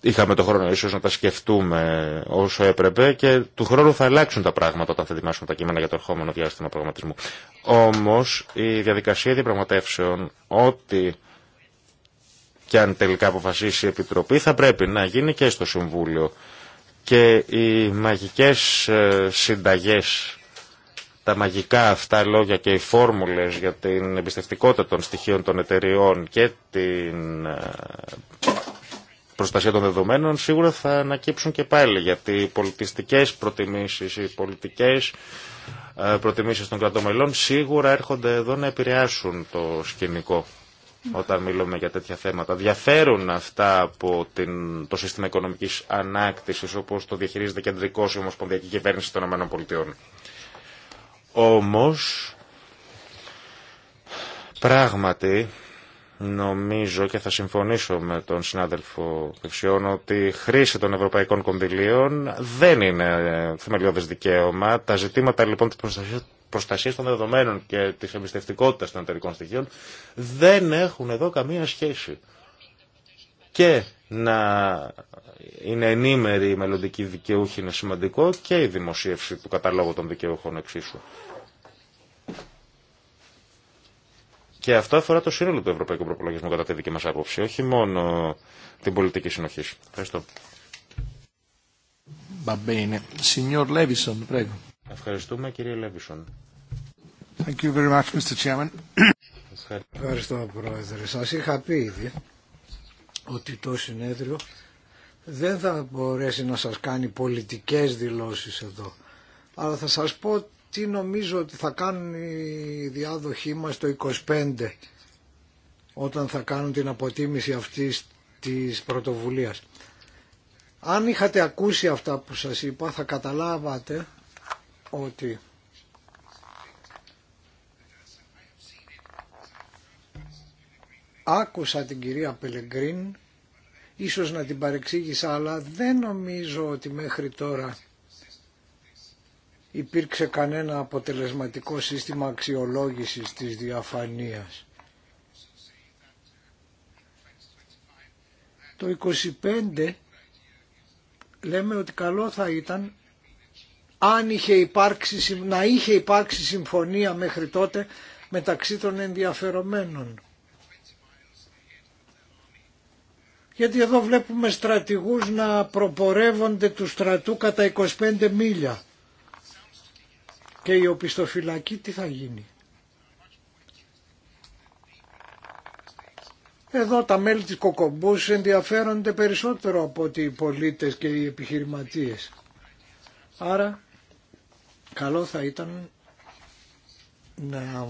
είχαμε το χρόνο ίσως να τα σκεφτούμε όσο έπρεπε και του χρόνου θα αλλάξουν τα πράγματα όταν θα ετοιμάσουμε τα κείμενα για το ερχόμενο διάστημα προγραμματισμού. Όμως η διαδικασία διαπραγματεύσεων, ό,τι και αν τελικά αποφασίσει η Επιτροπή, θα πρέπει να γίνει και στο Συμβούλιο και οι μαγικές ε, συνταγές, τα μαγικά αυτά λόγια και οι φόρμουλες για την εμπιστευτικότητα των στοιχείων των εταιριών και την ε, προστασία των δεδομένων σίγουρα θα ανακύψουν και πάλι γιατί οι πολιτιστικές προτιμήσεις, οι πολιτικές ε, προτιμήσεις των κρατομελών σίγουρα έρχονται εδώ να επηρεάσουν το σκηνικό όταν μιλούμε για τέτοια θέματα. Διαφέρουν αυτά από την, το σύστημα οικονομική ανάκτηση, όπως το διαχειρίζεται κεντρικό η Ομοσπονδιακή Κυβέρνηση των ΗΠΑ. Όμω, πράγματι, νομίζω και θα συμφωνήσω με τον συνάδελφο Πευσιών ότι η χρήση των ευρωπαϊκών κονδυλίων δεν είναι θεμελιώδες δικαίωμα. Τα ζητήματα λοιπόν της προστασίας προστασία των δεδομένων και τη εμπιστευτικότητα των εταιρικών στοιχείων δεν έχουν εδώ καμία σχέση. Και να είναι ενήμεροι οι μελλοντικοί δικαιούχοι είναι σημαντικό και η δημοσίευση του καταλόγου των δικαιούχων εξίσου. Και αυτό αφορά το σύνολο του Ευρωπαϊκού Προπολογισμού κατά τη δική μας άποψη, όχι μόνο την πολιτική συνοχή. Ευχαριστώ. Ευχαριστούμε κύριε Λέβισον. Ευχαριστώ πρόεδρε. Σας είχα πει ήδη ότι το συνέδριο δεν θα μπορέσει να σας κάνει πολιτικές δηλώσεις εδώ. Αλλά θα σας πω τι νομίζω ότι θα κάνουν οι διάδοχοί μας το 25 όταν θα κάνουν την αποτίμηση αυτής της πρωτοβουλίας. Αν είχατε ακούσει αυτά που σας είπα θα καταλάβατε ότι άκουσα την κυρία Πελεγκρίν, ίσως να την παρεξήγησα, αλλά δεν νομίζω ότι μέχρι τώρα υπήρξε κανένα αποτελεσματικό σύστημα αξιολόγησης της διαφανείας. Το 25 λέμε ότι καλό θα ήταν είχε υπάρξει, να είχε υπάρξει συμφωνία μέχρι τότε μεταξύ των ενδιαφερομένων. Γιατί εδώ βλέπουμε στρατηγούς να προπορεύονται του στρατού κατά 25 μίλια. Και η οπισθοφυλακή τι θα γίνει. Εδώ τα μέλη της Κοκομπούς ενδιαφέρονται περισσότερο από ότι οι πολίτες και οι επιχειρηματίες. Άρα καλό θα ήταν να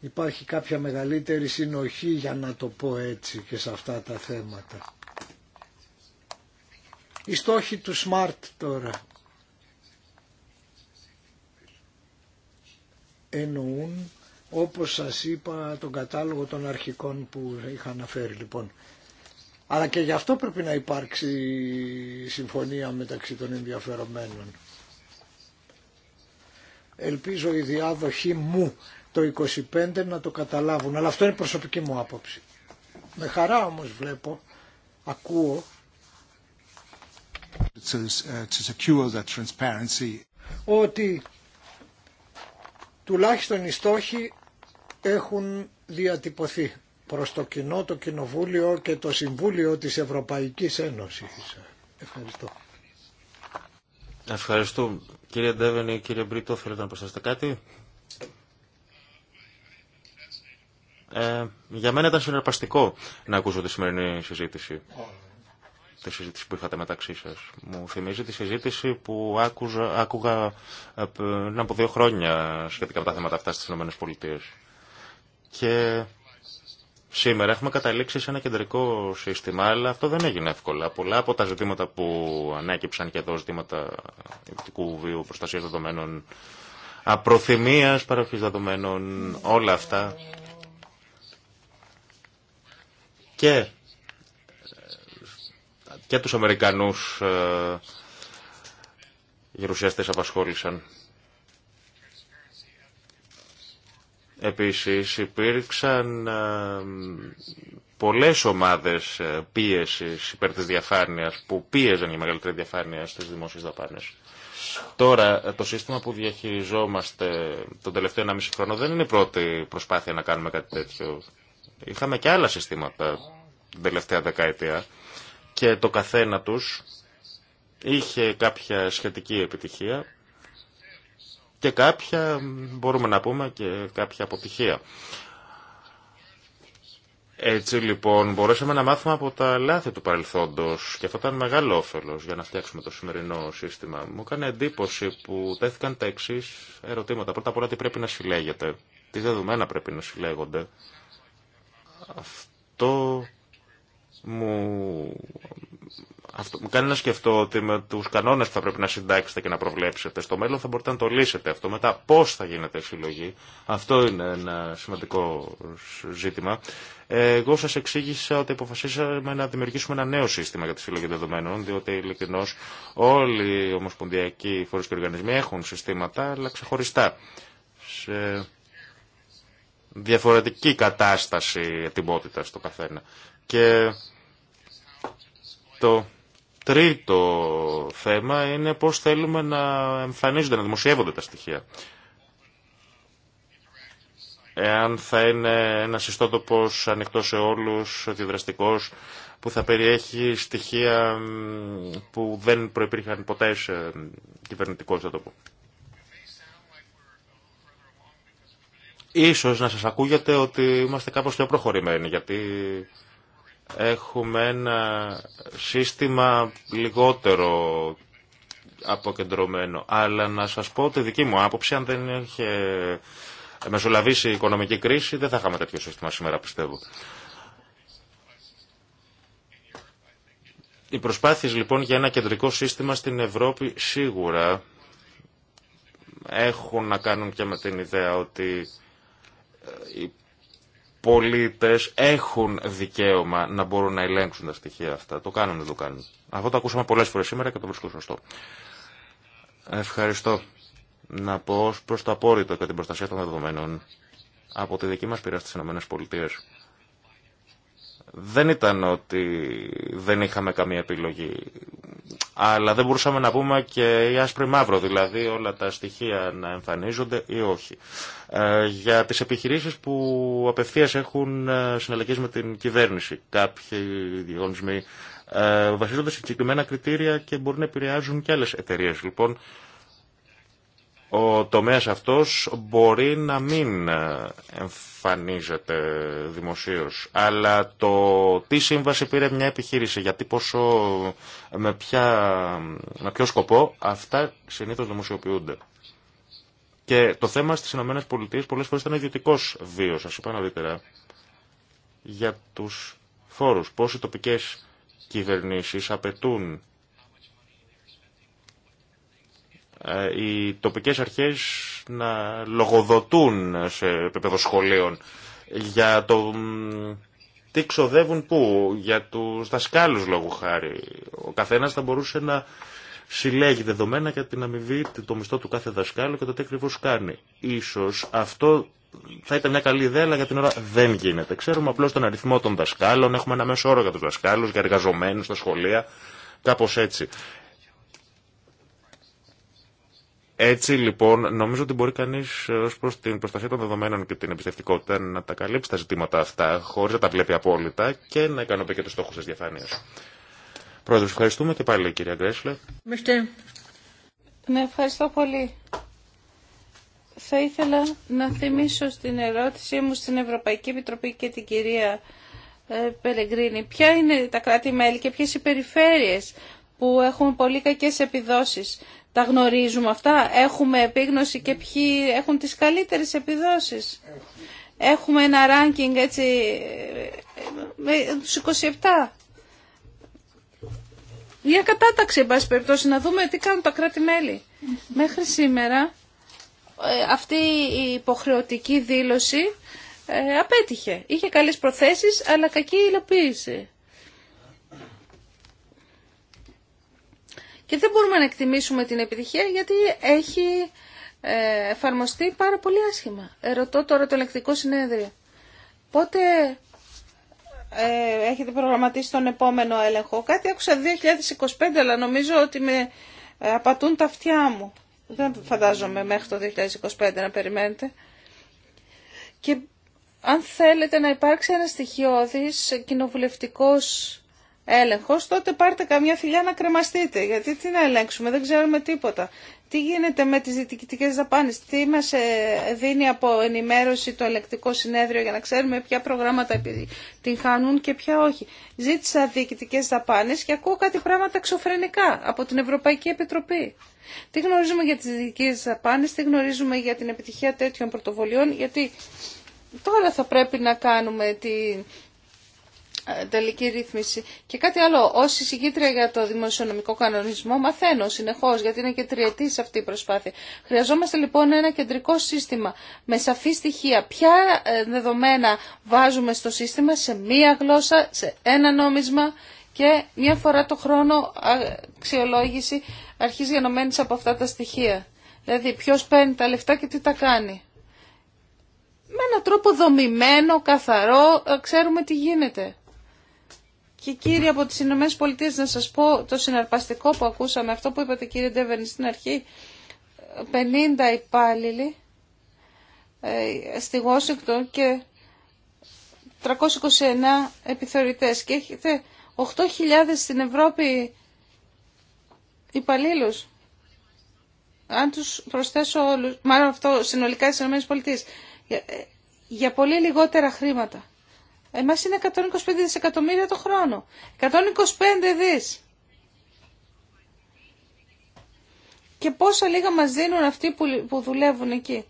υπάρχει κάποια μεγαλύτερη συνοχή για να το πω έτσι και σε αυτά τα θέματα. Οι στόχοι του SMART τώρα εννοούν όπως σας είπα τον κατάλογο των αρχικών που είχα αναφέρει λοιπόν. Αλλά και γι' αυτό πρέπει να υπάρξει συμφωνία μεταξύ των ενδιαφερομένων ελπίζω οι διάδοχοι μου το 2025 να το καταλάβουν. Αλλά αυτό είναι προσωπική μου άποψη. Με χαρά όμως βλέπω, ακούω uh, ότι τουλάχιστον οι στόχοι έχουν διατυπωθεί προς το κοινό, το Κοινοβούλιο και το Συμβούλιο της Ευρωπαϊκής Ένωσης. Ευχαριστώ. Ευχαριστώ. Κύριε Ντέβενη, κύριε Μπρίτο, θέλετε να προσθέσετε κάτι. Ε, για μένα ήταν συναρπαστικό να ακούσω τη σημερινή συζήτηση. Τη συζήτηση που είχατε μεταξύ σα. Μου θυμίζει τη συζήτηση που άκουζα, άκουγα ε, πριν από δύο χρόνια σχετικά με τα θέματα αυτά στι ΗΠΑ. Και Σήμερα έχουμε καταλήξει σε ένα κεντρικό σύστημα, αλλά αυτό δεν έγινε εύκολα. Πολλά από τα ζητήματα που ανέκυψαν και εδώ, ζητήματα ειδικού βίου, προστασία δεδομένων, απροθυμία παροχή δεδομένων, όλα αυτά. Και, ε, και τους Αμερικανούς ε, γερουσιαστές απασχόλησαν. Επίσης υπήρξαν ε, πολλές ομάδες ε, πίεσης υπέρ της διαφάνειας που πίεζαν για μεγαλύτερη διαφάνεια στις δημόσιες δαπάνες. Τώρα, το σύστημα που διαχειριζόμαστε τον τελευταίο 1,5 χρόνο δεν είναι η πρώτη προσπάθεια να κάνουμε κάτι τέτοιο. Είχαμε και άλλα συστήματα την τελευταία δεκαετία και το καθένα τους είχε κάποια σχετική επιτυχία και κάποια, μπορούμε να πούμε, και κάποια αποτυχία. Έτσι λοιπόν μπορέσαμε να μάθουμε από τα λάθη του παρελθόντος και αυτό ήταν μεγάλο όφελος για να φτιάξουμε το σημερινό σύστημα. Μου έκανε εντύπωση που τέθηκαν τα εξή ερωτήματα. Πρώτα απ' όλα τι πρέπει να συλλέγεται, τι δεδομένα πρέπει να συλλέγονται. Αυτό μου αυτό μου κάνει να σκεφτώ ότι με του κανόνε που θα πρέπει να συντάξετε και να προβλέψετε στο μέλλον θα μπορείτε να το λύσετε αυτό. Μετά πώ θα γίνεται η συλλογή. Αυτό είναι ένα σημαντικό ζήτημα. Εγώ σα εξήγησα ότι αποφασίσαμε να δημιουργήσουμε ένα νέο σύστημα για τη συλλογή δεδομένων, διότι ειλικρινώ όλοι οι ομοσπονδιακοί φορεί και οργανισμοί έχουν συστήματα, αλλά ξεχωριστά. Σε διαφορετική κατάσταση ετοιμότητα το καθένα. Και το Τρίτο θέμα είναι πώς θέλουμε να εμφανίζονται, να δημοσιεύονται τα στοιχεία. Εάν θα είναι ένα ιστότοπος ανοιχτό σε όλους, διδραστικός, που θα περιέχει στοιχεία που δεν προϋπήρχαν ποτέ σε κυβερνητικό ιστότοπο. Ίσως να σας ακούγεται ότι είμαστε κάπως πιο προχωρημένοι, γιατί έχουμε ένα σύστημα λιγότερο αποκεντρωμένο. Αλλά να σας πω τη δική μου άποψη, αν δεν είχε μεσολαβήσει η οικονομική κρίση, δεν θα είχαμε τέτοιο σύστημα σήμερα, πιστεύω. Οι προσπάθειες λοιπόν για ένα κεντρικό σύστημα στην Ευρώπη σίγουρα έχουν να κάνουν και με την ιδέα ότι πολίτες έχουν δικαίωμα να μπορούν να ελέγξουν τα στοιχεία αυτά. Το κάνουν, δεν το κάνουν. Αυτό το ακούσαμε πολλές φορές σήμερα και το βρίσκω σωστό. Ευχαριστώ. Να πω προς το απόρριτο και την προστασία των δεδομένων από τη δική μας πείρα στις ΗΠΑ δεν ήταν ότι δεν είχαμε καμία επιλογή. Αλλά δεν μπορούσαμε να πούμε και η άσπρη μαύρο, δηλαδή όλα τα στοιχεία να εμφανίζονται ή όχι. Ε, για τις επιχειρήσεις που απευθείας έχουν ε, συναλλαγές με την κυβέρνηση, κάποιοι διαγωνισμοί ε, βασίζονται σε συγκεκριμένα κριτήρια και μπορεί να επηρεάζουν και άλλες εταιρείες. Λοιπόν, ο τομέας αυτός μπορεί να μην ε, εμφανίζεται δημοσίως, αλλά το τι σύμβαση πήρε μια επιχείρηση, γιατί πόσο, με, ποια, με ποιο σκοπό, αυτά συνήθως δημοσιοποιούνται. Και το θέμα στις Ηνωμένες Πολιτείες πολλές φορές ήταν ιδιωτικό βίος, σας είπα νωρίτερα, για τους φόρους, πώς οι τοπικές κυβερνήσεις απαιτούν Ε, οι τοπικές αρχές να λογοδοτούν σε επίπεδο σχολείων για το τι ξοδεύουν πού, για τους δασκάλους λόγου χάρη. Ο καθένας θα μπορούσε να συλλέγει δεδομένα για την αμοιβή, το μισθό του κάθε δασκάλου και το τι ακριβώ κάνει. Ίσως αυτό θα ήταν μια καλή ιδέα, αλλά για την ώρα δεν γίνεται. Ξέρουμε απλώ τον αριθμό των δασκάλων, έχουμε ένα μέσο όρο για του δασκάλου, για εργαζομένου στα σχολεία, κάπω έτσι. Έτσι λοιπόν, νομίζω ότι μπορεί κανεί ε, ω προ την προστασία των δεδομένων και την εμπιστευτικότητα να τα καλύψει τα ζητήματα αυτά, χωρί να τα βλέπει απόλυτα και να ικανοποιεί και του στόχου τη διαφάνεια. Πρόεδρο, ευχαριστούμε και πάλι, κυρία Γκρέσλε. Ναι, ευχαριστώ πολύ. Θα ήθελα να θυμίσω στην ερώτησή μου στην Ευρωπαϊκή Επιτροπή και την κυρία ε, Πελεγκρίνη. Ποια είναι τα κράτη-μέλη και ποιες οι περιφέρειες που έχουν πολύ κακές επιδόσεις τα γνωρίζουμε αυτά. Έχουμε επίγνωση και ποιοι έχουν τις καλύτερες επιδόσεις. Έχουμε ένα ranking έτσι με 27. Για κατάταξη, εν περιπτώσει, να δούμε τι κάνουν τα κράτη-μέλη. Μέχρι σήμερα ε, αυτή η υποχρεωτική δήλωση ε, απέτυχε. Είχε καλές προθέσεις, αλλά κακή υλοποίηση. Και δεν μπορούμε να εκτιμήσουμε την επιτυχία γιατί έχει ε, εφαρμοστεί πάρα πολύ άσχημα. Ερωτώ τώρα το ελεκτικό συνέδριο. Πότε ε, έχετε προγραμματίσει τον επόμενο έλεγχο. Κάτι άκουσα 2025, αλλά νομίζω ότι με ε, απατούν τα αυτιά μου. Δεν φαντάζομαι μέχρι το 2025 να περιμένετε. Και αν θέλετε να υπάρξει ένα στοιχειώδης κοινοβουλευτικός Έλεγχο, τότε πάρτε καμιά φιλιά να κρεμαστείτε. Γιατί τι να ελέγξουμε, δεν ξέρουμε τίποτα. Τι γίνεται με τι διοικητικέ δαπάνε, τι μα δίνει από ενημέρωση το ελεκτικό συνέδριο για να ξέρουμε ποια προγράμματα την χάνουν και ποια όχι. Ζήτησα διοικητικέ δαπάνε και ακούω κάτι πράγματα εξωφρενικά από την Ευρωπαϊκή Επιτροπή. Τι γνωρίζουμε για τι διοικητικέ δαπάνε, τι γνωρίζουμε για την επιτυχία τέτοιων πρωτοβολιών, γιατί τώρα θα πρέπει να κάνουμε την ε, τελική ρύθμιση. Και κάτι άλλο, ω εισηγήτρια για το δημοσιονομικό κανονισμό, μαθαίνω συνεχώ, γιατί είναι και τριετή αυτή η προσπάθεια. Χρειαζόμαστε λοιπόν ένα κεντρικό σύστημα με σαφή στοιχεία. Ποια ε, δεδομένα βάζουμε στο σύστημα σε μία γλώσσα, σε ένα νόμισμα και μία φορά το χρόνο αξιολόγηση αρχίζει γενομένη από αυτά τα στοιχεία. Δηλαδή ποιο παίρνει τα λεφτά και τι τα κάνει. Με έναν τρόπο δομημένο, καθαρό, ε, ξέρουμε τι γίνεται. Και κύριε από τις Ηνωμένες Πολιτείες να σας πω το συναρπαστικό που ακούσαμε, αυτό που είπατε κύριε Ντέβεν στην αρχή, 50 υπάλληλοι ε, στη Washington και 329 επιθεωρητές και έχετε 8.000 στην Ευρώπη υπαλλήλους. Αν τους προσθέσω όλους, μάλλον αυτό συνολικά στις ΗΠΑ, για, ε, για πολύ λιγότερα χρήματα. Εμάς είναι 125 δισεκατομμύρια το χρόνο. 125 δις. Και πόσα λίγα μας δίνουν αυτοί που δουλεύουν εκεί.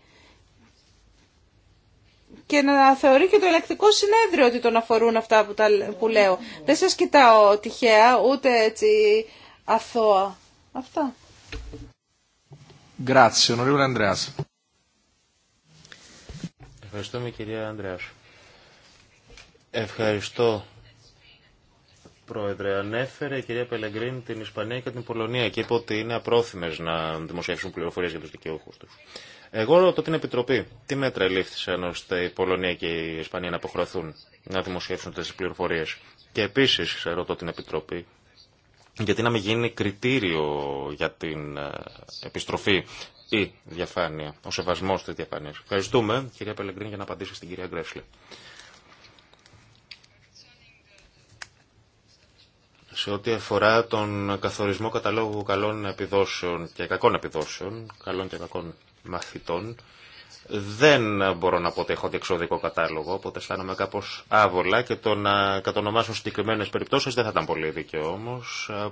Και να θεωρεί και το ελεκτικό συνέδριο ότι τον αφορούν αυτά που, λέω. Δεν σας κοιτάω τυχαία, ούτε έτσι αθώα. Αυτά. Grazie, onorevole Andreas. Ευχαριστούμε κυρία Ανδρέας. Ευχαριστώ. Πρόεδρε, ανέφερε η κυρία Πελεγκρίν την Ισπανία και την Πολωνία και είπε ότι είναι απρόθυμε να δημοσιεύσουν πληροφορίε για του δικαιούχου του. Εγώ ρωτώ την Επιτροπή, τι μέτρα ελήφθησαν ώστε η Πολωνία και η Ισπανία να αποχρεωθούν να δημοσιεύσουν τι πληροφορίε. Και επίση ρωτώ την Επιτροπή, γιατί να μην γίνει κριτήριο για την ε, επιστροφή ή διαφάνεια, ο σεβασμό τη διαφάνεια. Ευχαριστούμε, κυρία Πελεγκρίν, για να απαντήσει στην κυρία Γκρέσλε. σε ό,τι αφορά τον καθορισμό καταλόγου καλών επιδόσεων και κακών επιδόσεων, καλών και κακών μαθητών, δεν μπορώ να πω ότι έχω διεξοδικό κατάλογο, οπότε αισθάνομαι κάπω άβολα και το να κατονομάσω συγκεκριμένε περιπτώσει δεν θα ήταν πολύ δίκαιο όμω.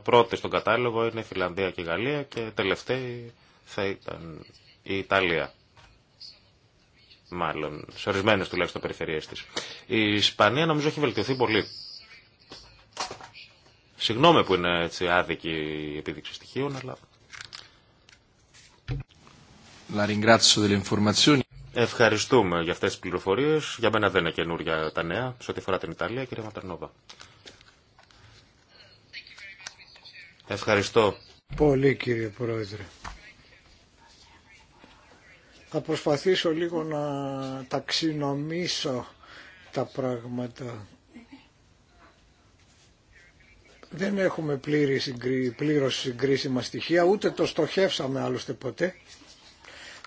Πρώτη στον κατάλογο είναι η Φιλανδία και η Γαλλία και τελευταίοι θα ήταν η Ιταλία. Μάλλον, σε ορισμένε τουλάχιστον περιφερειέ τη. Η Ισπανία νομίζω έχει βελτιωθεί πολύ. Συγγνώμη που είναι έτσι άδικη η επίδειξη στοιχείων, αλλά... Ευχαριστούμε για αυτές τις πληροφορίες. Για μένα δεν είναι καινούρια τα νέα, σε ό,τι αφορά την Ιταλία, κύριε Ματερνόβα. Ευχαριστώ. Πολύ κύριε Πρόεδρε. Θα προσπαθήσω λίγο να ταξινομήσω τα πράγματα δεν έχουμε πλήρη συγκρί, πλήρως συγκρίσιμα στοιχεία, ούτε το στοχεύσαμε άλλωστε ποτέ.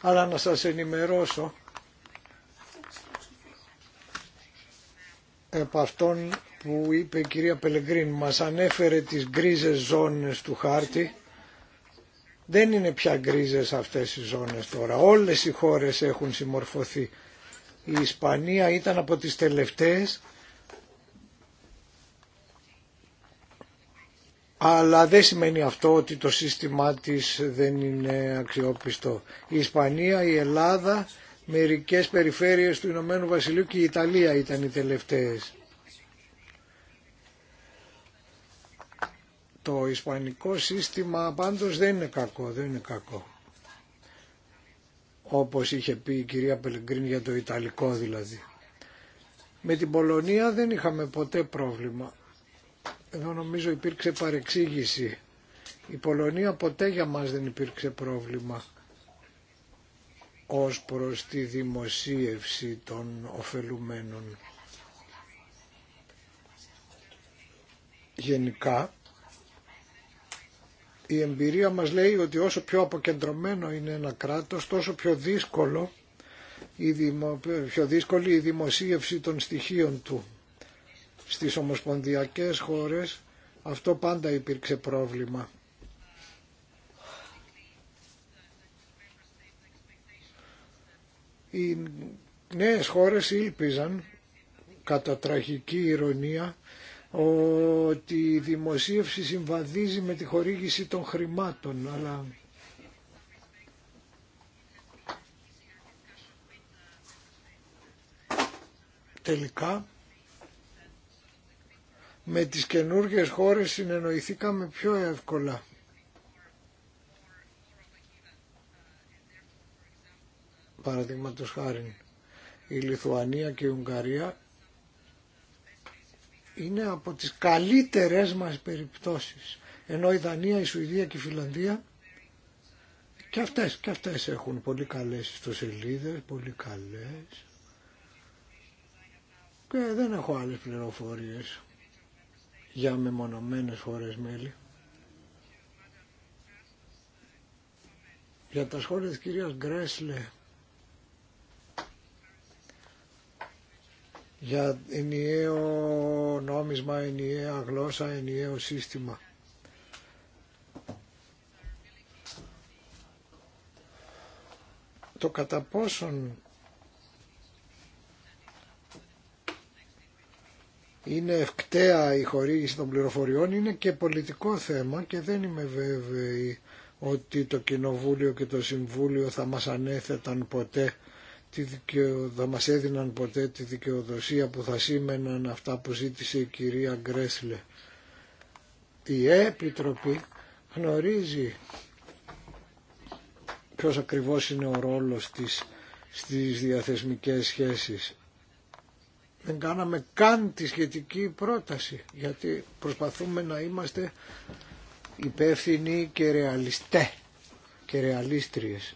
Αλλά να σας ενημερώσω από αυτόν που είπε η κυρία Πελεγκρίν, μας ανέφερε τις γκρίζες ζώνες του χάρτη. Δεν είναι πια γκρίζες αυτές οι ζώνες τώρα. Όλες οι χώρες έχουν συμμορφωθεί. Η Ισπανία ήταν από τις τελευταίες αλλά δεν σημαίνει αυτό ότι το σύστημά της δεν είναι αξιόπιστο. Η Ισπανία, η Ελλάδα, μερικές περιφέρειες του Ηνωμένου Βασιλείου και η Ιταλία ήταν οι τελευταίες. Το ισπανικό σύστημα πάντως δεν είναι κακό, δεν είναι κακό. Όπως είχε πει η κυρία Πελεγκρίν για το Ιταλικό δηλαδή. Με την Πολωνία δεν είχαμε ποτέ πρόβλημα εδώ νομίζω υπήρξε παρεξήγηση. Η Πολωνία ποτέ για μας δεν υπήρξε πρόβλημα ως προς τη δημοσίευση των ωφελουμένων. Γενικά, η εμπειρία μας λέει ότι όσο πιο αποκεντρωμένο είναι ένα κράτος, τόσο πιο, δύσκολο, πιο δύσκολη η δημοσίευση των στοιχείων του στις ομοσπονδιακές χώρες αυτό πάντα υπήρξε πρόβλημα. Οι νέες χώρες ήλπιζαν, κατά τραγική ηρωνία, ότι η δημοσίευση συμβαδίζει με τη χορήγηση των χρημάτων, αλλά... Τελικά, με τις καινούργιες χώρες συνεννοηθήκαμε πιο εύκολα. Παραδείγματος χάρη η Λιθουανία και η Ουγγαρία είναι από τις καλύτερες μας περιπτώσεις. Ενώ η Δανία, η Σουηδία και η Φιλανδία και αυτές, και αυτές έχουν πολύ καλές ιστοσελίδες, πολύ καλές. Και δεν έχω άλλες πληροφορίες για μεμονωμένες χώρες μέλη. Για τα σχόλια της κυρίας Γκρέσλε για ενιαίο νόμισμα, ενιαία γλώσσα, ενιαίο σύστημα. Το κατά πόσον είναι ευκταία η χορήγηση των πληροφοριών, είναι και πολιτικό θέμα και δεν είμαι βέβαιη ότι το Κοινοβούλιο και το Συμβούλιο θα μας ανέθεταν ποτέ θα μας έδιναν ποτέ τη δικαιοδοσία που θα σήμαιναν αυτά που ζήτησε η κυρία Γκρέσλε. Η Επιτροπή γνωρίζει ποιος ακριβώς είναι ο ρόλος της στις διαθεσμικές σχέσεις δεν κάναμε καν τη σχετική πρόταση γιατί προσπαθούμε να είμαστε υπεύθυνοι και ρεαλιστέ και ρεαλίστριες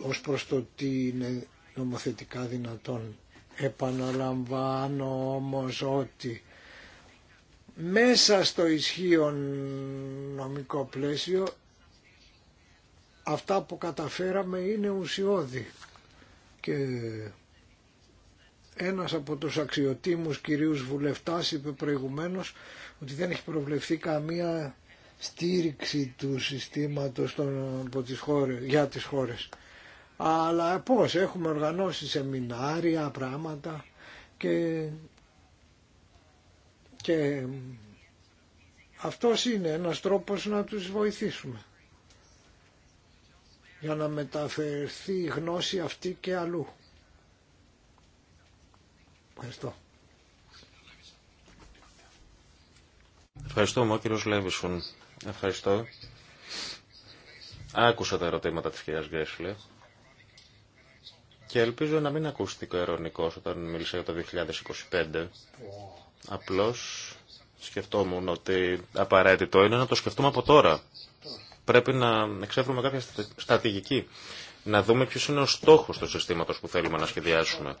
ως προς το τι είναι νομοθετικά δυνατόν. Επαναλαμβάνω όμως ότι μέσα στο ισχύον νομικό πλαίσιο αυτά που καταφέραμε είναι ουσιώδη και ένας από τους αξιοτήμους κυρίους βουλευτάς είπε προηγουμένως ότι δεν έχει προβλεφθεί καμία στήριξη του συστήματος για τις χώρες. Αλλά πώς έχουμε οργανώσει σεμινάρια, πράγματα και, και αυτός είναι ένας τρόπος να τους βοηθήσουμε για να μεταφερθεί η γνώση αυτή και αλλού. Ευχαριστώ. Ευχαριστώ, ο κύριος Λέβισον. Ευχαριστώ. Άκουσα τα ερωτήματα της κυρίας Γκρέσλε και ελπίζω να μην ακούστηκε ειρωνικός όταν μίλησα για το 2025. Απλώς σκεφτόμουν ότι απαραίτητο είναι να το σκεφτούμε από τώρα. Πρέπει να εξεύρουμε κάποια στρατηγική. Να δούμε ποιος είναι ο στόχος του συστήματος που θέλουμε να σχεδιάσουμε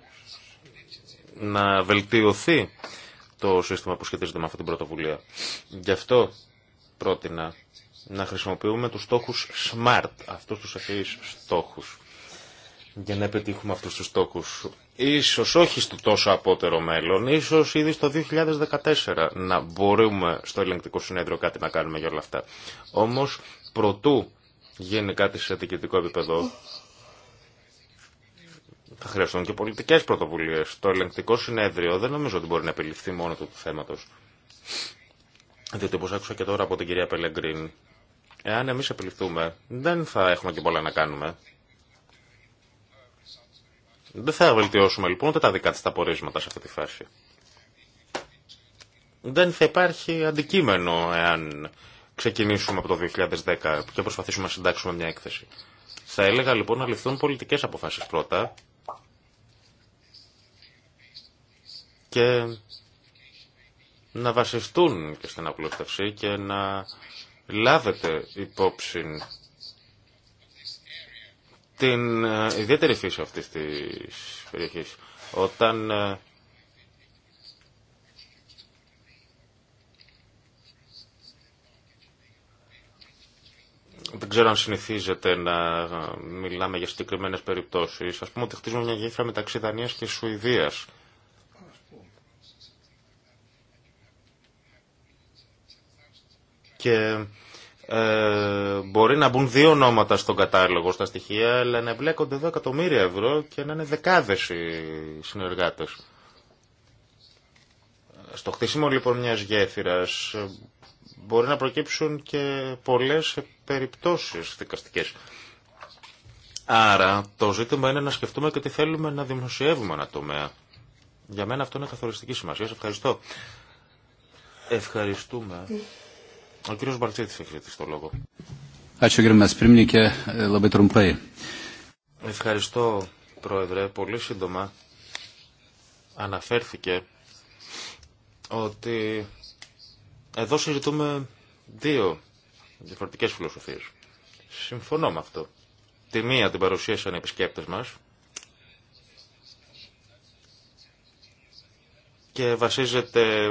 να βελτιωθεί το σύστημα που σχετίζεται με αυτή την πρωτοβουλία. Γι' αυτό πρότεινα να χρησιμοποιούμε τους στόχους SMART, αυτούς τους ευθύς στόχους. Για να επιτύχουμε αυτούς τους στόχους. Ίσως όχι στο τόσο απότερο μέλλον, ίσως ήδη στο 2014 να μπορούμε στο ελεγκτικό συνέδριο κάτι να κάνουμε για όλα αυτά. Όμως, προτού γίνει κάτι σε επίπεδο, θα χρειαστούν και πολιτικές πρωτοβουλίες. Το ελεγκτικό συνέδριο δεν νομίζω ότι μπορεί να επιληφθεί μόνο του του θέματος. Διότι όπως άκουσα και τώρα από την κυρία Πελεγκρίν, εάν εμείς επιληφθούμε, δεν θα έχουμε και πολλά να κάνουμε. Δεν θα βελτιώσουμε λοιπόν ούτε τα δικά της τα πορίσματα σε αυτή τη φάση. Δεν θα υπάρχει αντικείμενο εάν ξεκινήσουμε από το 2010 και προσπαθήσουμε να συντάξουμε μια έκθεση. Θα έλεγα λοιπόν να ληφθούν πολιτικές αποφάσεις πρώτα και να βασιστούν και στην απλούστευση και να λάβετε υπόψη την ε, ιδιαίτερη φύση αυτής της περιοχής. Όταν ε, δεν ξέρω αν συνηθίζεται να μιλάμε για συγκεκριμένε περιπτώσεις. Ας πούμε ότι χτίζουμε μια γέφυρα μεταξύ Δανίας και Σουηδία. και ε, μπορεί να μπουν δύο ονόματα στον κατάλογο στα στοιχεία, αλλά να εμπλέκονται εδώ εκατομμύρια ευρώ και να είναι δεκάδες οι συνεργάτες. Στο χτίσιμο λοιπόν μιας γέφυρας μπορεί να προκύψουν και πολλές περιπτώσεις δικαστικές. Άρα το ζήτημα είναι να σκεφτούμε και τι θέλουμε να δημοσιεύουμε ένα τομέα. Για μένα αυτό είναι καθοριστική σημασία. Σας ευχαριστώ. Ευχαριστούμε. Ο κύριος Μπαλτσίτης έχει ζητήσει το λόγο. Ευχαριστώ, Πρόεδρε. Πολύ σύντομα αναφέρθηκε ότι εδώ συζητούμε δύο διαφορετικές φιλοσοφίες. Συμφωνώ με αυτό. Τη μία την παρουσίασαν οι επισκέπτες μας, και βασίζεται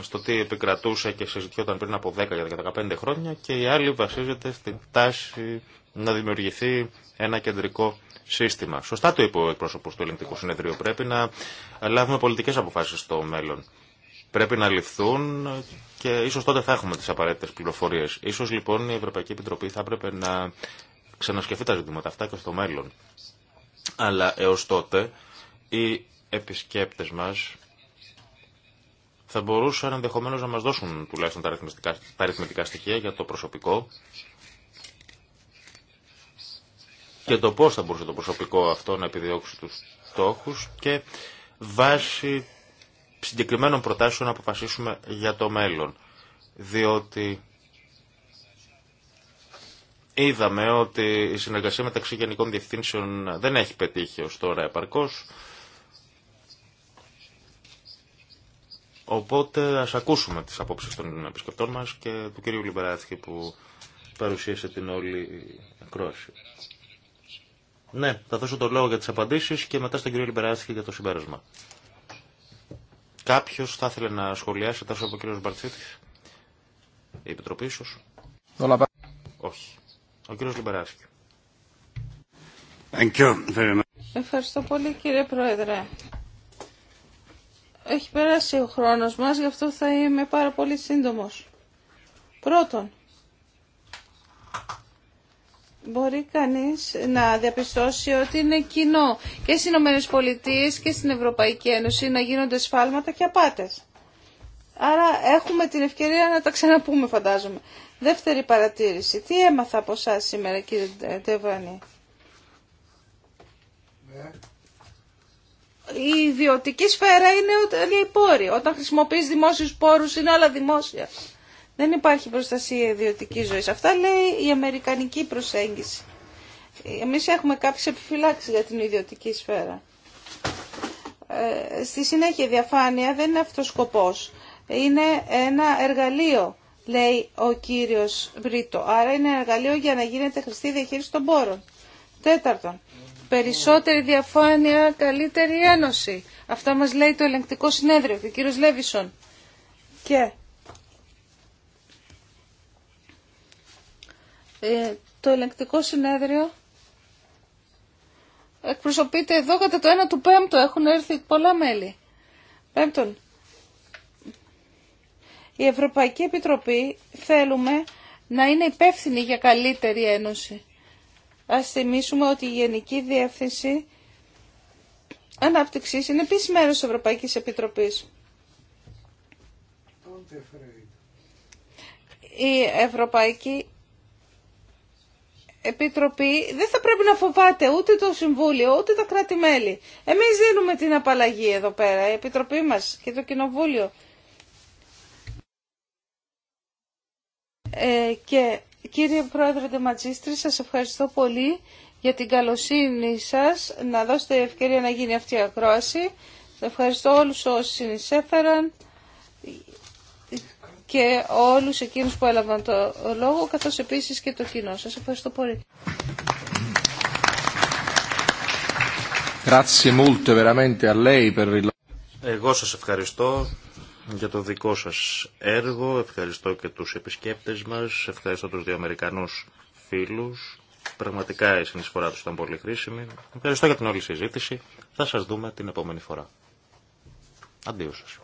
στο τι επικρατούσε και συζητιόταν πριν από 10 για 15 χρόνια και η άλλη βασίζεται στην τάση να δημιουργηθεί ένα κεντρικό σύστημα. Σωστά το είπε ο εκπρόσωπος του Ελληνικού Συνεδρίου. Πρέπει να λάβουμε πολιτικές αποφάσεις στο μέλλον. Πρέπει να ληφθούν και ίσως τότε θα έχουμε τις απαραίτητες πληροφορίες. Ίσως λοιπόν η Ευρωπαϊκή Επιτροπή θα έπρεπε να ξανασκεφτεί τα ζητήματα αυτά και στο μέλλον. Αλλά έως τότε οι επισκέπτες μας θα μπορούσαν ενδεχομένω να μα δώσουν τουλάχιστον τα αριθμητικά, στοιχεία για το προσωπικό και το πώ θα μπορούσε το προσωπικό αυτό να επιδιώξει του στόχου και βάσει συγκεκριμένων προτάσεων να αποφασίσουμε για το μέλλον. Διότι είδαμε ότι η συνεργασία μεταξύ γενικών διευθύνσεων δεν έχει πετύχει ως τώρα επαρκώς. Οπότε α ακούσουμε τις απόψει των επισκεπτών μας και του κυρίου Λιμπεράτσικη που παρουσίασε την όλη ακρόαση. Ναι, θα δώσω το λόγο για τις απαντήσει και μετά στον κύριο Λιμπεράτσικη για το συμπέρασμα. Κάποιο θα ήθελε να σχολιάσει, τόσο από ο κύριο Μπαρτσίτη, Η Επιτροπή ίσως. Όχι. Ο κύριος Λιμπεράτσικη. Ευχαριστώ πολύ κύριε Πρόεδρε. Έχει περάσει ο χρόνος μας, γι' αυτό θα είμαι πάρα πολύ σύντομος. Πρώτον, μπορεί κανείς να διαπιστώσει ότι είναι κοινό και στις Ηνωμένες Πολιτείες και στην Ευρωπαϊκή Ένωση να γίνονται σφάλματα και απάτες. Άρα έχουμε την ευκαιρία να τα ξαναπούμε φαντάζομαι. Δεύτερη παρατήρηση. Τι έμαθα από εσά σήμερα κύριε Τεβάνη. Ναι η ιδιωτική σφαίρα είναι οι πόροι. Όταν χρησιμοποιείς δημόσιους πόρους είναι άλλα δημόσια. Δεν υπάρχει προστασία ιδιωτική ζωής. Αυτά λέει η αμερικανική προσέγγιση. Εμείς έχουμε κάποιες επιφυλάξεις για την ιδιωτική σφαίρα. Ε, στη συνέχεια η διαφάνεια δεν είναι αυτός ο σκοπός. Είναι ένα εργαλείο, λέει ο κύριος Βρήτο. Άρα είναι ένα εργαλείο για να γίνεται χρηστή διαχείριση των πόρων. Τέταρτον, Περισσότερη διαφάνεια, καλύτερη ένωση. Αυτά μας λέει το ελεγκτικό συνέδριο και ο κύριος Λέβισον. Και ε, το ελεγκτικό συνέδριο εκπροσωπείται εδώ κατά το 1 του 5 έχουν έρθει πολλά μέλη. Πέμπτον, η Ευρωπαϊκή Επιτροπή θέλουμε να είναι υπεύθυνη για καλύτερη ένωση. Ας θυμίσουμε ότι η Γενική Διεύθυνση Ανάπτυξης είναι επίσης μέρος της Ευρωπαϊκής Επιτροπής. Η Ευρωπαϊκή Επιτροπή δεν θα πρέπει να φοβάται ούτε το Συμβούλιο ούτε τα κράτη-μέλη. Εμείς δίνουμε την απαλλαγή εδώ πέρα, η Επιτροπή μας και το Κοινοβούλιο. Ε, και Κύριε Πρόεδρε Ματζίστρη, σας ευχαριστώ πολύ για την καλοσύνη σας να δώσετε ευκαιρία να γίνει αυτή η ακρόαση. Ευχαριστώ όλους όσοι συνεισέφεραν και όλους εκείνους που έλαβαν το λόγο, καθώς επίσης και το κοινό. Σας ευχαριστώ πολύ. Εγώ σας ευχαριστώ για το δικό σας έργο. Ευχαριστώ και τους επισκέπτες μας. Ευχαριστώ τους δύο Αμερικανούς φίλους. Πραγματικά η συνεισφορά τους ήταν πολύ χρήσιμη. Ευχαριστώ για την όλη συζήτηση. Θα σας δούμε την επόμενη φορά. Αντίο σας.